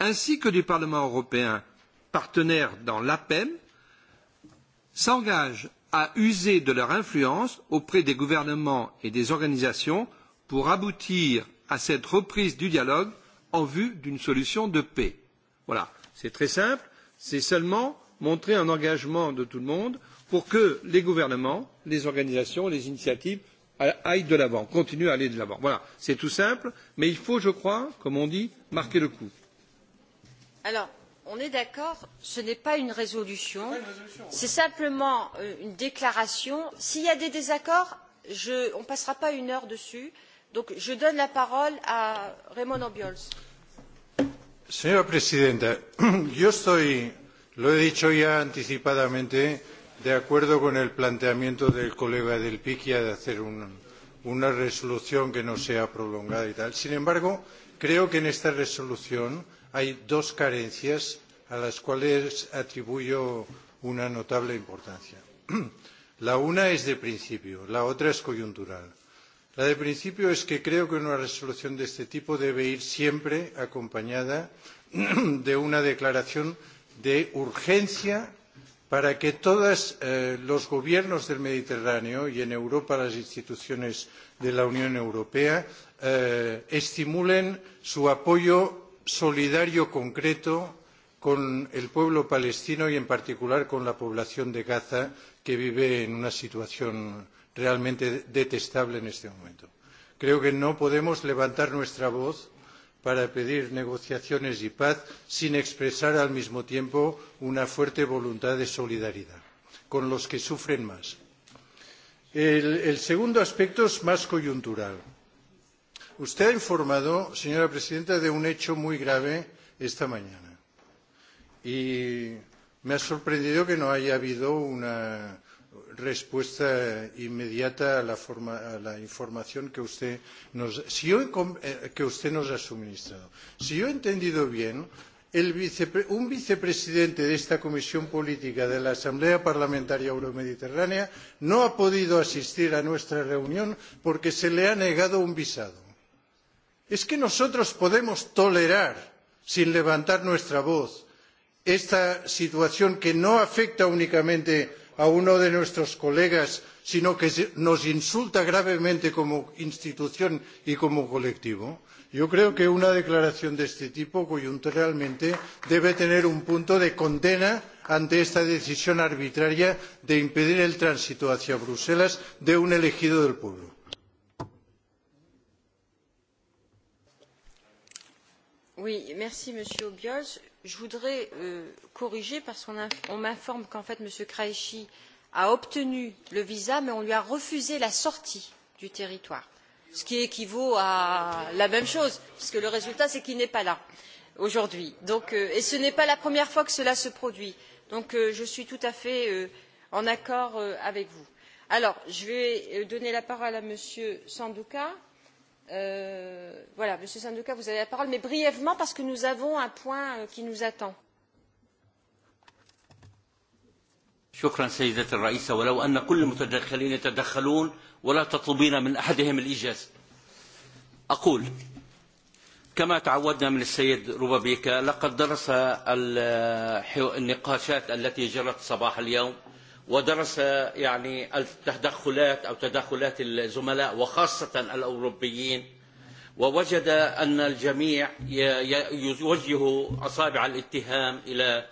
ainsi que du Parlement européen, partenaire dans l'APEM, s'engagent à user de leur influence auprès des gouvernements et des organisations pour aboutir à cette reprise du dialogue en vue d'une solution de paix. Voilà, c'est très simple, c'est seulement montrer un engagement de tout le monde pour que les gouvernements, les organisations, les initiatives aillent de l'avant, continuent à aller de l'avant. Voilà, c'est tout simple, mais il faut, je crois, comme on dit, marquer le coup. Alors, on est d'accord, ce n'est pas une résolution, c'est simplement euh, une déclaration. S'il y a des désaccords, je, on ne passera pas une heure dessus. Donc, je donne la parole à Raymond Obiols. Señora Presidenta, yo estoy, lo he dicho ya anticipadamente, de acuerdo con el planteamiento del colega del Piquia de hacer un, una resolución que no sea prolongada y tal. Sin embargo, creo que en esta resolución hay dos carencias a las cuales atribuyo una notable importancia. La una es de principio, la otra es coyuntural. La de principio es que creo que una resolución de este tipo debe ir siempre acompañada de una declaración de urgencia para que todos eh, los gobiernos del Mediterráneo y en Europa las instituciones de la Unión Europea eh, estimulen su apoyo solidario concreto con el pueblo palestino y en particular con la población de Gaza que vive en una situación realmente detestable en este momento. Creo que no podemos levantar nuestra voz para pedir negociaciones y paz sin expresar al mismo tiempo una fuerte voluntad de solidaridad con los que sufren más. El, el segundo aspecto es más coyuntural. Usted ha informado, señora presidenta, de un hecho muy grave esta mañana. Y me ha sorprendido que no haya habido una respuesta inmediata a la, forma, a la información que usted, nos, si yo, eh, que usted nos ha suministrado. Si yo he entendido bien, el vicepre, un vicepresidente de esta Comisión Política de la Asamblea Parlamentaria Euromediterránea no ha podido asistir a nuestra reunión porque se le ha negado un visado. ¿Es que nosotros podemos tolerar, sin levantar nuestra voz, esta situación que no afecta únicamente a uno de nuestros colegas sino que nos insulta gravemente como institución y como colectivo yo creo que una declaración de este tipo coyunturalmente debe tener un punto de condena ante esta decisión arbitraria de impedir el tránsito hacia bruselas de un elegido del pueblo. Oui, merci monsieur obiols je voudrais euh, corriger parce qu'on m'informe qu'en fait M. Kraïchi a obtenu le visa, mais on lui a refusé la sortie du territoire, ce qui équivaut à la même chose, puisque le résultat, c'est qu'il n'est pas là aujourd'hui. Euh, et ce n'est pas la première fois que cela se produit. Donc euh, je suis tout à fait euh, en accord euh, avec vous. Alors, je vais euh, donner la parole à M. Sanduka. Euh, Euh, voilà, Monsieur Sanduka, vous avez la parole, mais brièvement parce que nous avons un point euh, qui nous attend. شكرا سيدة الرئيسة ولو أن كل المتدخلين يتدخلون ولا تطلبين من أحدهم الإجازة أقول كما تعودنا من السيد روبابيكا لقد درس النقاشات التي جرت صباح اليوم ودرس يعني التدخلات أو تدخلات الزملاء وخاصة الأوروبيين ووجد أن الجميع يوجه أصابع الاتهام إلى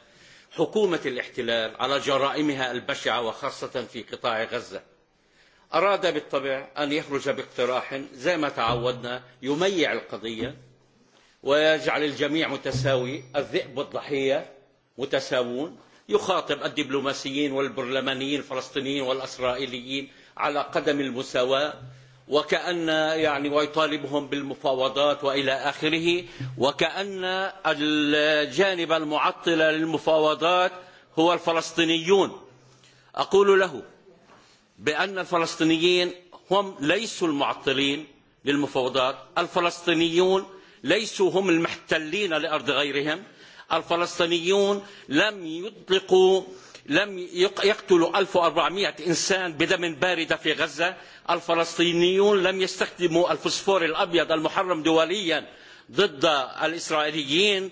حكومة الاحتلال على جرائمها البشعة وخاصة في قطاع غزة أراد بالطبع أن يخرج باقتراح زي ما تعودنا يميع القضية ويجعل الجميع متساوي الذئب والضحية متساوون يخاطب الدبلوماسيين والبرلمانيين الفلسطينيين والاسرائيليين على قدم المساواه وكأن يعني ويطالبهم بالمفاوضات وإلى آخره وكأن الجانب المعطل للمفاوضات هو الفلسطينيون أقول له بأن الفلسطينيين هم ليسوا المعطلين للمفاوضات الفلسطينيون ليسوا هم المحتلين لأرض غيرهم الفلسطينيون لم يطلقوا لم يقتلوا 1400 إنسان بدم باردة في غزة الفلسطينيون لم يستخدموا الفسفور الأبيض المحرم دوليا ضد الإسرائيليين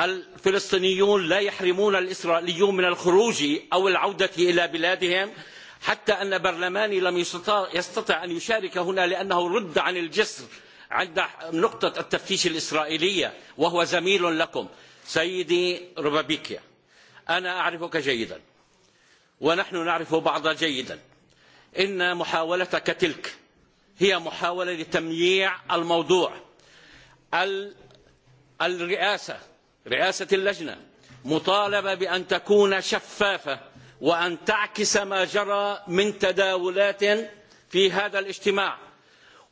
الفلسطينيون لا يحرمون الإسرائيليون من الخروج أو العودة إلى بلادهم حتى أن برلماني لم يستطع أن يشارك هنا لأنه رد عن الجسر عند نقطة التفتيش الإسرائيلية وهو زميل لكم سيدي روبابيكيا أنا أعرفك جيدا ونحن نعرف بعض جيدا إن محاولتك تلك هي محاولة لتمييع الموضوع الرئاسة رئاسة اللجنة مطالبة بأن تكون شفافة وأن تعكس ما جرى من تداولات في هذا الاجتماع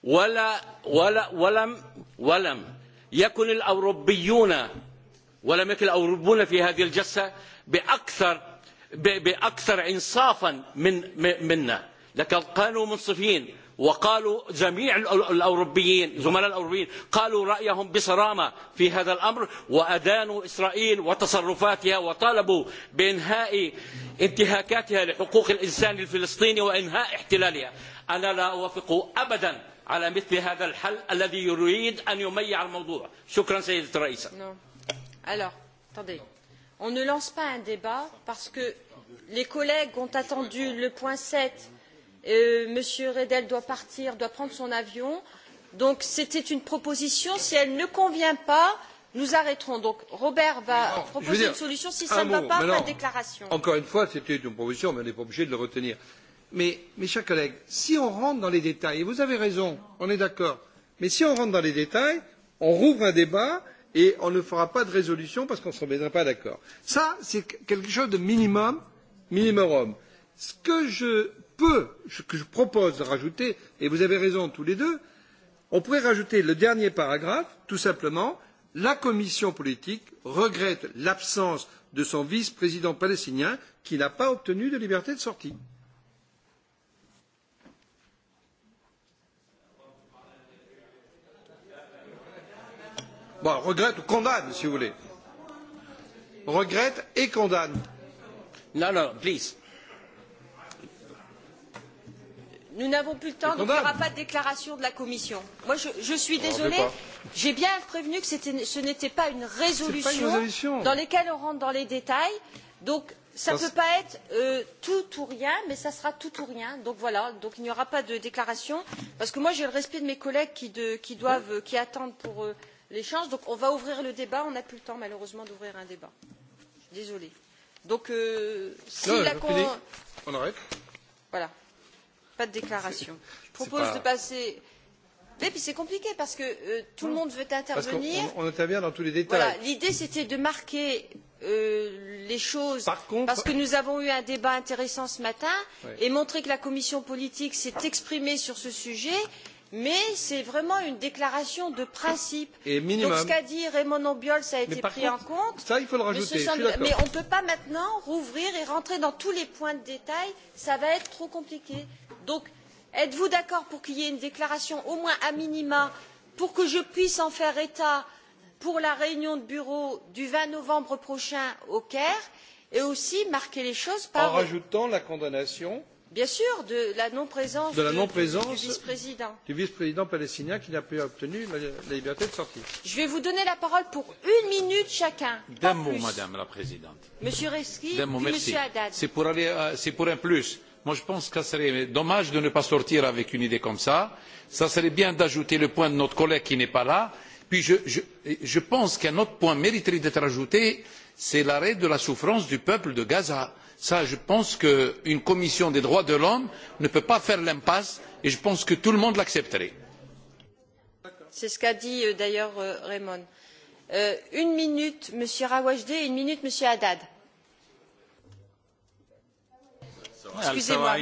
ولا ولا ولم ولم يكن الأوروبيون ولم يكن الأوروبيون في هذه الجلسة بأكثر بأكثر إنصافا من منا لكن كانوا منصفين وقالوا جميع الأوروبيين زملاء الأوروبيين قالوا رأيهم بصرامة في هذا الأمر وأدانوا إسرائيل وتصرفاتها وطالبوا بإنهاء انتهاكاتها لحقوق الإنسان الفلسطيني وإنهاء احتلالها أنا لا أوافق أبدا على مثل هذا الحل الذي يريد أن يميع الموضوع شكرا سيدة الرئيسة no. Alors, attendez. On ne lance pas un débat parce que les collègues ont attendu le point 7. Euh, Monsieur Redel doit partir, doit prendre son avion. Donc c'était une proposition. Si elle ne convient pas, nous arrêterons. Donc Robert va non, proposer dire, une solution. Si ça ne va pas, pas de déclaration. Encore une fois, c'était une proposition, mais on n'est pas obligé de le retenir. Mais, mes chers collègues, si on rentre dans les détails, et vous avez raison, on est d'accord, mais si on rentre dans les détails, on rouvre un débat et on ne fera pas de résolution parce qu'on ne se mettra pas d'accord. Ça, c'est quelque chose de minimum, minimum. Ce que je peux, ce que je propose de rajouter, et vous avez raison tous les deux, on pourrait rajouter le dernier paragraphe, tout simplement, la commission politique regrette l'absence de son vice-président palestinien qui n'a pas obtenu de liberté de sortie. bon, regrette ou condamne, si vous voulez. Regrette et condamne. Non, non, please. Nous n'avons plus le temps, donc il n'y aura pas de déclaration de la Commission. Moi, je, je suis désolée. J'ai bien prévenu que ce n'était pas une résolution, pas une résolution dans laquelle on rentre dans les détails. Donc, ça ne peut pas être euh, tout ou rien mais ça sera tout ou rien donc voilà donc il n'y aura pas de déclaration parce que moi j'ai le respect de mes collègues qui, de, qui doivent qui attendent pour euh, l'échange. Donc on va ouvrir le débat. On n'a plus le temps malheureusement d'ouvrir un débat. Je suis désolée. Donc euh, si non, la con... on arrête. Voilà. Pas de déclaration. Je propose pas... de passer. Mais puis c'est compliqué parce que euh, tout non. le monde veut intervenir. Parce on, on intervient dans tous les détails. Voilà. L'idée c'était de marquer euh, les choses Par contre... parce que nous avons eu un débat intéressant ce matin oui. et montrer que la commission politique s'est exprimée sur ce sujet mais c'est vraiment une déclaration de principe. donc ce qu'a dit raymond obiols a été pris en compte ça, il faut le rajouter, Sand... mais on ne peut pas maintenant rouvrir et rentrer dans tous les points de détail ça va être trop compliqué. donc êtes vous d'accord pour qu'il y ait une déclaration au moins a minima pour que je puisse en faire état pour la réunion de bureau du vingt novembre prochain au caire et aussi marquer les choses par en rajoutant la condamnation bien sûr de la non présence, de la non -présence du, du vice président du vice président palestinien qui n'a plus obtenu la, la liberté de sortie. je vais vous donner la parole pour une minute chacun d'un mot plus. madame la présidente monsieur reski puis mot, merci. monsieur haddad c'est pour aller euh, c'est pour un plus moi je pense que ce serait dommage de ne pas sortir avec une idée comme ça ça serait bien d'ajouter le point de notre collègue qui n'est pas là puis je, je, je pense qu'un autre point mériterait d'être ajouté c'est l'arrêt de la souffrance du peuple de gaza Ça, je pense qu'une commission des droits de l'homme ne peut pas faire l'impasse et je pense que tout le monde l'accepterait. C'est ce qu'a dit euh, d'ailleurs euh, Raymond. Euh, une minute, Monsieur Rawajdi, et une minute, Monsieur Haddad. excusez moi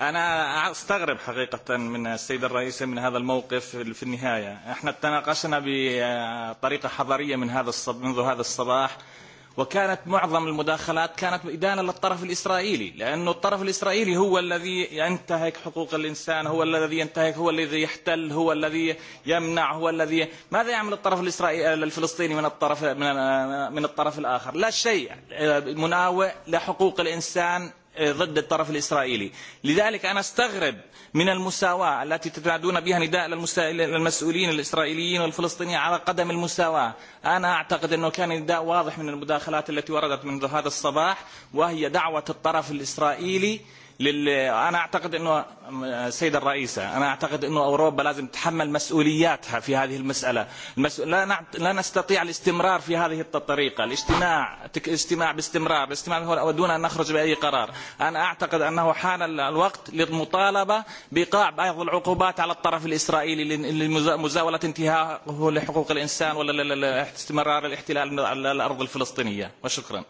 انا استغرب حقيقه من السيده الرئيسه من هذا الموقف في النهايه احنا تناقشنا بطريقه حضاريه من هذا منذ هذا الصباح وكانت معظم المداخلات كانت إدانة للطرف الإسرائيلي لأن الطرف الإسرائيلي هو الذي ينتهك حقوق الإنسان هو الذي ينتهك هو الذي يحتل هو الذي يمنع هو الذي ماذا يعمل الطرف الإسرائيلي الفلسطيني من الطرف من, من الطرف الآخر لا شيء مناوئ لحقوق الإنسان ضد الطرف الإسرائيلي لذلك أنا استغرب من المساواة التي تتنادون بها نداء للمسؤولين الإسرائيليين والفلسطينيين على قدم المساواة أنا أعتقد أنه كان نداء واضح من المداخلات التي وردت منذ هذا الصباح وهي دعوة الطرف الإسرائيلي لل... أنا أعتقد أنه سيد الرئيسة أنا أعتقد أنه أوروبا لازم تتحمل مسؤولياتها في هذه المسألة المس... لا, نعت... لا نستطيع الاستمرار في هذه الطريقة الاجتماع تك... اجتماع باستمرار الاجتماع دون أن نخرج بأي قرار أنا أعتقد أنه حان الوقت للمطالبة بإيقاع بعض العقوبات على الطرف الإسرائيلي لمزاولة انتهاءه لحقوق الإنسان ولا استمرار الاحتلال على الأرض الفلسطينية وشكرا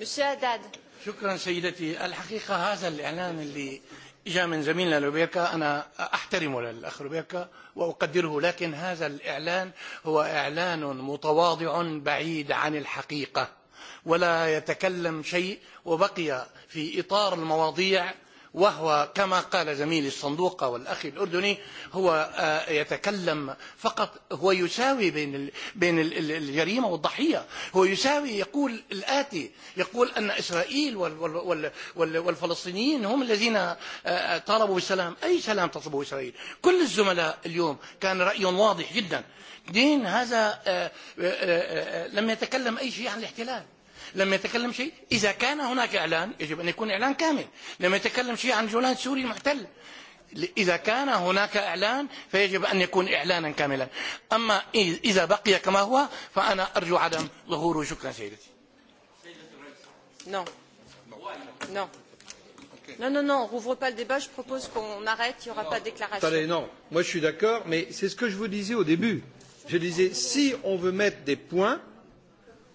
Monsieur Haddad. شكرا سيدتي الحقيقة هذا الإعلان اللي جاء من زميلنا لوبيركا أنا أحترمه للأخ لوبيركا وأقدره لكن هذا الإعلان هو إعلان متواضع بعيد عن الحقيقة ولا يتكلم شيء وبقي في إطار المواضيع وهو كما قال زميلي الصندوق والأخي الأردني هو يتكلم فقط هو يساوي بين بين الجريمة والضحية هو يساوي يقول الآتي يقول أن إسرائيل والفلسطينيين هم الذين طالبوا بالسلام أي سلام تطلبه إسرائيل كل الزملاء اليوم كان رأي واضح جدا دين هذا لم يتكلم أي شيء عن الاحتلال لما يتكلم شيء إذا كان هناك إعلان يجب أن يكون إعلان كامل لما يتكلم شيء عن جولان سوري المحتل إذا كان هناك إعلان فيجب أن يكون إعلانا كاملا أما إذا بقي كما هو فأنا أرجو عدم ظهوره شكرا سيدتي Non. Non. Non, non, non, on ne rouvre pas le débat, je propose qu'on arrête, il n'y aura non. pas de déclaration. Attendez, non, moi je suis d'accord, mais c'est ce que je vous disais au début. Je disais, si on veut mettre des points,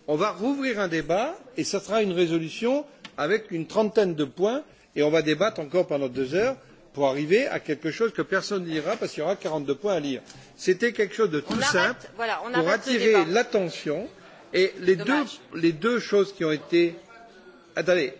on va rouvrir un débat et ce sera une résolution avec une trentaine de points et on va débattre encore pendant deux heures pour arriver à quelque chose que personne ne lira parce qu'il y aura quarante deux points à lire. C'était quelque chose de tout on simple arrête, voilà, on pour attirer l'attention et les Dommage. deux, les deux choses qui ont été attendez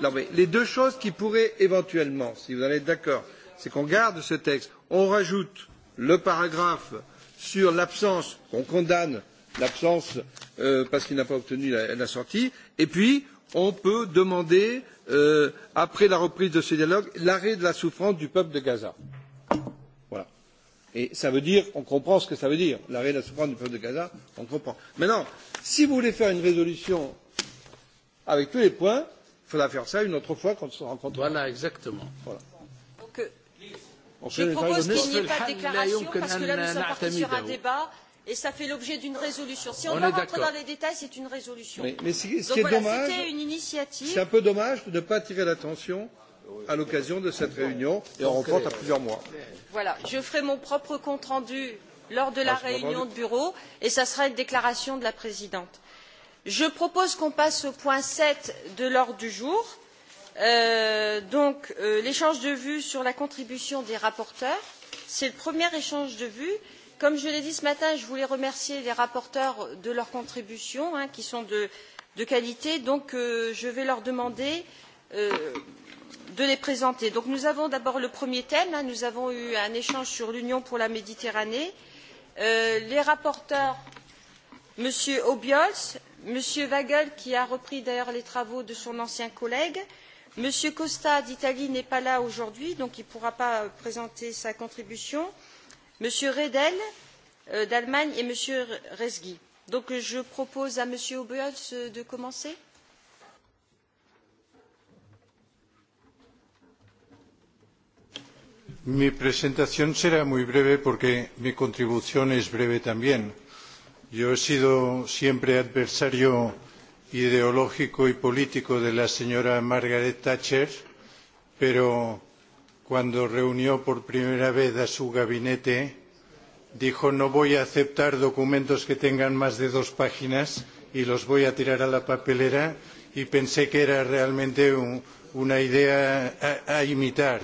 non, mais les deux choses qui pourraient éventuellement, si vous allez être d'accord, c'est qu'on garde ce texte, on rajoute le paragraphe sur l'absence qu'on condamne l'absence euh, parce qu'il n'a pas obtenu la, la sortie et puis on peut demander euh, après la reprise de ce dialogue l'arrêt de la souffrance du peuple de Gaza. Voilà. Et ça veut dire, on comprend ce que ça veut dire, l'arrêt de la souffrance du peuple de Gaza, on comprend. Maintenant, si vous voulez faire une résolution avec tous les points, il faudra faire ça une autre fois quand on se rencontrera. Voilà, exactement. Voilà. Donc, euh, je propose qu'il n'y ait pas de déclaration parce que là nous sommes partis sur un débat et ça fait l'objet d'une résolution. Si on, on doit rentrer dans les détails, c'est une résolution. Oui, mais c'est voilà, dommage. C'était une initiative. C'est un peu dommage de ne pas attirer l'attention à l'occasion de cette réunion et on reporte à plusieurs mois. Voilà, je ferai mon propre compte rendu lors de la ah, réunion de bureau et ça sera une déclaration de la présidente. Je propose qu'on passe au point 7 de l'ordre du jour. Euh, donc euh, l'échange de vues sur la contribution des rapporteurs. C'est le premier échange de vues comme je l'ai dit ce matin je voulais remercier les rapporteurs de leurs contributions hein, qui sont de, de qualité donc euh, je vais leur demander euh, de les présenter. Donc, nous avons d'abord le premier thème hein, nous avons eu un échange sur l'union pour la méditerranée euh, les rapporteurs m. obiols m. vajgl qui a repris d'ailleurs les travaux de son ancien collègue m. costa d'italie n'est pas là aujourd'hui donc il ne pourra pas présenter sa contribution et m. redel euh, d'allemagne et m. rezgui. donc je propose à m. obiols euh, de commencer. mi presentación será muy breve porque mi contribución es breve también. yo he sido siempre adversario ideológico y político de la señora margaret thatcher pero cuando reunió por primera vez a su gabinete, dijo no voy a aceptar documentos que tengan más de dos páginas y los voy a tirar a la papelera y pensé que era realmente un, una idea a, a imitar.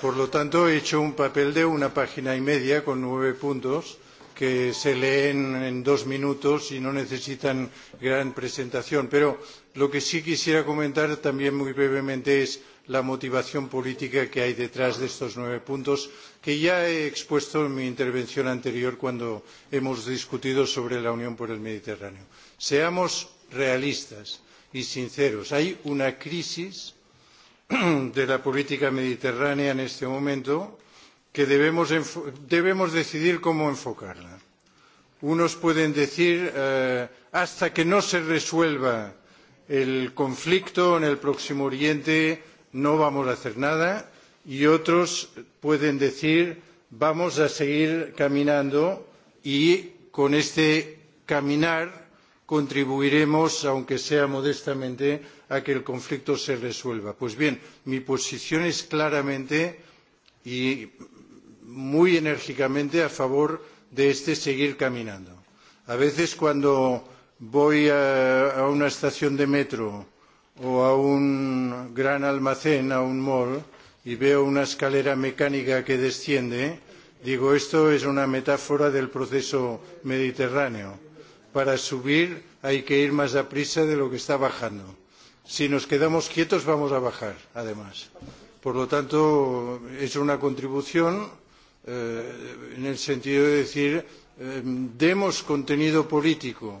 Por lo tanto, he hecho un papel de una página y media con nueve puntos que se leen en dos minutos y no necesitan gran presentación. Pero lo que sí quisiera comentar también muy brevemente es la motivación política que hay detrás de estos nueve puntos que ya he expuesto en mi intervención anterior cuando hemos discutido sobre la unión por el mediterráneo. seamos realistas y sinceros hay una crisis de la política mediterránea en este momento que debemos, debemos decidir cómo enfocarla. unos pueden decir eh, hasta que no se resuelva el conflicto en el próximo oriente no vamos a hacer nada y otros pueden decir vamos a seguir caminando y con este caminar contribuiremos aunque sea modestamente a que el conflicto se resuelva. pues bien mi posición es claramente y muy enérgicamente a favor de este seguir caminando. a veces cuando voy a, a una estación de metro o a un gran almacén, a un mall, y veo una escalera mecánica que desciende, digo, esto es una metáfora del proceso mediterráneo. Para subir hay que ir más deprisa de lo que está bajando. Si nos quedamos quietos vamos a bajar, además. Por lo tanto, es una contribución eh, en el sentido de decir, eh, demos contenido político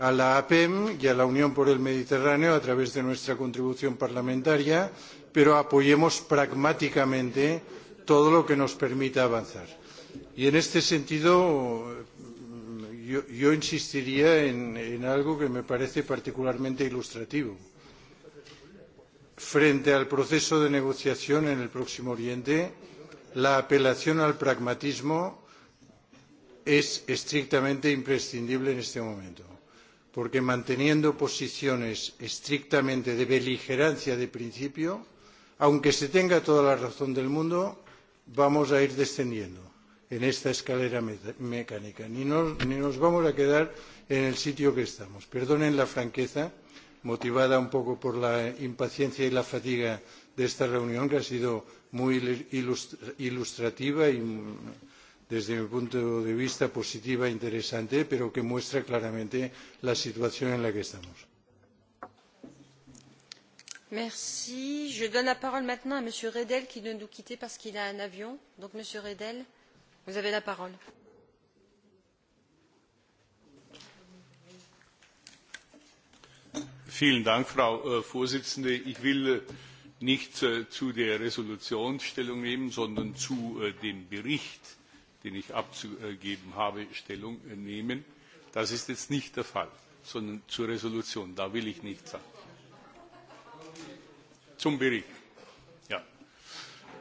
a la APEM y a la Unión por el Mediterráneo a través de nuestra contribución parlamentaria, pero apoyemos pragmáticamente todo lo que nos permita avanzar. Y en este sentido, yo, yo insistiría en, en algo que me parece particularmente ilustrativo. Frente al proceso de negociación en el próximo Oriente, la apelación al pragmatismo es estrictamente imprescindible en este momento porque manteniendo posiciones estrictamente de beligerancia de principio, aunque se tenga toda la razón del mundo, vamos a ir descendiendo en esta escalera me mecánica, ni, no, ni nos vamos a quedar en el sitio que estamos. Perdonen la franqueza, motivada un poco por la impaciencia y la fatiga de esta reunión, que ha sido muy ilustra ilustrativa y desde mi punto de vista positiva e interesante pero que muestra claramente la situación en la que estamos. Merci. je donne la parole maintenant à m. redel qui doit nous quitter parce qu'il a un avion. donc monsieur redel vous avez la parole. Dank, frau präsidentin! Äh, ich will äh, nicht äh, zu der entschließung stellung nehmen sondern zu dem bericht den ich abzugeben habe, Stellung nehmen. Das ist jetzt nicht der Fall, sondern zur Resolution. Da will ich nichts sagen. Zum Bericht. Ja.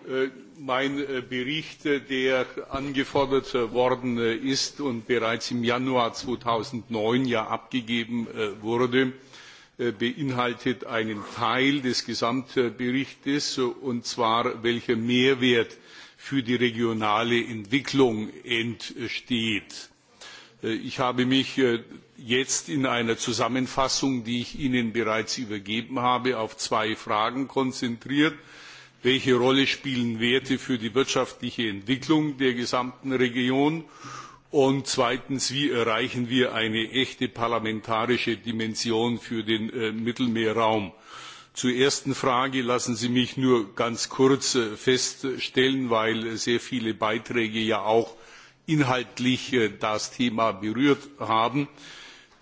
Äh, mein äh, Bericht, äh, der angefordert worden ist und bereits im Januar 2009 ja abgegeben wurde, beinhaltet einen Teil des Gesamtberichtes, und zwar welcher Mehrwert für die regionale Entwicklung entsteht. Äh, ich habe mich äh, jetzt in einer Zusammenfassung, die ich Ihnen bereits übergeben habe, auf zwei Fragen konzentriert. Welche Rolle spielen Werte für die wirtschaftliche Entwicklung der gesamten Region? Und zweitens, wie erreichen wir eine echte parlamentarische Dimension für den äh, Mittelmeerraum? Äh, Zur ersten Frage lassen Sie mich nur ganz kurz äh, feststellen, weil äh, sehr viele Beiträge ja auch inhaltlich äh, das Thema berührt haben.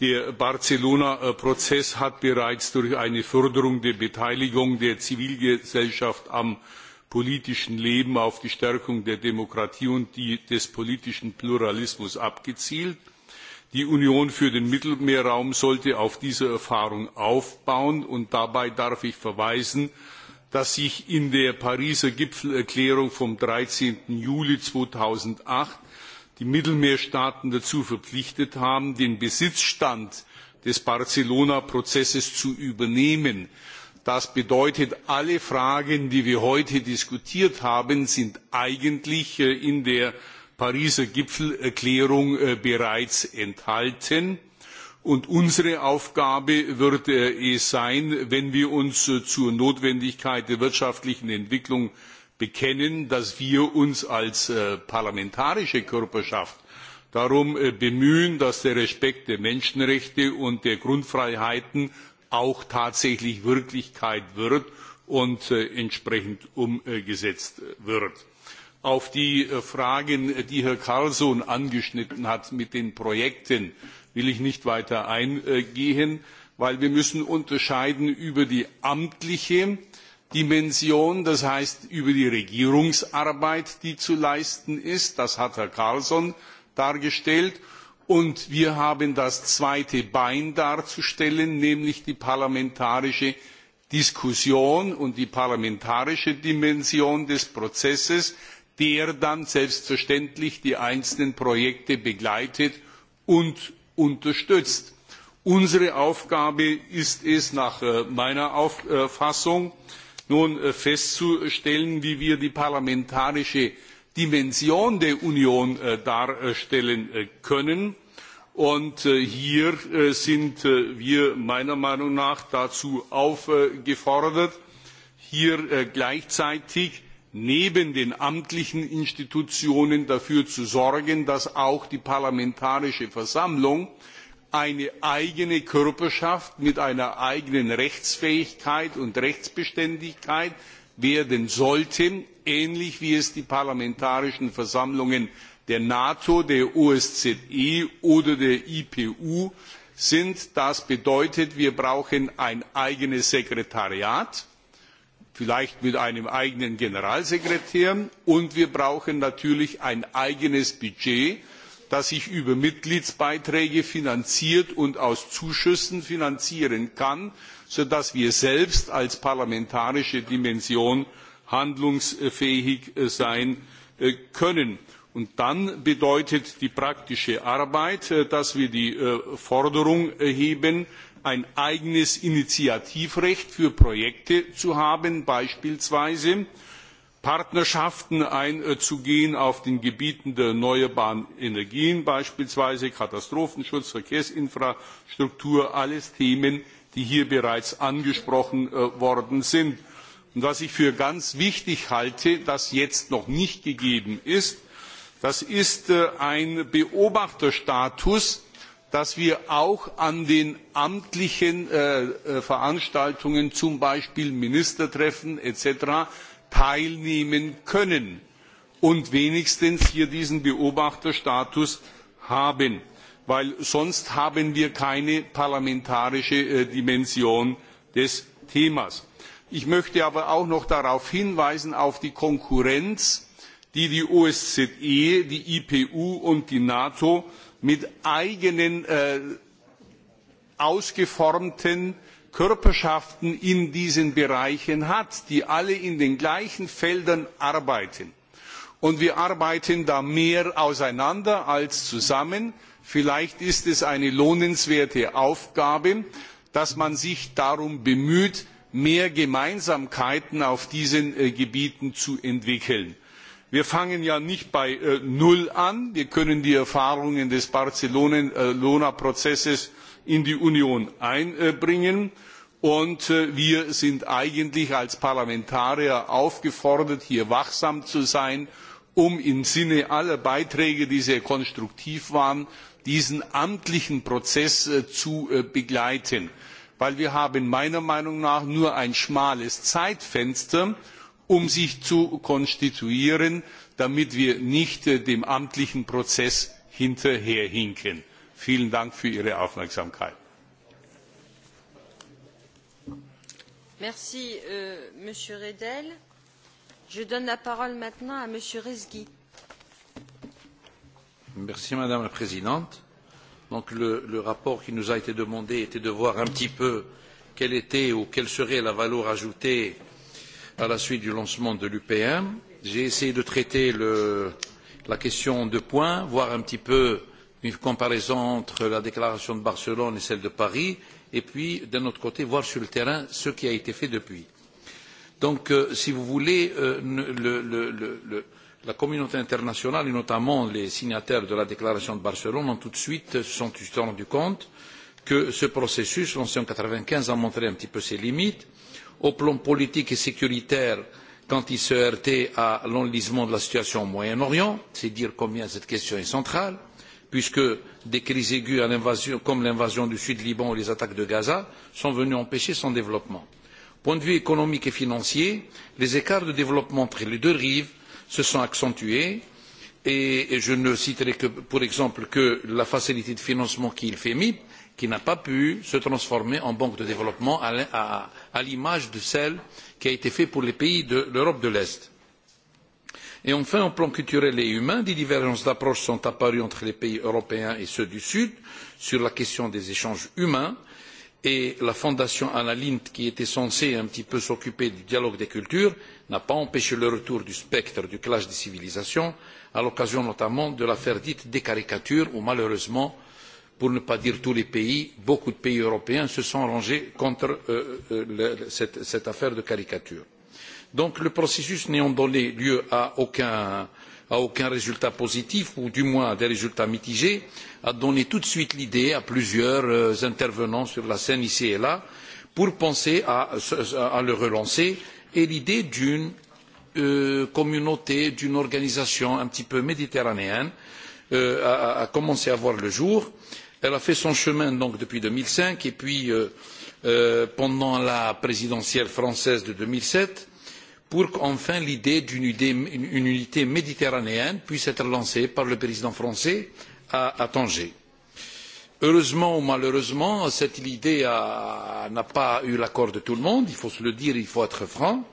Der Barcelona-Prozess hat bereits durch eine Förderung der Beteiligung der Zivilgesellschaft am politischen Leben auf die Stärkung der Demokratie und die, des politischen Pluralismus abgezielt die union für den mittelmeerraum sollte auf dieser erfahrung aufbauen und dabei darf ich verweisen dass sich in der pariser gipfelerklärung vom. dreizehn juli zweitausendacht die mittelmeerstaaten dazu verpflichtet haben den besitzstand des barcelona prozesses zu übernehmen. das bedeutet alle fragen die wir heute diskutiert haben sind eigentlich äh, in der Pariser Gipfelerklärung äh, bereits enthalten. Und unsere Aufgabe wird äh, es sein, wenn wir uns äh, zur Notwendigkeit der wirtschaftlichen Entwicklung bekennen, dass wir uns als parlamentarische Körperschaft darum bemühen, dass der Respekt der Menschenrechte und der Grundfreiheiten auch tatsächlich Wirklichkeit wird und entsprechend umgesetzt wird auf die äh, Fragen, äh, die Herr Carlson angeschnitten hat mit den Projekten, will ich nicht weiter eingehen, weil wir müssen unterscheiden über die amtliche Dimension, das heißt über die Regierungsarbeit, die zu leisten ist. Das hat Herr Carlson dargestellt. Und wir haben das zweite Bein darzustellen, nämlich die parlamentarische Diskussion und die parlamentarische Dimension des Prozesses der dann selbstverständlich die einzelnen Projekte begleitet und unterstützt. Unsere Aufgabe ist es nach äh, meiner Auffassung nun äh, festzustellen, wie wir die parlamentarische Dimension der Union äh, darstellen können. Und hier sind wir meiner Meinung nach dazu aufgefordert, hier gleichzeitig neben den amtlichen institutionen dafür zu sorgen dass auch die parlamentarische versammlung eine eigene körperschaft mit einer eigenen rechtsfähigkeit und rechtsbeständigkeit werden sollte ähnlich wie es die parlamentarischen versammlungen der nato der osze oder der ipu sind. das bedeutet wir brauchen ein eigenes sekretariat vielleicht mit einem eigenen generalsekretär und wir brauchen natürlich ein eigenes budget das sich über mitgliedsbeiträge finanziert und aus zuschüssen finanzieren kann sodass wir selbst als parlamentarische dimension handlungsfähig äh, sein äh, können. und dann bedeutet die praktische arbeit äh, dass wir die forderung erheben ein eigenes Initiativrecht für Projekte zu haben, beispielsweise Partnerschaften einzugehen auf den Gebieten der erneuerbaren Energien, beispielsweise Katastrophenschutz, Verkehrsinfrastruktur, alles Themen, die hier bereits angesprochen äh, worden sind. Und was ich für ganz wichtig halte, das jetzt noch nicht gegeben ist, das ist äh, ein Beobachterstatus, dass wir auch an den amtlichen äh, äh Veranstaltungen, zum Beispiel Ministertreffen etc., teilnehmen können und wenigstens hier diesen Beobachterstatus haben, weil sonst haben wir keine parlamentarische äh, Dimension des Themas. Ich möchte aber auch noch darauf hinweisen, auf die Konkurrenz, die die OSZE, die IPU und die NATO äh, mit eigenen äh, ausgeformten körperschaften in diesen bereichen hat die alle in den gleichen feldern arbeiten. und wir arbeiten da mehr auseinander als zusammen. vielleicht ist es eine lohnenswerte aufgabe dass man sich darum bemüht mehr gemeinsamkeiten auf diesen äh, gebieten zu entwickeln wir fangen ja nicht bei äh, null an wir können die erfahrungen des barcelona äh, prozesses in die union einbringen und äh, wir sind eigentlich als parlamentarier aufgefordert hier wachsam zu sein um im sinne aller beiträge die sehr konstruktiv waren diesen amtlichen prozess äh, zu äh, begleiten weil wir haben meiner meinung nach nur ein schmales zeitfenster haben um sich zu konstituieren damit wir nicht äh, dem amtlichen prozess hinterherhinken. vielen dank für ihre aufmerksamkeit. Merci, euh, monsieur Redel. Je donne la parole maintenant à monsieur Rezghi. Merci, madame la présidente. Donc, le, le rapport qui nous a été demandé était de voir un petit peu quelle était ou quelle serait la valeur ajoutée euh, à la suite du lancement de l'upm. j'ai essayé de traiter le, la question de points voir un petit peu une comparaison entre la déclaration de barcelone et celle de paris et puis d'un autre côté voir sur le terrain ce qui a été fait depuis. donc euh, si vous voulez euh, le, le, le, la communauté internationale et notamment les signataires de la déclaration de barcelone ont tout de suite euh, se sont rendu compte que ce processus lancé en mille neuf cent quatre vingt quinze a montré un petit peu ses limites au plan politique et sécuritaire quand il se heurtait à l'enlisement de la situation au moyen orient c'est dire combien cette question est centrale puisque des crises aiguës comme l'invasion du sud liban ou les attaques de gaza sont venues empêcher son développement. du point de vue économique et financier les écarts de développement entre les deux rives se sont accentués et je ne citerai que pour exemple que la facilité de financement qu'est le fmip qui n'a pas pu se transformer en banque de développement à à l'image de celle qui a été faite pour les pays de l'europe de l'est. Et enfin au plan culturel et humain des divergences d'approche sont apparues entre les pays européens et ceux du sud sur la question des échanges humains et la fondation anna lindh qui était censée un petit peu s'occuper du dialogue des cultures n'a pas empêché le retour du spectre du clash des civilisations à l'occasion notamment de l'affaire dite des caricatures où malheureusement pour ne pas dire tous les pays beaucoup de pays européens se sont rangés contre euh, euh le, cette, cette affaire de caricature. donc le processus n'ayant donné lieu à aucun, à aucun résultat positif ou du moins à des résultats mitigés a donné tout de suite l'idée à plusieurs euh, intervenants sur la scène ici et là pour penser à, à le relancer et l'idée d'une euh, communauté d'une organisation un petit peu méditerranéenne a, euh, a commencé à voir le jour et elle a fait son chemin donc depuis deux mille cinq et puis euh, euh, pendant la présidentielle française de deux mille sept pour qu'enfin l'idée d'une unité méditerranéenne puisse être lancée par le président français à, à tanger. heureusement ou malheureusement cette idée n'a pas eu l'accord de tout le monde il faut se le dire il faut être franc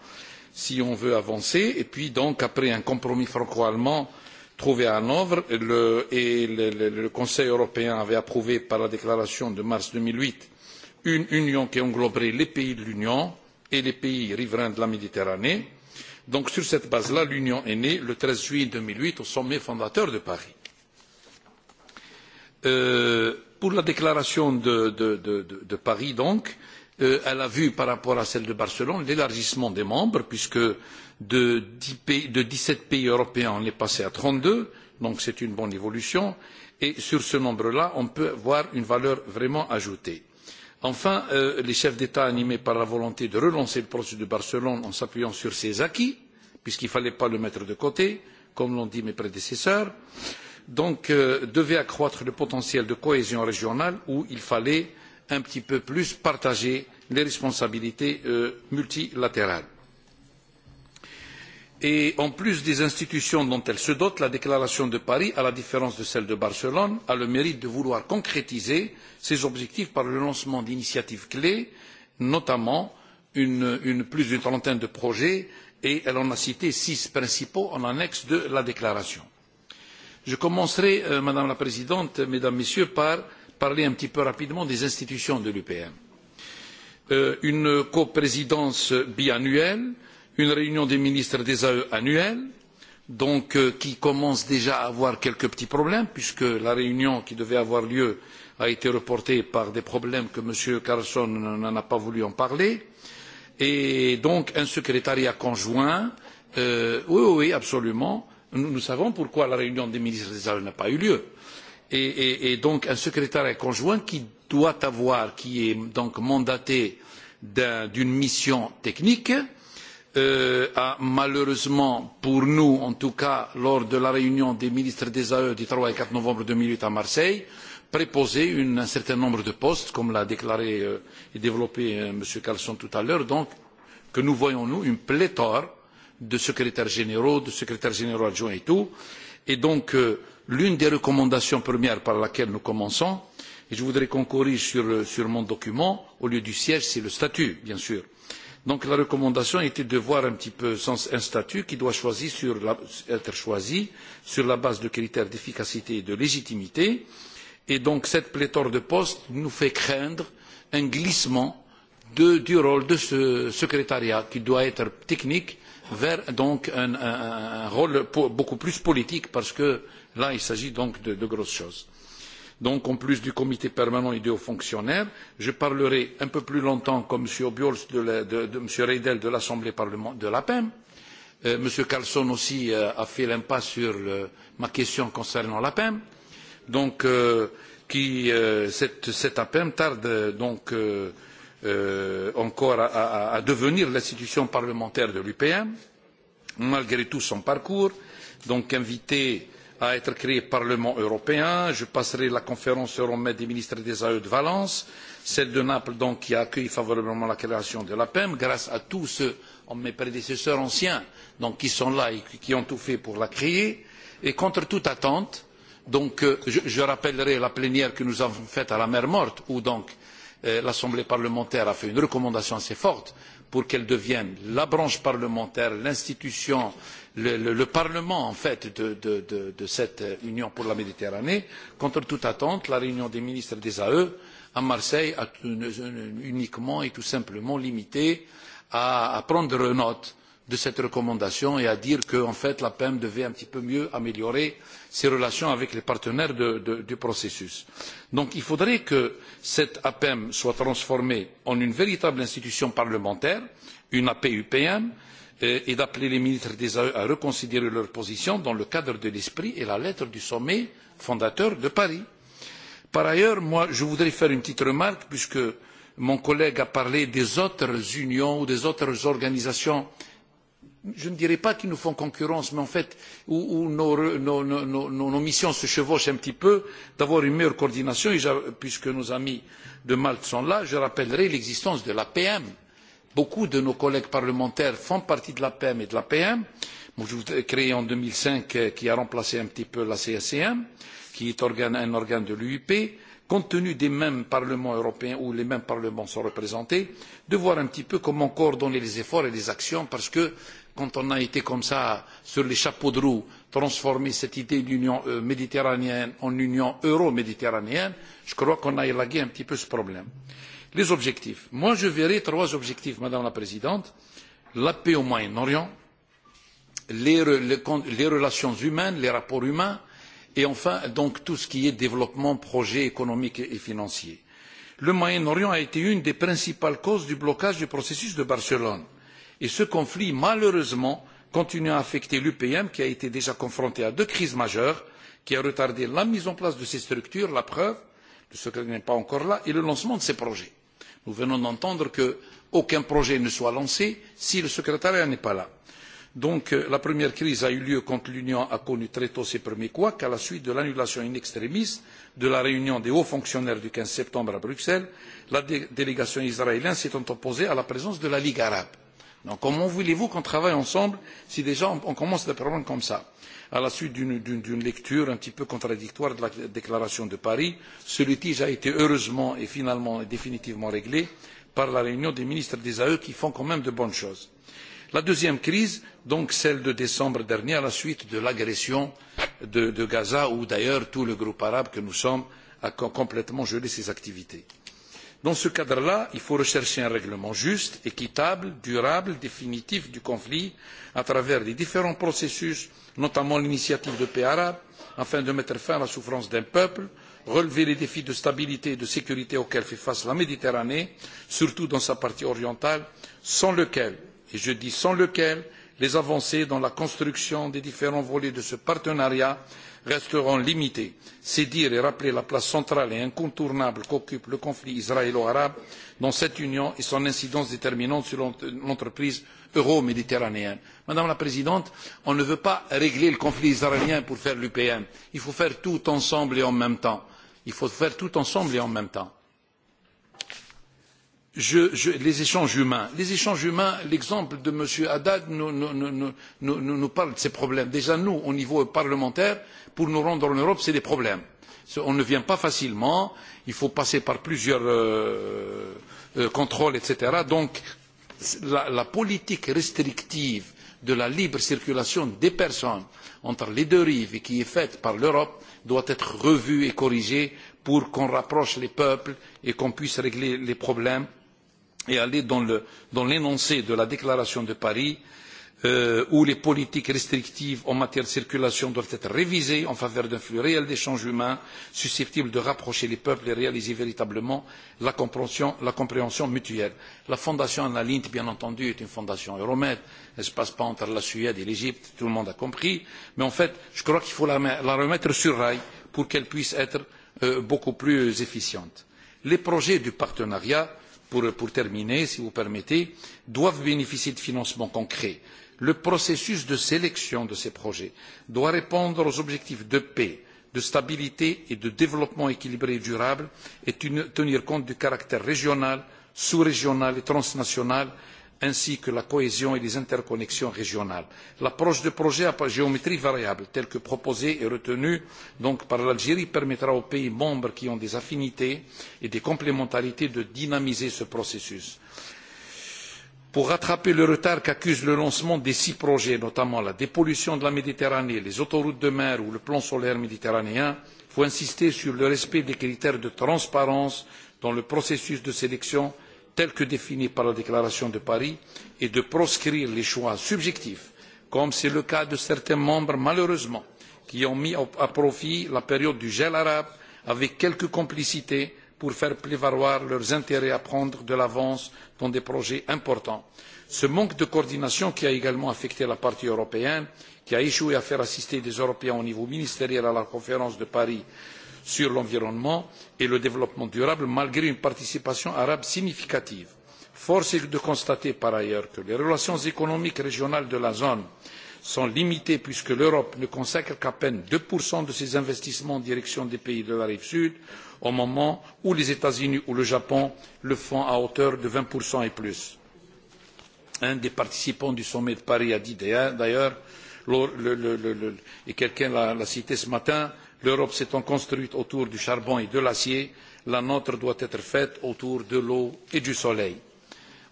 si on veut avancer et puis donc après un compromis franco allemand trouvée à hanovre le, et le, le, le conseil européen avait approuvé par la déclaration de mars deux mille huit une union qui engloberait les pays de l'union et les pays riverains de la méditerranée. donc sur cette base là l'union est née le treize juillet deux mille huit au sommet fondateur de paris. Euh, pour la déclaration de, de, de, de paris donc euh, elle a vu par rapport à celle de barcelone l'élargissement des membres puisque de, 10 pays, de 17 pays européens, on est passé à 32, donc c'est une bonne évolution. Et sur ce nombre-là, on peut voir une valeur vraiment ajoutée. Enfin, euh, les chefs d'État animés par la volonté de relancer le processus de Barcelone en s'appuyant sur ses acquis, puisqu'il ne fallait pas le mettre de côté, comme l'ont dit mes prédécesseurs, donc euh, devaient accroître le potentiel de cohésion régionale où il fallait un petit peu plus partager les responsabilités euh, multilatérales et en plus des institutions dont elle se dote la déclaration de paris à la différence de celle de barcelone a le mérite de vouloir concrétiser ces objectifs par le lancement d'initiatives clés notamment une, une, plus d'une trentaine de projets et elle en a cité six principaux en annexe de la déclaration. je commencerai euh, madame la présidente mesdames messieurs par parler un petit peu rapidement des institutions de l'upm. Euh, une coprésidence biannuelle euh, une réunion des ministres des ae annuelle donc, euh, qui commence déjà à avoir quelques petits problèmes puisque la réunion qui devait avoir lieu a été reportée par des problèmes que m. carlsson n'a pas voulu en parler et donc un secrétariat conjoint euh, oui oui absolument nous, nous savons pourquoi la réunion des ministres des ae n'a pas eu lieu et, et, et donc un secrétariat conjoint qui doit avoir qui est donc mandaté d'une un, mission technique euh, euh, a malheureusement pour nous en tout cas lors de la réunion des ministres des ae du travail le quatre novembre deux mille huit à marseille préposé une, un certain nombre de postes comme l'a déclaré euh, et développé euh, m. carlsson tout à l'heure donc que nous voyons nous une pléthore de secrétaires généraux de secrétaires généraux adjoints et tout et donc euh, l'une des recommandations premières par laquelle nous commençons et je voudrais qu'on corrige sur, euh, sur mon document au lieu du siège c'est le statut bien sûr donc la recommandation était de voir un petit peu sans un statut qui doit choisir sur la, être choisi sur la base de critères d'efficacité et de légitimité et donc cette pléthore de postes nous fait craindre un glissement de, du rôle de ce secrétariat qui doit être technique vers donc un, un, un rôle pour, beaucoup plus politique parce que là il s'agit donc de, de grosses choses donc en plus du comité permanent et des hauts fonctionnaires je parlerai un peu plus longtemps comme m. obiols m. reidel de l'assemblée de la pem euh, m. carlsson aussi euh, a fait l'impasse sur ma question concernant la pem donc euh, qui cette, cette apem tarde donc encore à, à, à devenir l'institution parlementaire de l'upm malgré tout son parcours donc invité à être créé Parlement européen. Je passerai la conférence euromède des ministres des AE de Valence, celle de Naples donc qui a accueilli favorablement la création de l'APEM, grâce à tous ceux, mes prédécesseurs anciens, donc qui sont là et qui ont tout fait pour la créer. Et contre toute attente, donc euh, je, je rappellerai la plénière que nous avons faite à la mer Morte, où donc euh, l'Assemblée parlementaire a fait une recommandation assez forte pour qu'elle devienne la branche parlementaire, l'institution euh, le, le, le parlement en fait de, de, de, de cette union pour la méditerranée contre toute attente la réunion des ministres des ae à marseille a uniquement et tout simplement limité à, à prendre note de cette recommandation et à dire qu'en en fait la pem devait un petit peu mieux améliorer ses relations avec les partenaires de, de, du processus. donc il faudrait que cette apem soit transformée en une véritable institution parlementaire une apupm Euh, et d'appeler les ministres des ae à reconsidérer leur position dans le cadre de l'esprit et la lettre du sommet fondateur de paris. par ailleurs je voudrais faire une petite remarque puisque mon collègue a parlé des autres unions ou des autres organisations je ne dirais pas qui nous font concurrence mais en fait où, où nos, nos, nos, nos missions se chevauchent un petit peu d'avoir une meilleure coordination et puisque nos amis de malte sont là je rappellerai l'existence de l'apm beaucoup de nos collègues parlementaires font partie de l'apem et de l'apm créée en deux mille cinq euh, qui a remplacé un petit peu la cscm qui est un organe de l'uip compte tenu des mêmes parlements européens où les mêmes parlements sont représentés de voir un petit peu comment coordonner les efforts et les actions parce que quand on a été comme ça sur les chapeaux de roue transformer cette idée d'union euh, méditerranéenne en union euroméditerranéenne je crois qu'on a élagué un petit peu ce problème les objectifs moi je verrais trois objectifs madame la présidente la paix au moyen orient les, les, les relations humaines les rapports humains et enfin donc tout ce qui est développement projet économique et financier. le moyen orient a été une des principales causes du blocage du processus de barcelone et ce conflit malheureusement continue à affecter l'upm qui a été déjà confronté à deux crises majeures qui ont retardé la mise en place de ses structures la preuve le secrétaire n'est pas encore là et le lancement de ses projets. Nous venons d'entendre qu'aucun projet ne soit lancé si le secrétariat n'est pas là. Donc euh, la première crise a eu lieu quand l'Union a connu très tôt ses premiers couacs à la suite de l'annulation in extremis de la réunion des hauts fonctionnaires du 15 septembre à Bruxelles, la dé délégation israélienne s'étant opposée à la présence de la Ligue arabe. Donc comment voulez-vous qu'on travaille ensemble si déjà on, on commence des problèmes comme ça à la suite d'une lecture un petit peu contradictoire de la déclaration de paris. ce litige a été heureusement et finalement et définitivement réglé par la réunion des ministres des ae qui font quand même de bonnes choses. la deuxième crise donc celle de décembre dernier à la suite de l'agression de, de gaza où d'ailleurs tout le groupe arabe que nous sommes a complètement gelé ses activités dans ce cadre là il faut rechercher un règlement juste équitable durable définitif du conflit à travers les différents processus notamment l'initiative de paix arabe afin de mettre fin à la souffrance d'un peuple relever les défis de stabilité et de sécurité auxquels fait face la méditerranée surtout dans sa partie orientale sans lequel et je dis sans lequel les avancées dans la construction des différents volets de ce partenariat resteront limitées. c'est dire et rappeler la place centrale et incontournable qu'occupe le conflit israélo arabe dans cette union et son incidence déterminante sur l'entreprise euro méditerranéenne. madame la présidente on ne veut pas régler le conflit israélien pour faire l'upm il faut faire tout ensemble et en même temps. Je, je, les échanges humains. Les échanges humains, l'exemple de M. Haddad nous, nous, nous, nous, nous parle de ces problèmes. Déjà, nous, au niveau parlementaire, pour nous rendre en Europe, c'est des problèmes. On ne vient pas facilement, il faut passer par plusieurs euh, euh, contrôles, etc. Donc, la, la politique restrictive de la libre circulation des personnes entre les deux rives et qui est faite par l'Europe doit être revue et corrigée pour qu'on rapproche les peuples et qu'on puisse régler les problèmes et aller dans l'énoncé de la déclaration de paris euh, où les politiques restrictives en matière de circulation doivent être révisées en faveur d'un flux réel d'échanges humains susceptible de rapprocher les peuples et réaliser véritablement la compréhension, la compréhension mutuelle. La fondation Anna Lindh, bien entendu, est une fondation Euromed. Elle ne se passe pas entre la Suède et l'Égypte, tout le monde a compris. Mais en fait, je crois qu'il faut la, la remettre sur rail pour qu'elle puisse être euh, beaucoup plus efficiente. Les projets du partenariat euh, pour, pour terminer, si vous permettez, doivent bénéficier de financements concrets. Le processus de sélection de ces projets doit répondre aux objectifs de paix, de stabilité et de développement équilibré et durable et tenir compte du caractère régional, sous régional et transnational ainsi que la cohésion et les interconnexions régionales. l'approche de projets à géométrie variable telle que proposée et retenue par l'algérie permettra aux pays membres qui ont des affinités et des complémentarités de dynamiser ce processus. pour rattraper le retard qu'accuse le lancement des six projets notamment la dépollution de la méditerranée les autoroutes de mer ou le plan solaire méditerranéen il faut insister sur le respect des critères de transparence dans le processus de sélection telle que définie par la déclaration de paris et de proscrire les choix subjectifs comme c'est le cas de certains membres malheureusement qui ont mis à profit la période du gel arabe avec quelque complicité pour faire prévaloir leurs intérêts à prendre de l'avance dans des projets importants. ce manque de coordination qui a également affecté la partie européenne qui a échoué à faire assister des européens au niveau ministériel à la conférence de paris sur l'environnement et le développement durable malgré une participation arabe significative. force est de constater par ailleurs que les relations économiques régionales de la zone sont limitées puisque l'europe ne consacre qu'à peine deux de ses investissements en direction des pays de la rive sud au moment où les états unis ou le japon le font à hauteur de vingt et plus. un des participants du sommet de paris a dit d'ailleurs et quelqu'un l'a cité ce matin l'europe s'étant construite autour du charbon et de l'acier la nôtre doit être faite autour de l'eau et du soleil.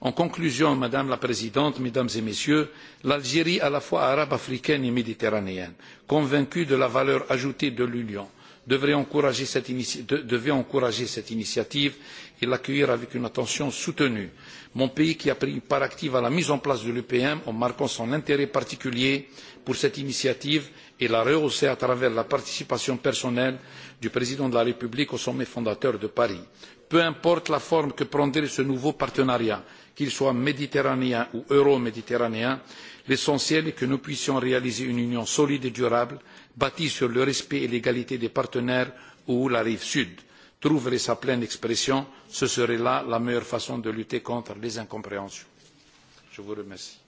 en conclusion madame la présidente mesdames et messieurs l'algérie à la fois arabe africaine et méditerranéenne convaincue de la valeur ajoutée de l'union devait encourager cette initiative et l'accueillir avec une attention soutenue. Mon pays, qui a pris une part active à la mise en place de l'UPM en marquant son intérêt particulier pour cette initiative et l'a rehaussée à travers la participation personnelle du président de la République au sommet fondateur de Paris. Peu importe la forme que prendrait ce nouveau partenariat, qu'il soit méditerranéen ou euroméditerranéen, l'essentiel est que nous puissions réaliser une union solide et durable, bâtie sur le respect et l'égalité des partenaires ou la rive sud trouverait sa pleine expression ce serait là la meilleure façon de lutter contre les incompréhensions. je vous remercie.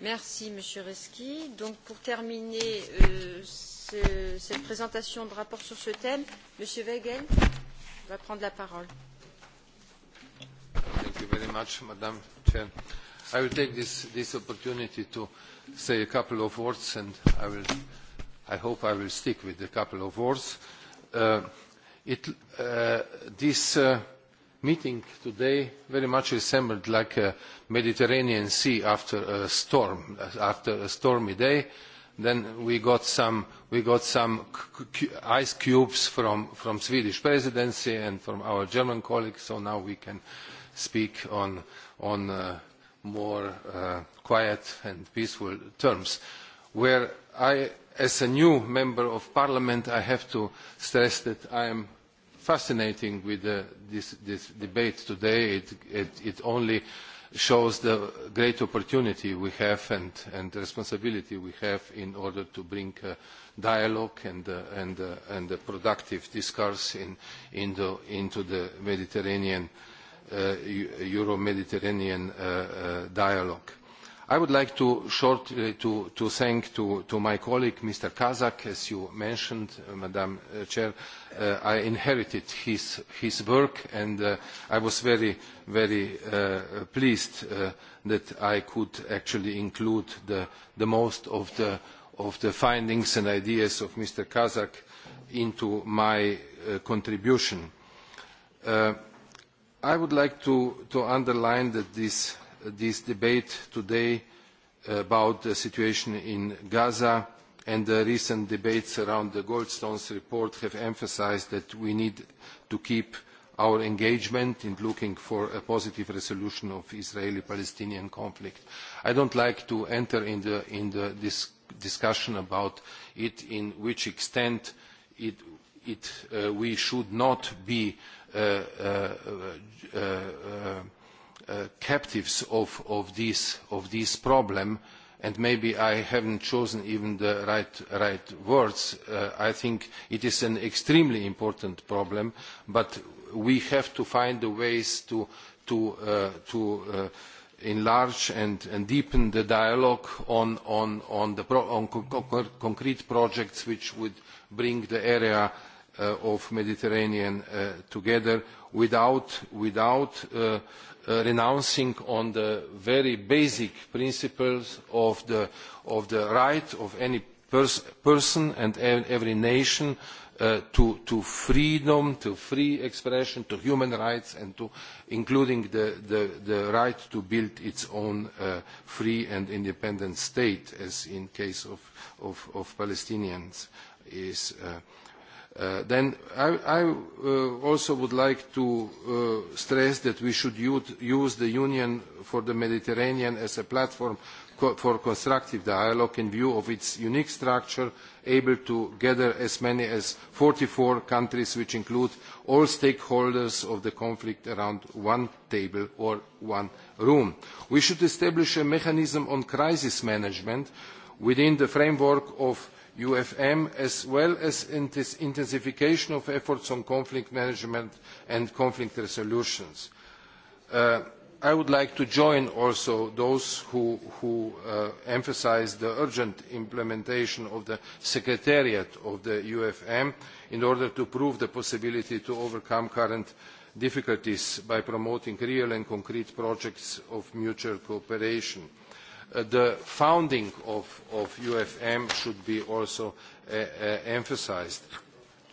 merci monsieur reski. Donc, pour terminer euh, ce, cette présentation de rapport sur ce thème monsieur wegen va prendre la parole. thank you very much madam chair. i will take this, this opportunity to say a couple of words and i will i hope i will stick with a couple of words. Uh, It, uh, this uh, meeting today very much resembled like a Mediterranean Sea after a storm, after a stormy day. Then we got some, we got some c c ice cubes from, from Swedish presidency and from our German colleagues, so now we can speak on, on uh, more uh, quiet and peaceful terms. Where I, as a new member of parliament, I have to stress that I am fascinating with the, this, this debate today. It, it, it only shows the great opportunity we have and, and responsibility we have in order to bring uh, dialogue and, uh, and, uh, and a productive discourse in, in the, into the Mediterranean, uh, Euro-Mediterranean uh, uh, dialogue. Uh, I would like to shortly uh, to, to thank to, to my colleague, Mr. Kazak, as you mentioned, uh, Madam uh, Chair. Uh, I inherited his, his work and uh, I was very, very uh, pleased uh, that I could actually include the, the most of the, of the findings and ideas of Mr. Kazak into my uh, contribution. Uh, I would like to, to underline that this this debate today about the situation in Gaza and the recent debates around the Goldstones report have emphasized that we need to keep our engagement in looking for a positive resolution of Israeli-Palestinian conflict. I don't like to enter in the, in the dis discussion about it in which extent it, it, uh, we should not be uh, uh, uh, uh, uh, captives of, of, this, of this problem, and maybe I haven't chosen even the right, right words. Uh, I think it is an extremely important problem, but we have to find the ways to, to, uh, to uh, enlarge and, and deepen the dialogue on, on, on, the pro on co concrete projects which would bring the area uh, of Mediterranean uh, together without, without uh, uh, renouncing on the very basic principles of the, of the right of any pers person and every nation uh, to, to freedom, to free expression, to human rights, and to including the, the, the right to build its own uh, free and independent state, as in case of, of, of Palestinians is uh, Uh, then I, I uh, also would like to uh, stress that we should use, use the Union for the Mediterranean as a platform co for constructive dialogue in view of its unique structure, able to gather as many as 44 countries, which include all stakeholders of the conflict around one table or one room. We should establish a mechanism on crisis management within the framework of uh, UFM, as well as intensification of efforts on conflict management and conflict resolutions. Uh, I would like to join also those who, who uh, emphasize the urgent implementation of the Secretariat of the UFM in order to prove the possibility to overcome current difficulties by promoting real and concrete projects of mutual cooperation. Uh, Uh, the founding of, of UFM should be also uh, uh, emphasized.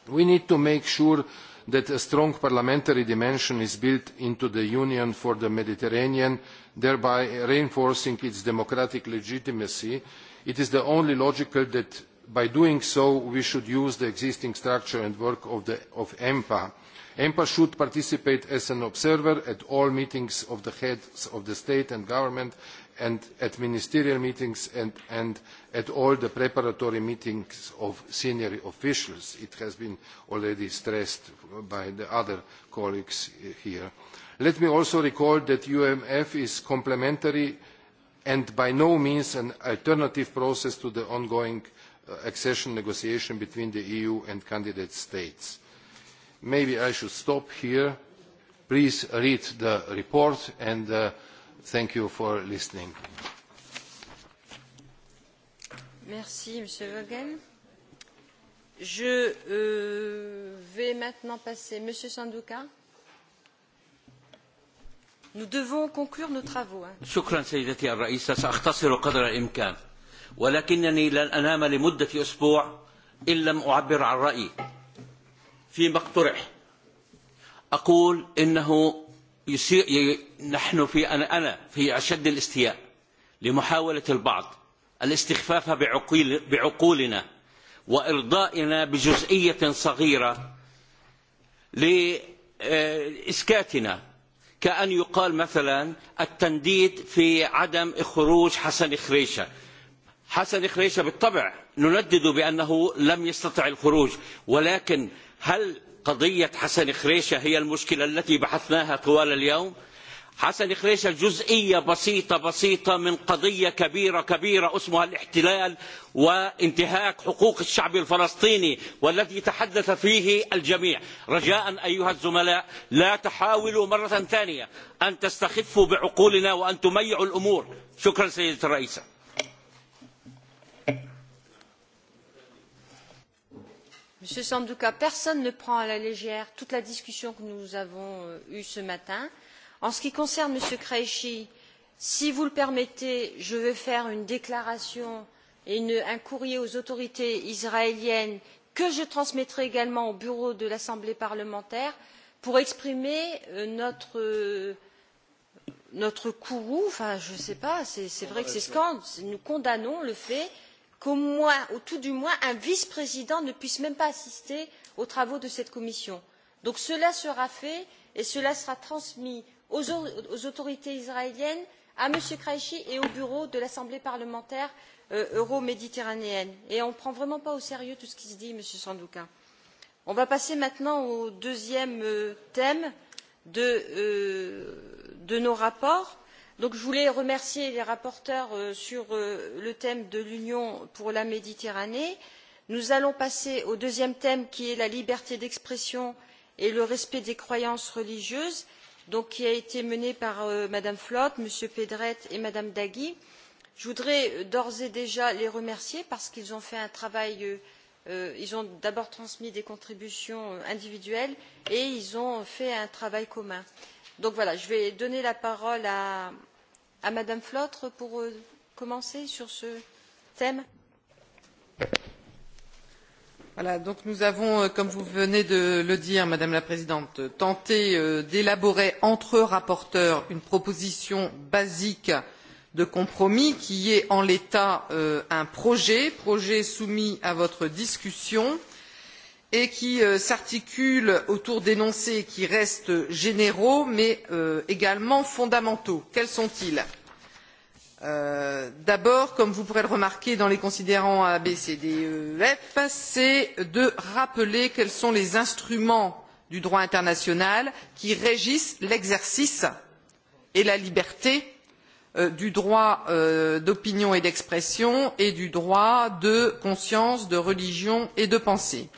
We need to make sure that a strong parliamentary dimension is built into the Union for the Mediterranean, thereby reinforcing its democratic legitimacy. It is the only logical that by doing so we should use the existing structure and work of, the, of EMPA. EMPA should participate as an observer at all meetings of the heads of the state and government and at ministerial meetings and, and at all the preparatory meetings of senior officials. It has been already stressed by the other colleagues here. Let me also recall that UMF is complementary and by no means an alternative process to the ongoing uh, accession negotiation between the EU and candidate states. Maybe I should stop here. Please read the report and uh, Thank you for listening. Merci, Monsieur Vaughan. Je euh, vais maintenant passer, Monsieur Sanduka. Nous devons conclure nos travaux. Hein. شكرا سيدتي الرئيسة سأختصر قدر الإمكان ولكنني لن أنام لمدة أسبوع إن لم أعبر عن رأيي فيما اقترح أقول إنه يسيء نحن في أنا, أنا في أشد الاستياء لمحاولة البعض الاستخفاف بعقول بعقولنا وإرضائنا بجزئية صغيرة لإسكاتنا كأن يقال مثلا التنديد في عدم إخروج حسن خريشة حسن خريشة بالطبع نندد بأنه لم يستطع الخروج ولكن هل قضية حسن خريشة هي المشكلة التي بحثناها طوال اليوم؟ حسن خريشة جزئية بسيطة بسيطة من قضية كبيرة كبيرة اسمها الاحتلال وانتهاك حقوق الشعب الفلسطيني والذي تحدث فيه الجميع رجاء أيها الزملاء لا تحاولوا مرة ثانية أن تستخفوا بعقولنا وأن تميعوا الأمور شكرا سيدة الرئيسة monsieur sandoka personne ne prend à la légère toute la discussion que nous avons euh, eue ce matin. en ce qui concerne m. qureshi si vous le permettez je vais faire une déclaration et un courrier aux autorités israéliennes que je transmettrai également au bureau de l'assemblée parlementaire pour exprimer euh, notre euh, notre courroux enfin je ne sais pas c'est vrai que c'est scandaleux nous condamnons le fait qu'au moins ou tout du moins un vice président ne puisse même pas assister aux travaux de cette commission. donc cela sera fait et cela sera transmis aux, aux autorités israéliennes à m. qureshi et au bureau de l'assemblée parlementaire euh, euroméditerranéenne et on ne prend vraiment pas au sérieux tout ce qui se dit monsieur sandoka. on va passer maintenant au deuxième euh, thème de, euh, de nos rapports Donc, je voulais remercier les rapporteurs euh, sur euh, le thème de l'union pour la méditerranée. nous allons passer au deuxième thème qui est la liberté d'expression et le respect des croyances religieuses donc, qui a été mené par euh, mme flautre m. pedret et mme dagui. je voudrais d'ores et déjà les remercier parce qu'ils ont fait un travail euh, ils ont d'abord transmis des contributions individuelles et ils ont fait un travail commun. donc voilà je vais donner la parole à à Madame Flotre pour euh, commencer sur ce thème. Voilà, donc nous avons, euh, comme vous venez de le dire, Madame la Présidente, tenté euh, d'élaborer entre rapporteurs une proposition basique de compromis qui est en l'état euh, un projet, projet soumis à votre discussion. Euh, et qui euh, s'articule autour d'énoncés qui restent généraux mais euh, également fondamentaux. quels sont ils? Euh, d'abord comme vous pourrez le remarquer dans les considérants a b c d e f c'est de rappeler quels sont les instruments du droit international qui régissent l'exercice et la liberté euh, du droit euh, d'opinion et d'expression et du droit de conscience de religion et de pensée.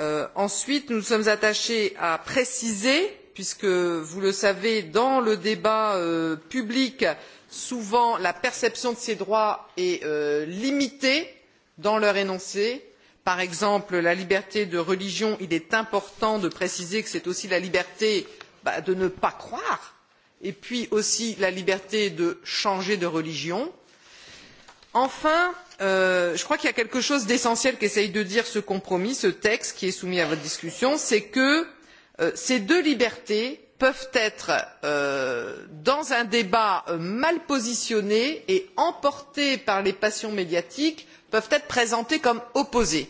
Euh, ensuite, nous sommes attachés à préciser, puisque vous le savez, dans le débat euh, public, souvent la perception de ces droits est euh, limitée dans leur énoncé. Par exemple, la liberté de religion, il est important de préciser que c'est aussi la liberté bah, de ne pas croire et puis aussi la liberté de changer de religion. Enfin, euh, je crois qu'il y a quelque chose d'essentiel qu'essaye de dire ce compromis, ce texte qui est soumis à votre discussion, c'est que euh, ces deux libertés peuvent être euh, dans un débat euh, mal positionné et emporté par les passions médiatiques peuvent être présentées comme opposées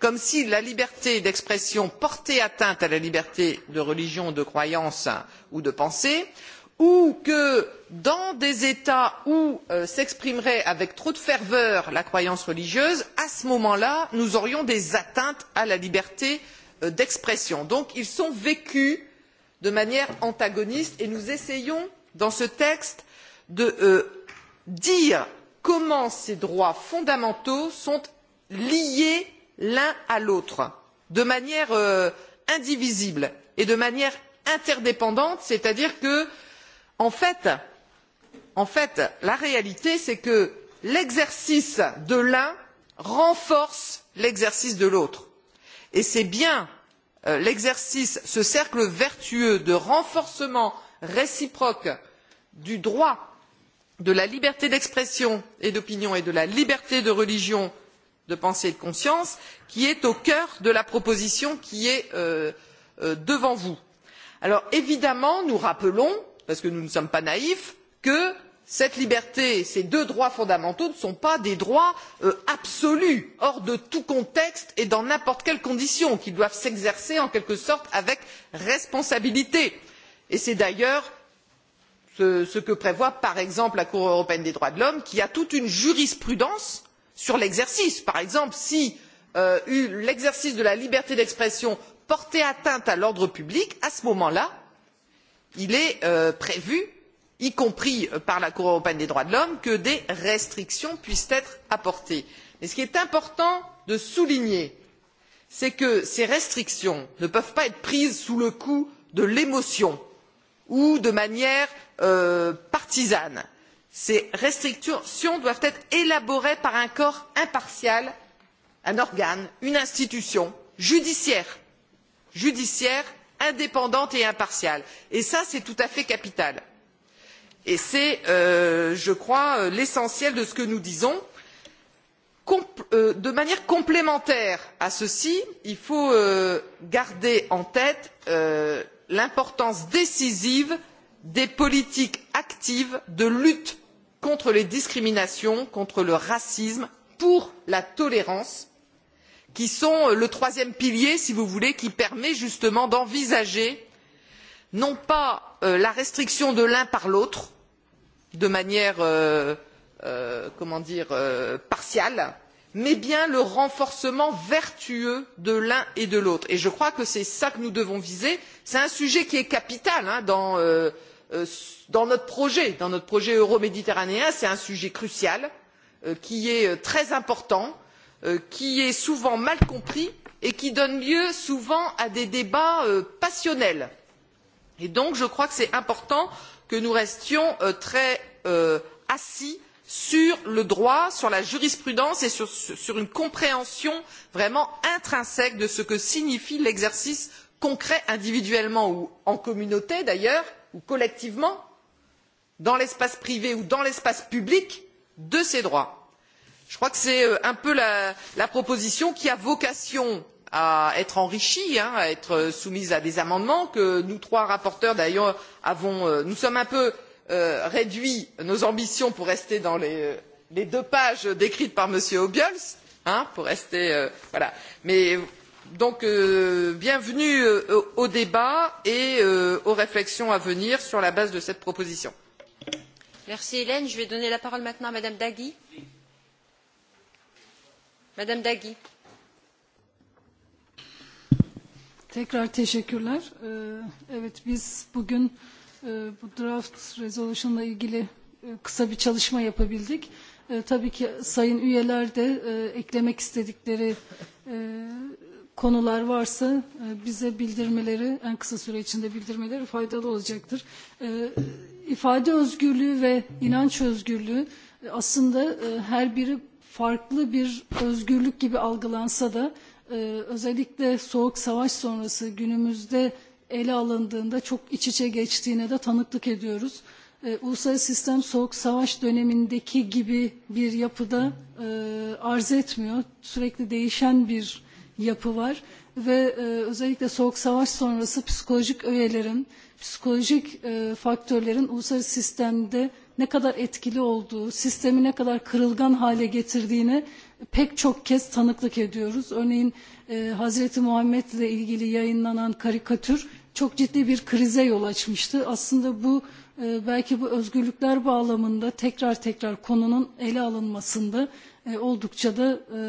comme si la liberté d'expression portait atteinte à la liberté de religion de croyance ou de pensée ou que dans des états où euh, s'exprimerait avec trop de ferveur la croyance religieuse à ce moment là nous aurions des atteintes à la liberté euh, d'expression. donc ils sont vécus de manière antagoniste et nous essayons dans ce texte de euh, dire comment ces droits fondamentaux sont liés l'un à l'autre de manière euh, indivisible et de manière interdépendante c'est à dire que en fait en fait la réalité c'est que l'exercice de l'un renforce l'exercice de l'autre et c'est bien euh, l'exercice ce cercle vertueux de renforcement réciproque du droit de la liberté d'expression et d'opinion et de la liberté de religion de pensée et de conscience qui est au cœur de la proposition qui est euh, euh, devant vous. alors évidemment nous rappelons parce que nous ne sommes pas naïfs que cette liberté ces deux droits fondamentaux ne sont pas des droits euh, absolus hors de tout contexte et dans n'importe quelles conditions qu'ils doivent s'exercer en quelque sorte avec responsabilité et c'est d'ailleurs ce, ce que prévoit par exemple la cour européenne des droits de l'homme qui a toute une jurisprudence sur l'exercice par exemple si euh, l'exercice de la liberté d'expression portait atteinte à l'ordre public à ce moment là il est euh, prévu y compris euh, par la cour européenne des droits de l'homme que des restrictions puissent être apportées. mais ce qu'il est important de souligner c'est que ces restrictions ne peuvent pas être prises sous le coup de l'émotion ou de manière euh, partisane. ces restrictions doivent être élaborées par un corps impartial un organe une institution judiciaire judiciaire indépendante et impartiale et ça c'est tout à fait capital et c'est euh, je crois euh, l'essentiel de ce que nous disons euh, de manière complémentaire à ceci il faut euh, garder en tête euh, l'importance décisive des politiques actives de lutte contre les discriminations contre le racisme pour la tolérance qui sont euh, le troisième pilier si vous voulez qui permet justement d'envisager non pas Euh, la restriction de l'un par l'autre de manière euh, euh, comment dire partiale mais bien le renforcement vertueux de l'un et de l'autre et je crois que c'est cela que nous devons viser. c'est un sujet qui est capital hein, dans, euh, dans notre projet dans notre projet euroméditerranéen c'est un sujet crucial euh, qui est très important euh, qui est souvent mal compris et qui donne lieu souvent à des débats passionnels et donc je crois que c'est important que nous restions euh, très euh, assis sur le droit sur la jurisprudence et sur, sur une compréhension vraiment intrinsèque de ce que signifie l'exercice concret individuellement ou en communauté d'ailleurs ou collectivement dans l'espace privé ou dans l'espace public de ces droits. je crois que c'est euh, un peu la, la proposition qui a vocation à à être enrichie, hein, à être soumise à des amendements que nous trois rapporteurs d'ailleurs avons euh, nous sommes un peu euh, réduit nos ambitions pour rester dans les, euh, les deux pages décrites par m. obiols hein, pour rester euh, voilà mais donc euh, bienvenue euh, au débat et euh, aux réflexions à venir sur la base de cette proposition. Merci Hélène. Je vais donner la parole maintenant à Madame Dagui. Madame Dagui. Tekrar teşekkürler. Ee, evet biz bugün e, bu draft resolution'la ilgili e, kısa bir çalışma yapabildik. E, tabii ki sayın üyeler de e, eklemek istedikleri e, konular varsa e, bize bildirmeleri en kısa süre içinde bildirmeleri faydalı olacaktır. E, ifade özgürlüğü ve inanç özgürlüğü e, aslında e, her biri farklı bir özgürlük gibi algılansa da e, e, özellikle soğuk savaş sonrası günümüzde ele alındığında çok iç içe geçtiğine de tanıklık ediyoruz. E, uluslararası sistem soğuk savaş dönemindeki gibi bir yapıda e, arz etmiyor. Sürekli değişen bir yapı var ve e, özellikle soğuk savaş sonrası psikolojik öğelerin, psikolojik e, faktörlerin uluslararası sistemde ne kadar etkili olduğu, sistemi ne kadar kırılgan hale getirdiğine pek çok kez tanıklık ediyoruz. Örneğin e, Hazreti Muhammed ile ilgili yayınlanan karikatür çok ciddi bir krize yol açmıştı. Aslında bu e, belki bu özgürlükler bağlamında tekrar tekrar konunun ele alınmasında e, oldukça da e,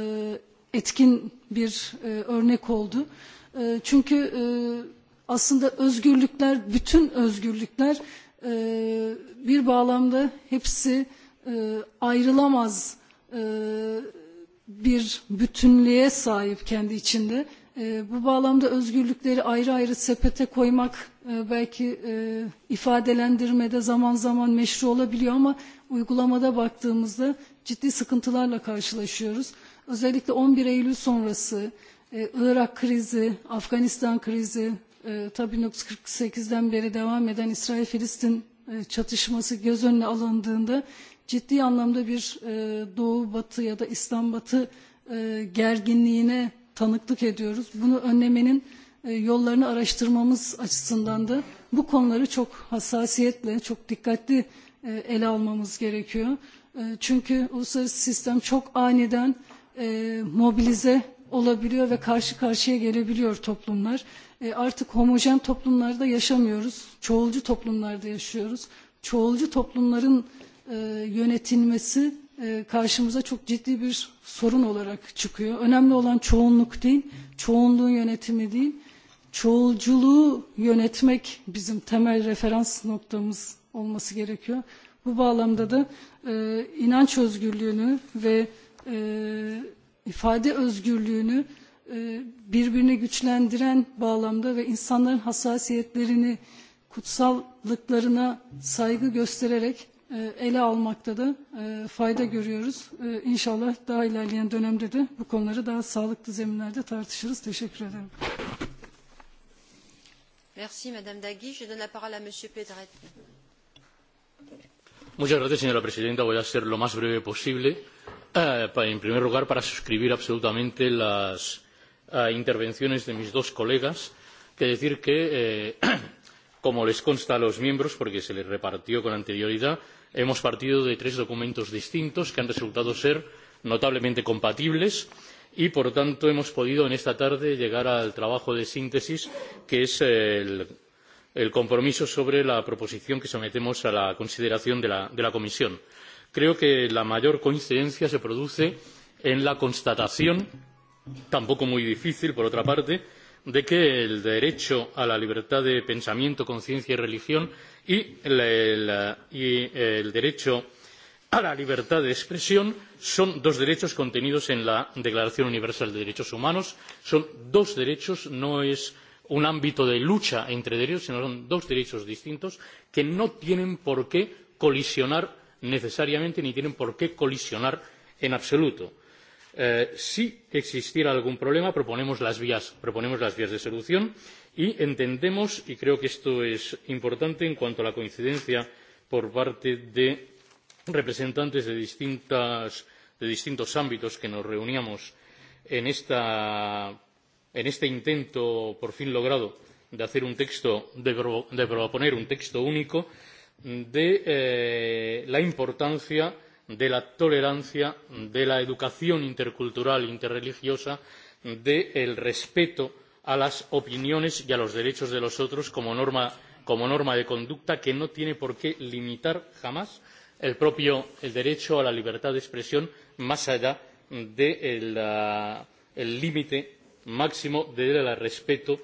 etkin bir e, örnek oldu. E, çünkü e, aslında özgürlükler, bütün özgürlükler e, bir bağlamda hepsi e, ayrılamaz e, bir bütünlüğe sahip kendi içinde. E, bu bağlamda özgürlükleri ayrı ayrı sepete koymak e, belki e, ifadelendirmede zaman zaman meşru olabiliyor ama uygulamada baktığımızda ciddi sıkıntılarla karşılaşıyoruz. Özellikle 11 Eylül sonrası e, Irak krizi, Afganistan krizi, e, tabii 1948'den beri devam eden İsrail-Filistin e, çatışması göz önüne alındığında e, ciddi anlamda bir e, doğu batı ya da İslam batı e, gerginliğine tanıklık ediyoruz. Bunu önlemenin e, yollarını araştırmamız açısından da bu konuları çok hassasiyetle, çok dikkatli e, ele almamız gerekiyor. E, çünkü uluslararası sistem çok aniden e, mobilize olabiliyor ve karşı karşıya gelebiliyor toplumlar. E, artık homojen toplumlarda yaşamıyoruz. Çoğulcu toplumlarda yaşıyoruz. Çoğulcu toplumların e, e, yönetilmesi e, karşımıza çok ciddi bir sorun olarak çıkıyor. Önemli olan çoğunluk değil, çoğunluğun yönetimi değil, çoğulculuğu yönetmek bizim temel referans noktamız olması gerekiyor. Bu bağlamda da e, inanç özgürlüğünü ve e, ifade özgürlüğünü e, birbirine güçlendiren bağlamda ve insanların hassasiyetlerini kutsallıklarına saygı göstererek ele almakta da e, fayda görüyoruz. E, inşallah daha ilerleyen dönemde de bu konuları daha sağlıklı zeminlerde tartışırız. Teşekkür ederim. Merci Madame Dagui. Je donne la parole à Monsieur Pedret. Muchas gracias, señora presidenta. Voy a ser lo más breve posible. Eh, pa, en primer lugar, para suscribir absolutamente las eh, intervenciones de mis dos colegas, que decir que, eh, como les consta a los miembros, porque se les repartió con anterioridad, hemos partido de tres documentos distintos que han resultado ser notablemente compatibles y por tanto hemos podido en esta tarde llegar al trabajo de síntesis que es el, el compromiso sobre la proposición que sometemos a la consideración de la, de la comisión. creo que la mayor coincidencia se produce en la constatación tampoco muy difícil por otra parte de que el derecho a la libertad de pensamiento conciencia y religión y el, y el derecho a la libertad de expresión son dos derechos contenidos en la declaración universal de derechos humanos son dos derechos no es un ámbito de lucha entre derechos sino son dos derechos distintos que no tienen por qué colisionar necesariamente ni tienen por qué colisionar en absoluto. Eh, si existiera algún problema proponemos las vías proponemos las vías de solución y entendemos y creo que esto es importante en cuanto a la coincidencia por parte de representantes de, de distintos ámbitos que nos reuníamos en, esta, en este intento por fin logrado de hacer un texto de, pro, de proponer un texto único de eh, la importancia de de la tolerancia de la educación intercultural e interreligiosa del respeto a las opiniones y a los derechos de los otros como norma, como norma de conducta que no tiene por qué limitar jamás el propio el derecho a la libertad de expresión más allá del de ah, límite máximo del respeto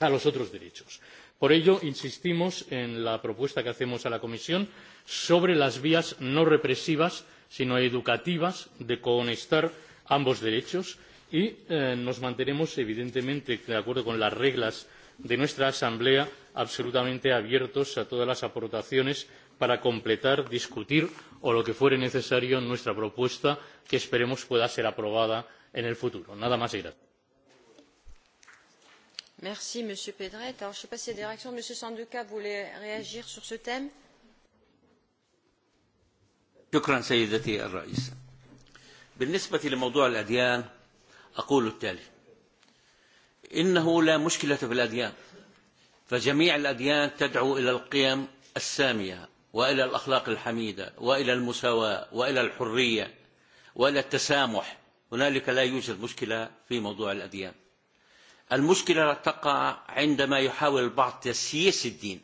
a los otros derechos por ello insistimos en la propuesta que hacemos a la comisión sobre las vías no represivas sino educativas de conectar ambos derechos y eh, nos mantenemos evidentemente de acuerdo con las reglas de nuestra asamblea absolutamente abiertos a todas las aportaciones para completar discutir o lo que fuere necesario nuestra propuesta que esperemos pueda ser aprobada en el futuro. nada más y gracias. Merci, Monsieur Pedret. Alors, je ne sais pas s'il y a des réactions. Monsieur Sanduka voulait réagir sur ce thème. شكرا سيدتي الرئيسة بالنسبة لموضوع الأديان أقول التالي إنه لا مشكلة في الأديان فجميع الأديان تدعو إلى القيم السامية وإلى الأخلاق الحميدة وإلى المساواة وإلى الحرية وإلى التسامح هنالك لا يوجد مشكلة في موضوع الأديان المشكلة تقع عندما يحاول البعض تسييس الدين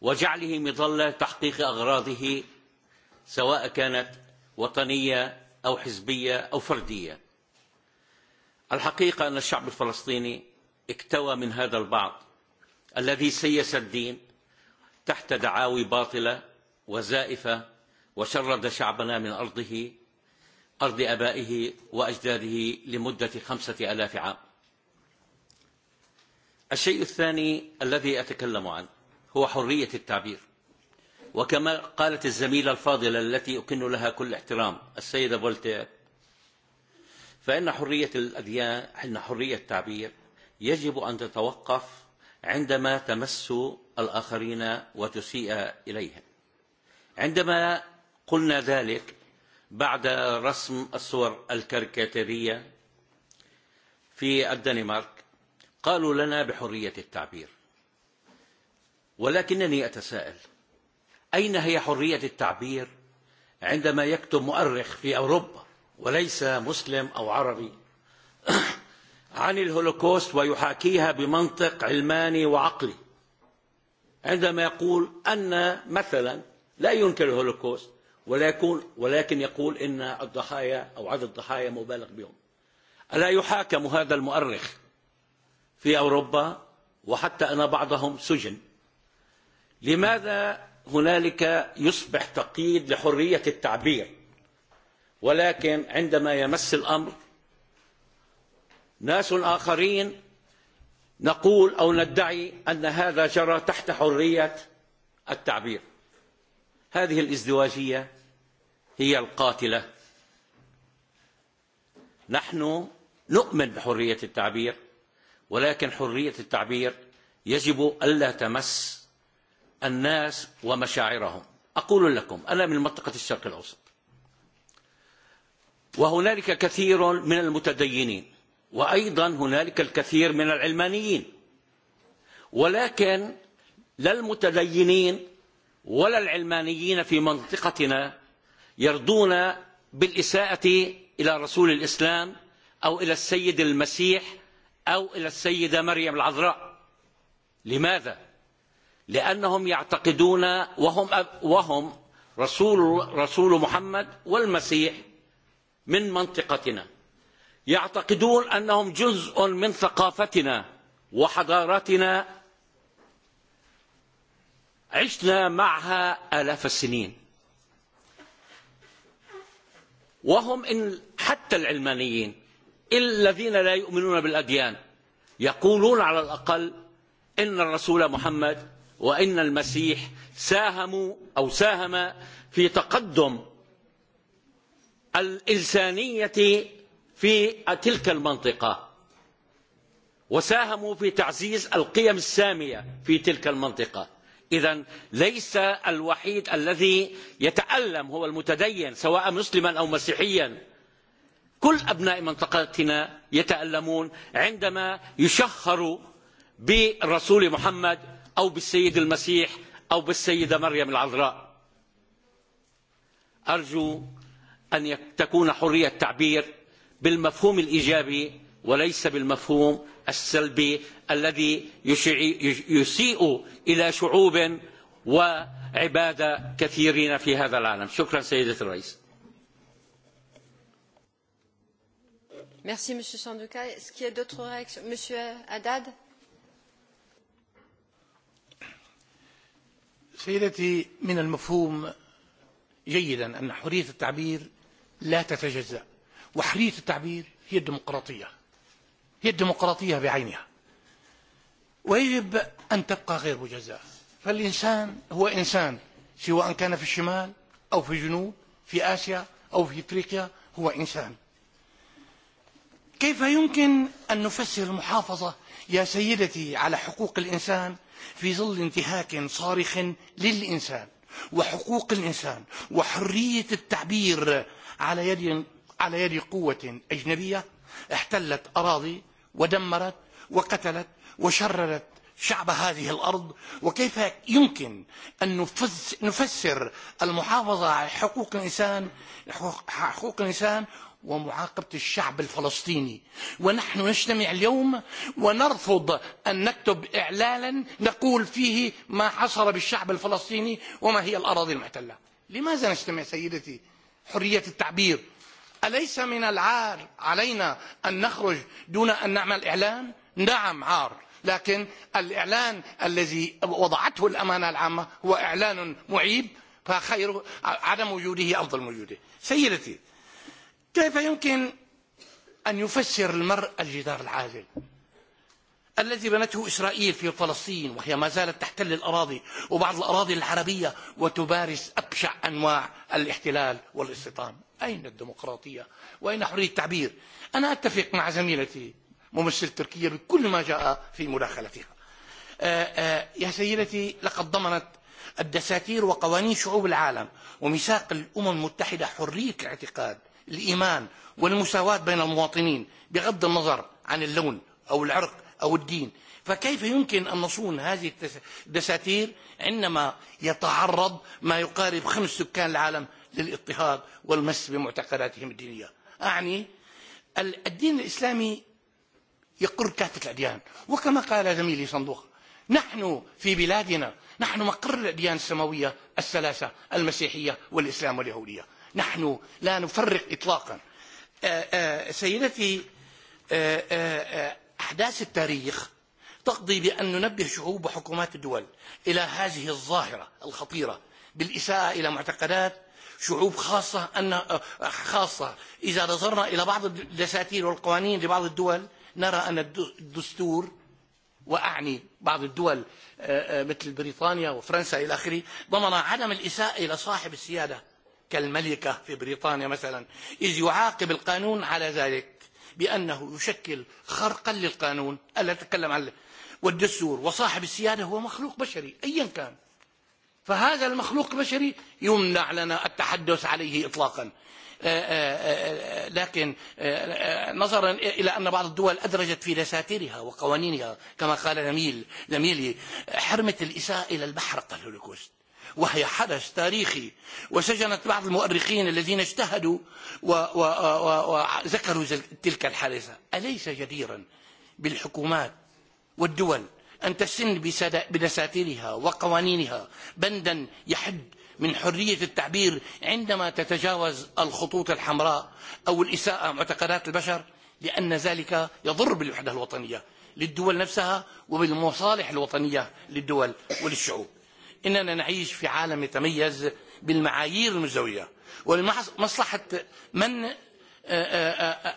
وجعله مظلة تحقيق أغراضه سواء كانت وطنية أو حزبية أو فردية الحقيقة أن الشعب الفلسطيني اكتوى من هذا البعض الذي سيس الدين تحت دعاوي باطلة وزائفة وشرد شعبنا من أرضه أرض أبائه وأجداده لمدة خمسة آلاف عام الشيء الثاني الذي أتكلم عنه هو حرية التعبير وكما قالت الزميلة الفاضلة التي أكن لها كل احترام السيدة فولتير فإن حرية الأديان إن حرية التعبير يجب أن تتوقف عندما تمس الآخرين وتسيء إليهم عندما قلنا ذلك بعد رسم الصور الكاريكاتيرية في الدنمارك قالوا لنا بحرية التعبير ولكنني أتساءل أين هي حرية التعبير عندما يكتب مؤرخ في أوروبا وليس مسلم أو عربي عن الهولوكوست ويحاكيها بمنطق علماني وعقلي عندما يقول أن مثلا لا ينكر الهولوكوست ولكن ولكن يقول ان الضحايا او عدد الضحايا مبالغ بهم. الا يحاكم هذا المؤرخ في أوروبا وحتى أن بعضهم سجن لماذا هنالك يصبح تقييد لحرية التعبير ولكن عندما يمس الأمر ناس آخرين نقول أو ندعي أن هذا جرى تحت حرية التعبير هذه الازدواجية هي القاتلة نحن نؤمن بحرية التعبير ولكن حرية التعبير يجب ألا تمس الناس ومشاعرهم أقول لكم أنا من منطقة الشرق الأوسط وهنالك كثير من المتدينين وأيضا هنالك الكثير من العلمانيين ولكن لا المتدينين ولا العلمانيين في منطقتنا يرضون بالإساءة إلى رسول الإسلام أو إلى السيد المسيح أو إلى السيدة مريم العذراء لماذا؟ لأنهم يعتقدون وهم وهم رسول رسول محمد والمسيح من منطقتنا يعتقدون أنهم جزء من ثقافتنا وحضارتنا عشنا معها آلاف السنين وهم إن حتى العلمانيين الذين لا يؤمنون بالأديان يقولون على الأقل إن الرسول محمد وإن المسيح ساهموا أو ساهم في تقدم الإنسانية في تلك المنطقة وساهموا في تعزيز القيم السامية في تلك المنطقة إذا ليس الوحيد الذي يتألم هو المتدين سواء مسلما أو مسيحيا كل أبناء منطقتنا يتألمون عندما يشهروا بالرسول محمد أو بالسيد المسيح أو بالسيدة مريم العذراء أرجو أن تكون حرية تعبير بالمفهوم الإيجابي وليس بالمفهوم السلبي الذي يسيء إلى شعوب وعبادة كثيرين في هذا العالم شكرا سيدة الرئيس merci monsieur sandoka. est ce qu'il y a d'autres réactions? monsieur haddad سيدتي من المفهوم جيدا ان حريه التعبير لا تتجزا وحريه التعبير هي الديمقراطيه هي الديمقراطيه بعينها ويجب ان تبقى غير مجزاه فالانسان هو انسان سواء كان في الشمال او في الجنوب في اسيا او في افريقيا هو انسان كيف يمكن أن نفسر المحافظة يا سيدتي على حقوق الإنسان في ظل انتهاك صارخ للإنسان وحقوق الإنسان وحرية التعبير على يد على يد قوة أجنبية احتلت أراضي ودمرت وقتلت وشررت شعب هذه الأرض وكيف يمكن أن نفسر المحافظة على حقوق الإنسان حقوق الإنسان ومعاقبة الشعب الفلسطيني ونحن نجتمع اليوم ونرفض أن نكتب إعلانا نقول فيه ما حصل بالشعب الفلسطيني وما هي الأراضي المحتلة لماذا نجتمع سيدتي حرية التعبير أليس من العار علينا أن نخرج دون أن نعمل إعلان نعم عار لكن الإعلان الذي وضعته الأمانة العامة هو إعلان معيب فخير عدم وجوده أفضل من وجوده سيدتي كيف يمكن أن يفسر المرء الجدار العازل الذي بنته إسرائيل في فلسطين وهي ما زالت تحتل الأراضي وبعض الأراضي العربية وتمارس أبشع أنواع الاحتلال والاستيطان أين الديمقراطية وأين حرية التعبير أنا أتفق مع زميلتي ممثل تركيا بكل ما جاء في مداخلتها يا سيدتي لقد ضمنت الدساتير وقوانين شعوب العالم وميثاق الأمم المتحدة حرية الاعتقاد الإيمان والمساواة بين المواطنين بغض النظر عن اللون أو العرق أو الدين فكيف يمكن أن نصون هذه الدساتير عندما يتعرض ما يقارب خمس سكان العالم للاضطهاد والمس بمعتقداتهم الدينية أعني الدين الإسلامي يقر كافة الأديان وكما قال زميلي صندوق نحن في بلادنا نحن مقر الأديان السماوية الثلاثة المسيحية والإسلام واليهودية نحن لا نفرق إطلاقا سيدتي أحداث التاريخ تقضي بأن ننبه شعوب وحكومات الدول إلى هذه الظاهرة الخطيرة بالإساءة إلى معتقدات شعوب خاصة أن خاصة إذا نظرنا إلى بعض الدساتير والقوانين لبعض الدول نرى أن الدستور وأعني بعض الدول مثل بريطانيا وفرنسا إلى آخره ضمن عدم الإساءة إلى صاحب السيادة كالملكة في بريطانيا مثلا إذ يعاقب القانون على ذلك بأنه يشكل خرقا للقانون ألا أتكلم عن والدستور وصاحب السيادة هو مخلوق بشري أيا كان فهذا المخلوق البشري يمنع لنا التحدث عليه إطلاقا لكن نظرا الى ان بعض الدول ادرجت في دساتيرها وقوانينها كما قال نميل نميلي حرمه الاساءه الى البحر قال الهولوكوست وهي حدث تاريخي وسجنت بعض المؤرخين الذين اجتهدوا وذكروا تلك الحادثة أليس جديرا بالحكومات والدول أن تسن بدساتيرها وقوانينها بندا يحد من حرية التعبير عندما تتجاوز الخطوط الحمراء أو الإساءة معتقدات البشر لأن ذلك يضر بالوحدة الوطنية للدول نفسها وبالمصالح الوطنية للدول وللشعوب اننا نعيش في عالم يتميز بالمعايير المزويه ولمصلحه من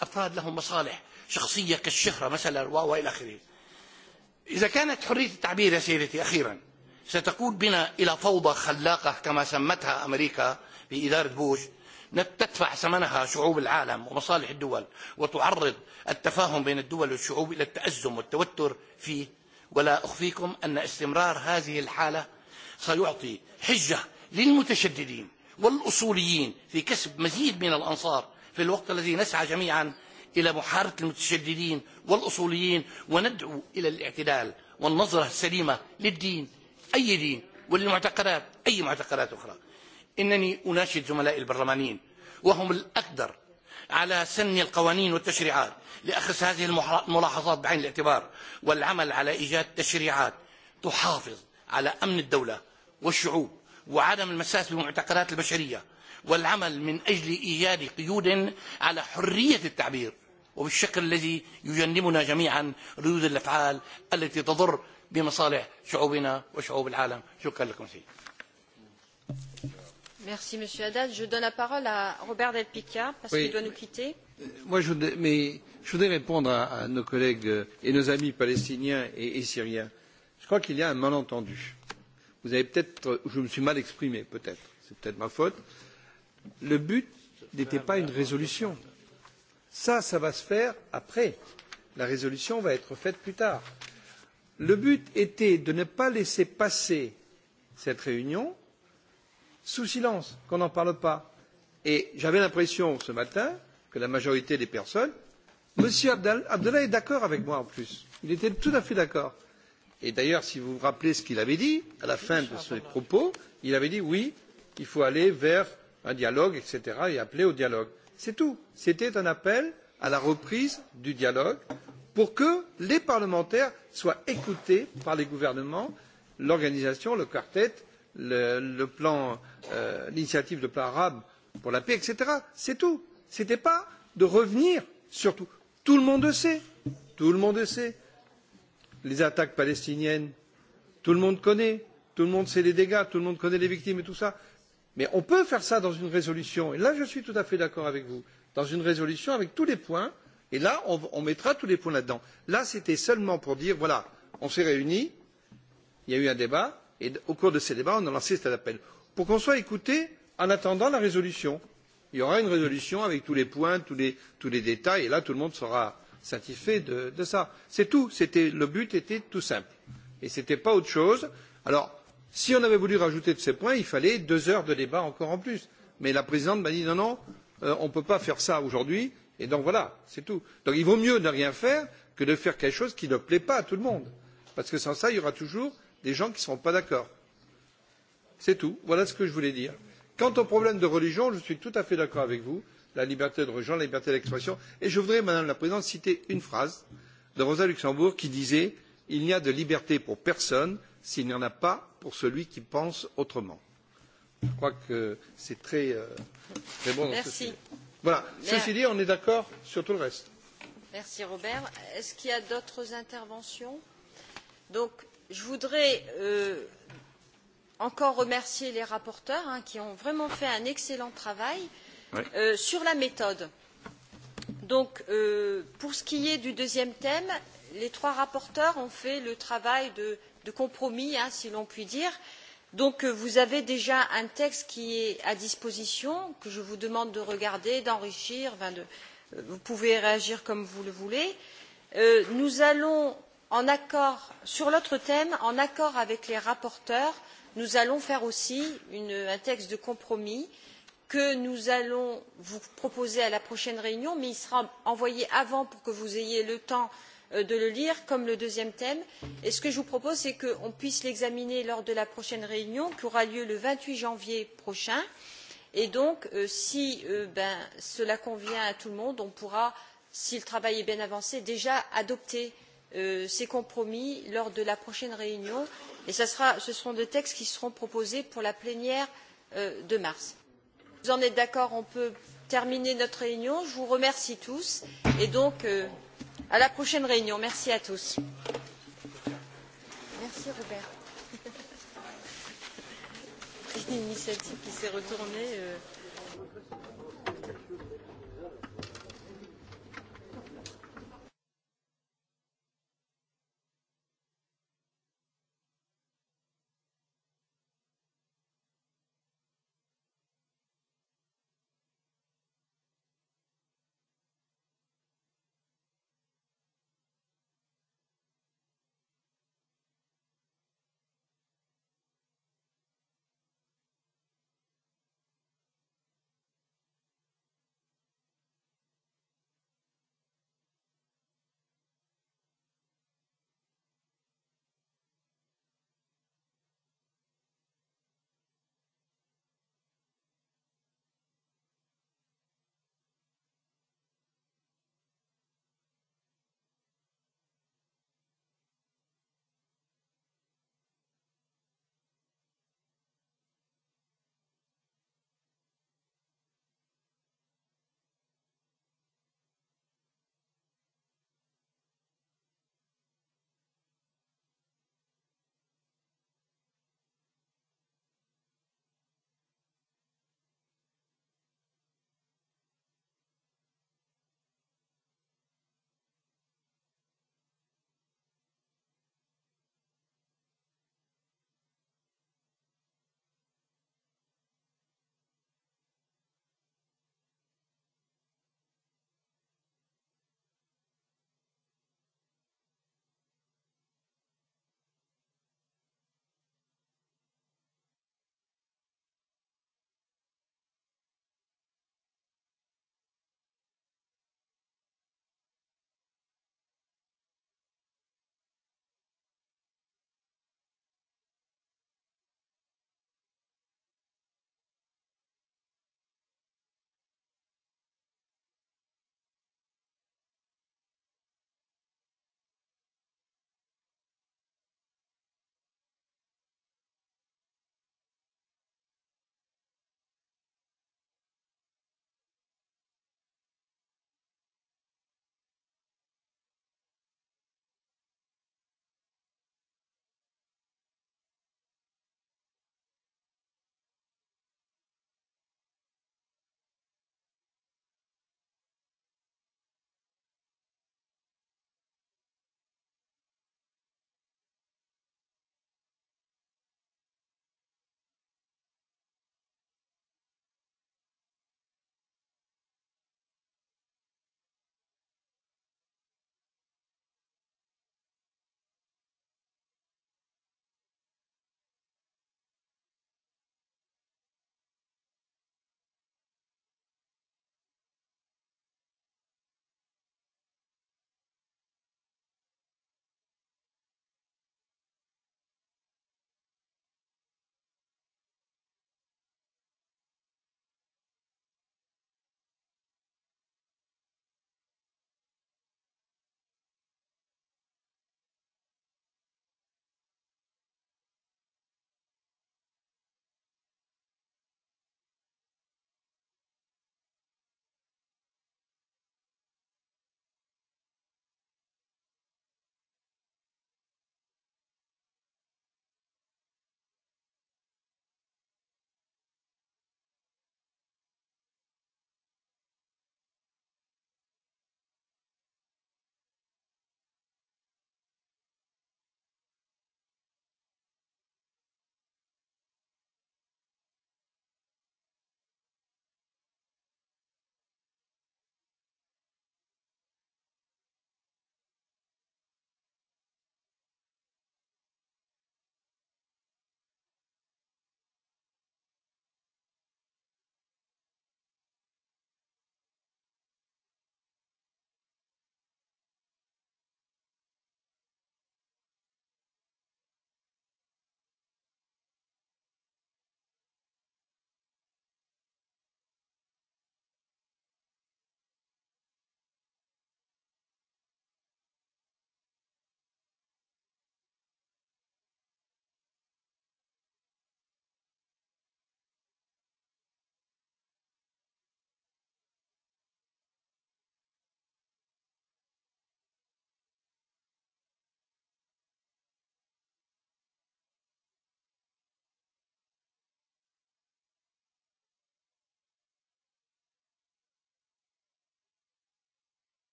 افراد لهم مصالح شخصيه كالشهره مثلا والى اخره. اذا كانت حريه التعبير يا سيدتي اخيرا ستقود بنا الى فوضى خلاقه كما سمتها امريكا في اداره بوش تدفع ثمنها شعوب العالم ومصالح الدول وتعرض التفاهم بين الدول والشعوب الى التازم والتوتر فيه ولا اخفيكم ان استمرار هذه الحاله سيعطي حجة للمتشددين والأصوليين في كسب مزيد من الأنصار في الوقت الذي نسعى جميعا إلى محاربة المتشددين والأصوليين وندعو إلى الاعتدال والنظرة السليمة للدين أي دين وللمعتقدات أي معتقدات أخرى إنني أناشد زملائي البرلمانيين وهم الأقدر على سن القوانين والتشريعات لأخذ هذه الملاحظات بعين الاعتبار والعمل على إيجاد تشريعات تحافظ على أمن الدولة والشعوب وعدم المساس بالمعتقدات البشرية والعمل من أجل إيجاد قيود على حرية التعبير وبالشكل الذي يجنبنا جميعا ردود الأفعال التي تضر بمصالح شعوبنا وشعوب العالم شكرا لكم سيدي Merci Monsieur Haddad. Je donne la parole à Robert Del Picca parce oui. qu'il doit nous quitter. Euh, moi, je voudrais, mais je voudrais répondre à, à nos collègues euh, et nos amis palestiniens et, et syriens. Je crois qu'il y a un malentendu. Vous avez peut-être, je me suis mal exprimé, peut-être, c'est peut-être ma faute. Le but n'était pas une résolution. Ça, ça va se faire après. La résolution va être faite plus tard. Le but était de ne pas laisser passer cette réunion sous silence, qu'on n'en parle pas. Et j'avais l'impression ce matin que la majorité des personnes, M. Abdallah est d'accord avec moi en plus. Il était tout à fait d'accord et d'ailleurs si vous vous rappelez ce qu'il avait dit à la fin de ses propos il avait dit oui il faut aller vers un dialogue etc. et appeler au dialogue. c'est tout. c'était un appel à la reprise du dialogue pour que les parlementaires soient écoutés par les gouvernements l'organisation le quartet euh, l'initiative euh, de plan arabe pour la paix etc. c'est tout. ce n'était pas de revenir sur tout. tout le monde le sait tout le monde le sait les attaques palestiniennes, tout le monde connaît, tout le monde sait les dégâts, tout le monde connaît les victimes et tout ça. Mais on peut faire ça dans une résolution, et là je suis tout à fait d'accord avec vous, dans une résolution avec tous les points, et là on, on mettra tous les points là-dedans. Là, là c'était seulement pour dire voilà, on s'est réunis, il y a eu un débat, et au cours de ces débats, on a lancé cet appel. Pour qu'on soit écouté en attendant la résolution. Il y aura une résolution avec tous les points, tous les, tous les détails, et là tout le monde sera, satisfait de, de ça. C'est tout. C'était, le but était tout simple. Et ce n'était pas autre chose. Alors, si on avait voulu rajouter de ces points, il fallait deux heures de débat encore en plus. Mais la présidente m'a dit non, non, euh, on ne peut pas faire ça aujourd'hui. Et donc voilà, c'est tout. Donc il vaut mieux ne rien faire que de faire quelque chose qui ne plaît pas à tout le monde. Parce que sans ça, il y aura toujours des gens qui ne seront pas d'accord. C'est tout. Voilà ce que je voulais dire. Quant au problème de religion, je suis tout à fait d'accord avec vous la liberté de religion, la liberté d'expression. Et je voudrais, Madame la Présidente, citer une phrase de Rosa Luxembourg qui disait Il n'y a de liberté pour personne s'il n'y en a pas pour celui qui pense autrement. Je crois que c'est très, euh, très bon dans Merci. ce sujet. Voilà. Merci. Ceci dit, on est d'accord sur tout le reste. Merci Robert. Est-ce qu'il y a d'autres interventions Donc, je voudrais euh, encore remercier les rapporteurs hein, qui ont vraiment fait un excellent travail. Euh, Oui. Euh, sur la méthode, donc, euh, pour ce qui est du deuxième thème, les trois rapporteurs ont fait le travail de, de compromis, hein, si l'on peut dire. Donc, euh, vous avez déjà un texte qui est à disposition, que je vous demande de regarder, d'enrichir, enfin de, euh, vous pouvez réagir comme vous le voulez. Euh, nous allons, en accord, sur l'autre thème, en accord avec les rapporteurs, nous allons faire aussi une, un texte de compromis euh, que nous allons vous proposer à la prochaine réunion mais il sera envoyé avant pour que vous ayez le temps euh, de le lire comme le deuxième thème et ce que je vous propose c'est qu'on puisse l'examiner lors de la prochaine réunion qui aura lieu le vingt huit janvier prochain et donc euh, si euh, ben, cela convient à tout le monde on pourra si le travail est bien avancé déjà adopter euh, ces compromis lors de la prochaine réunion et ce, sera, ce seront des textes qui seront proposés pour la plénière euh, de mars vous en êtes d'accord on peut terminer notre réunion. je vous remercie tous et donc euh, à la prochaine réunion. merci à tous. merci robert. pris une initiative qui s'est retournée. Euh...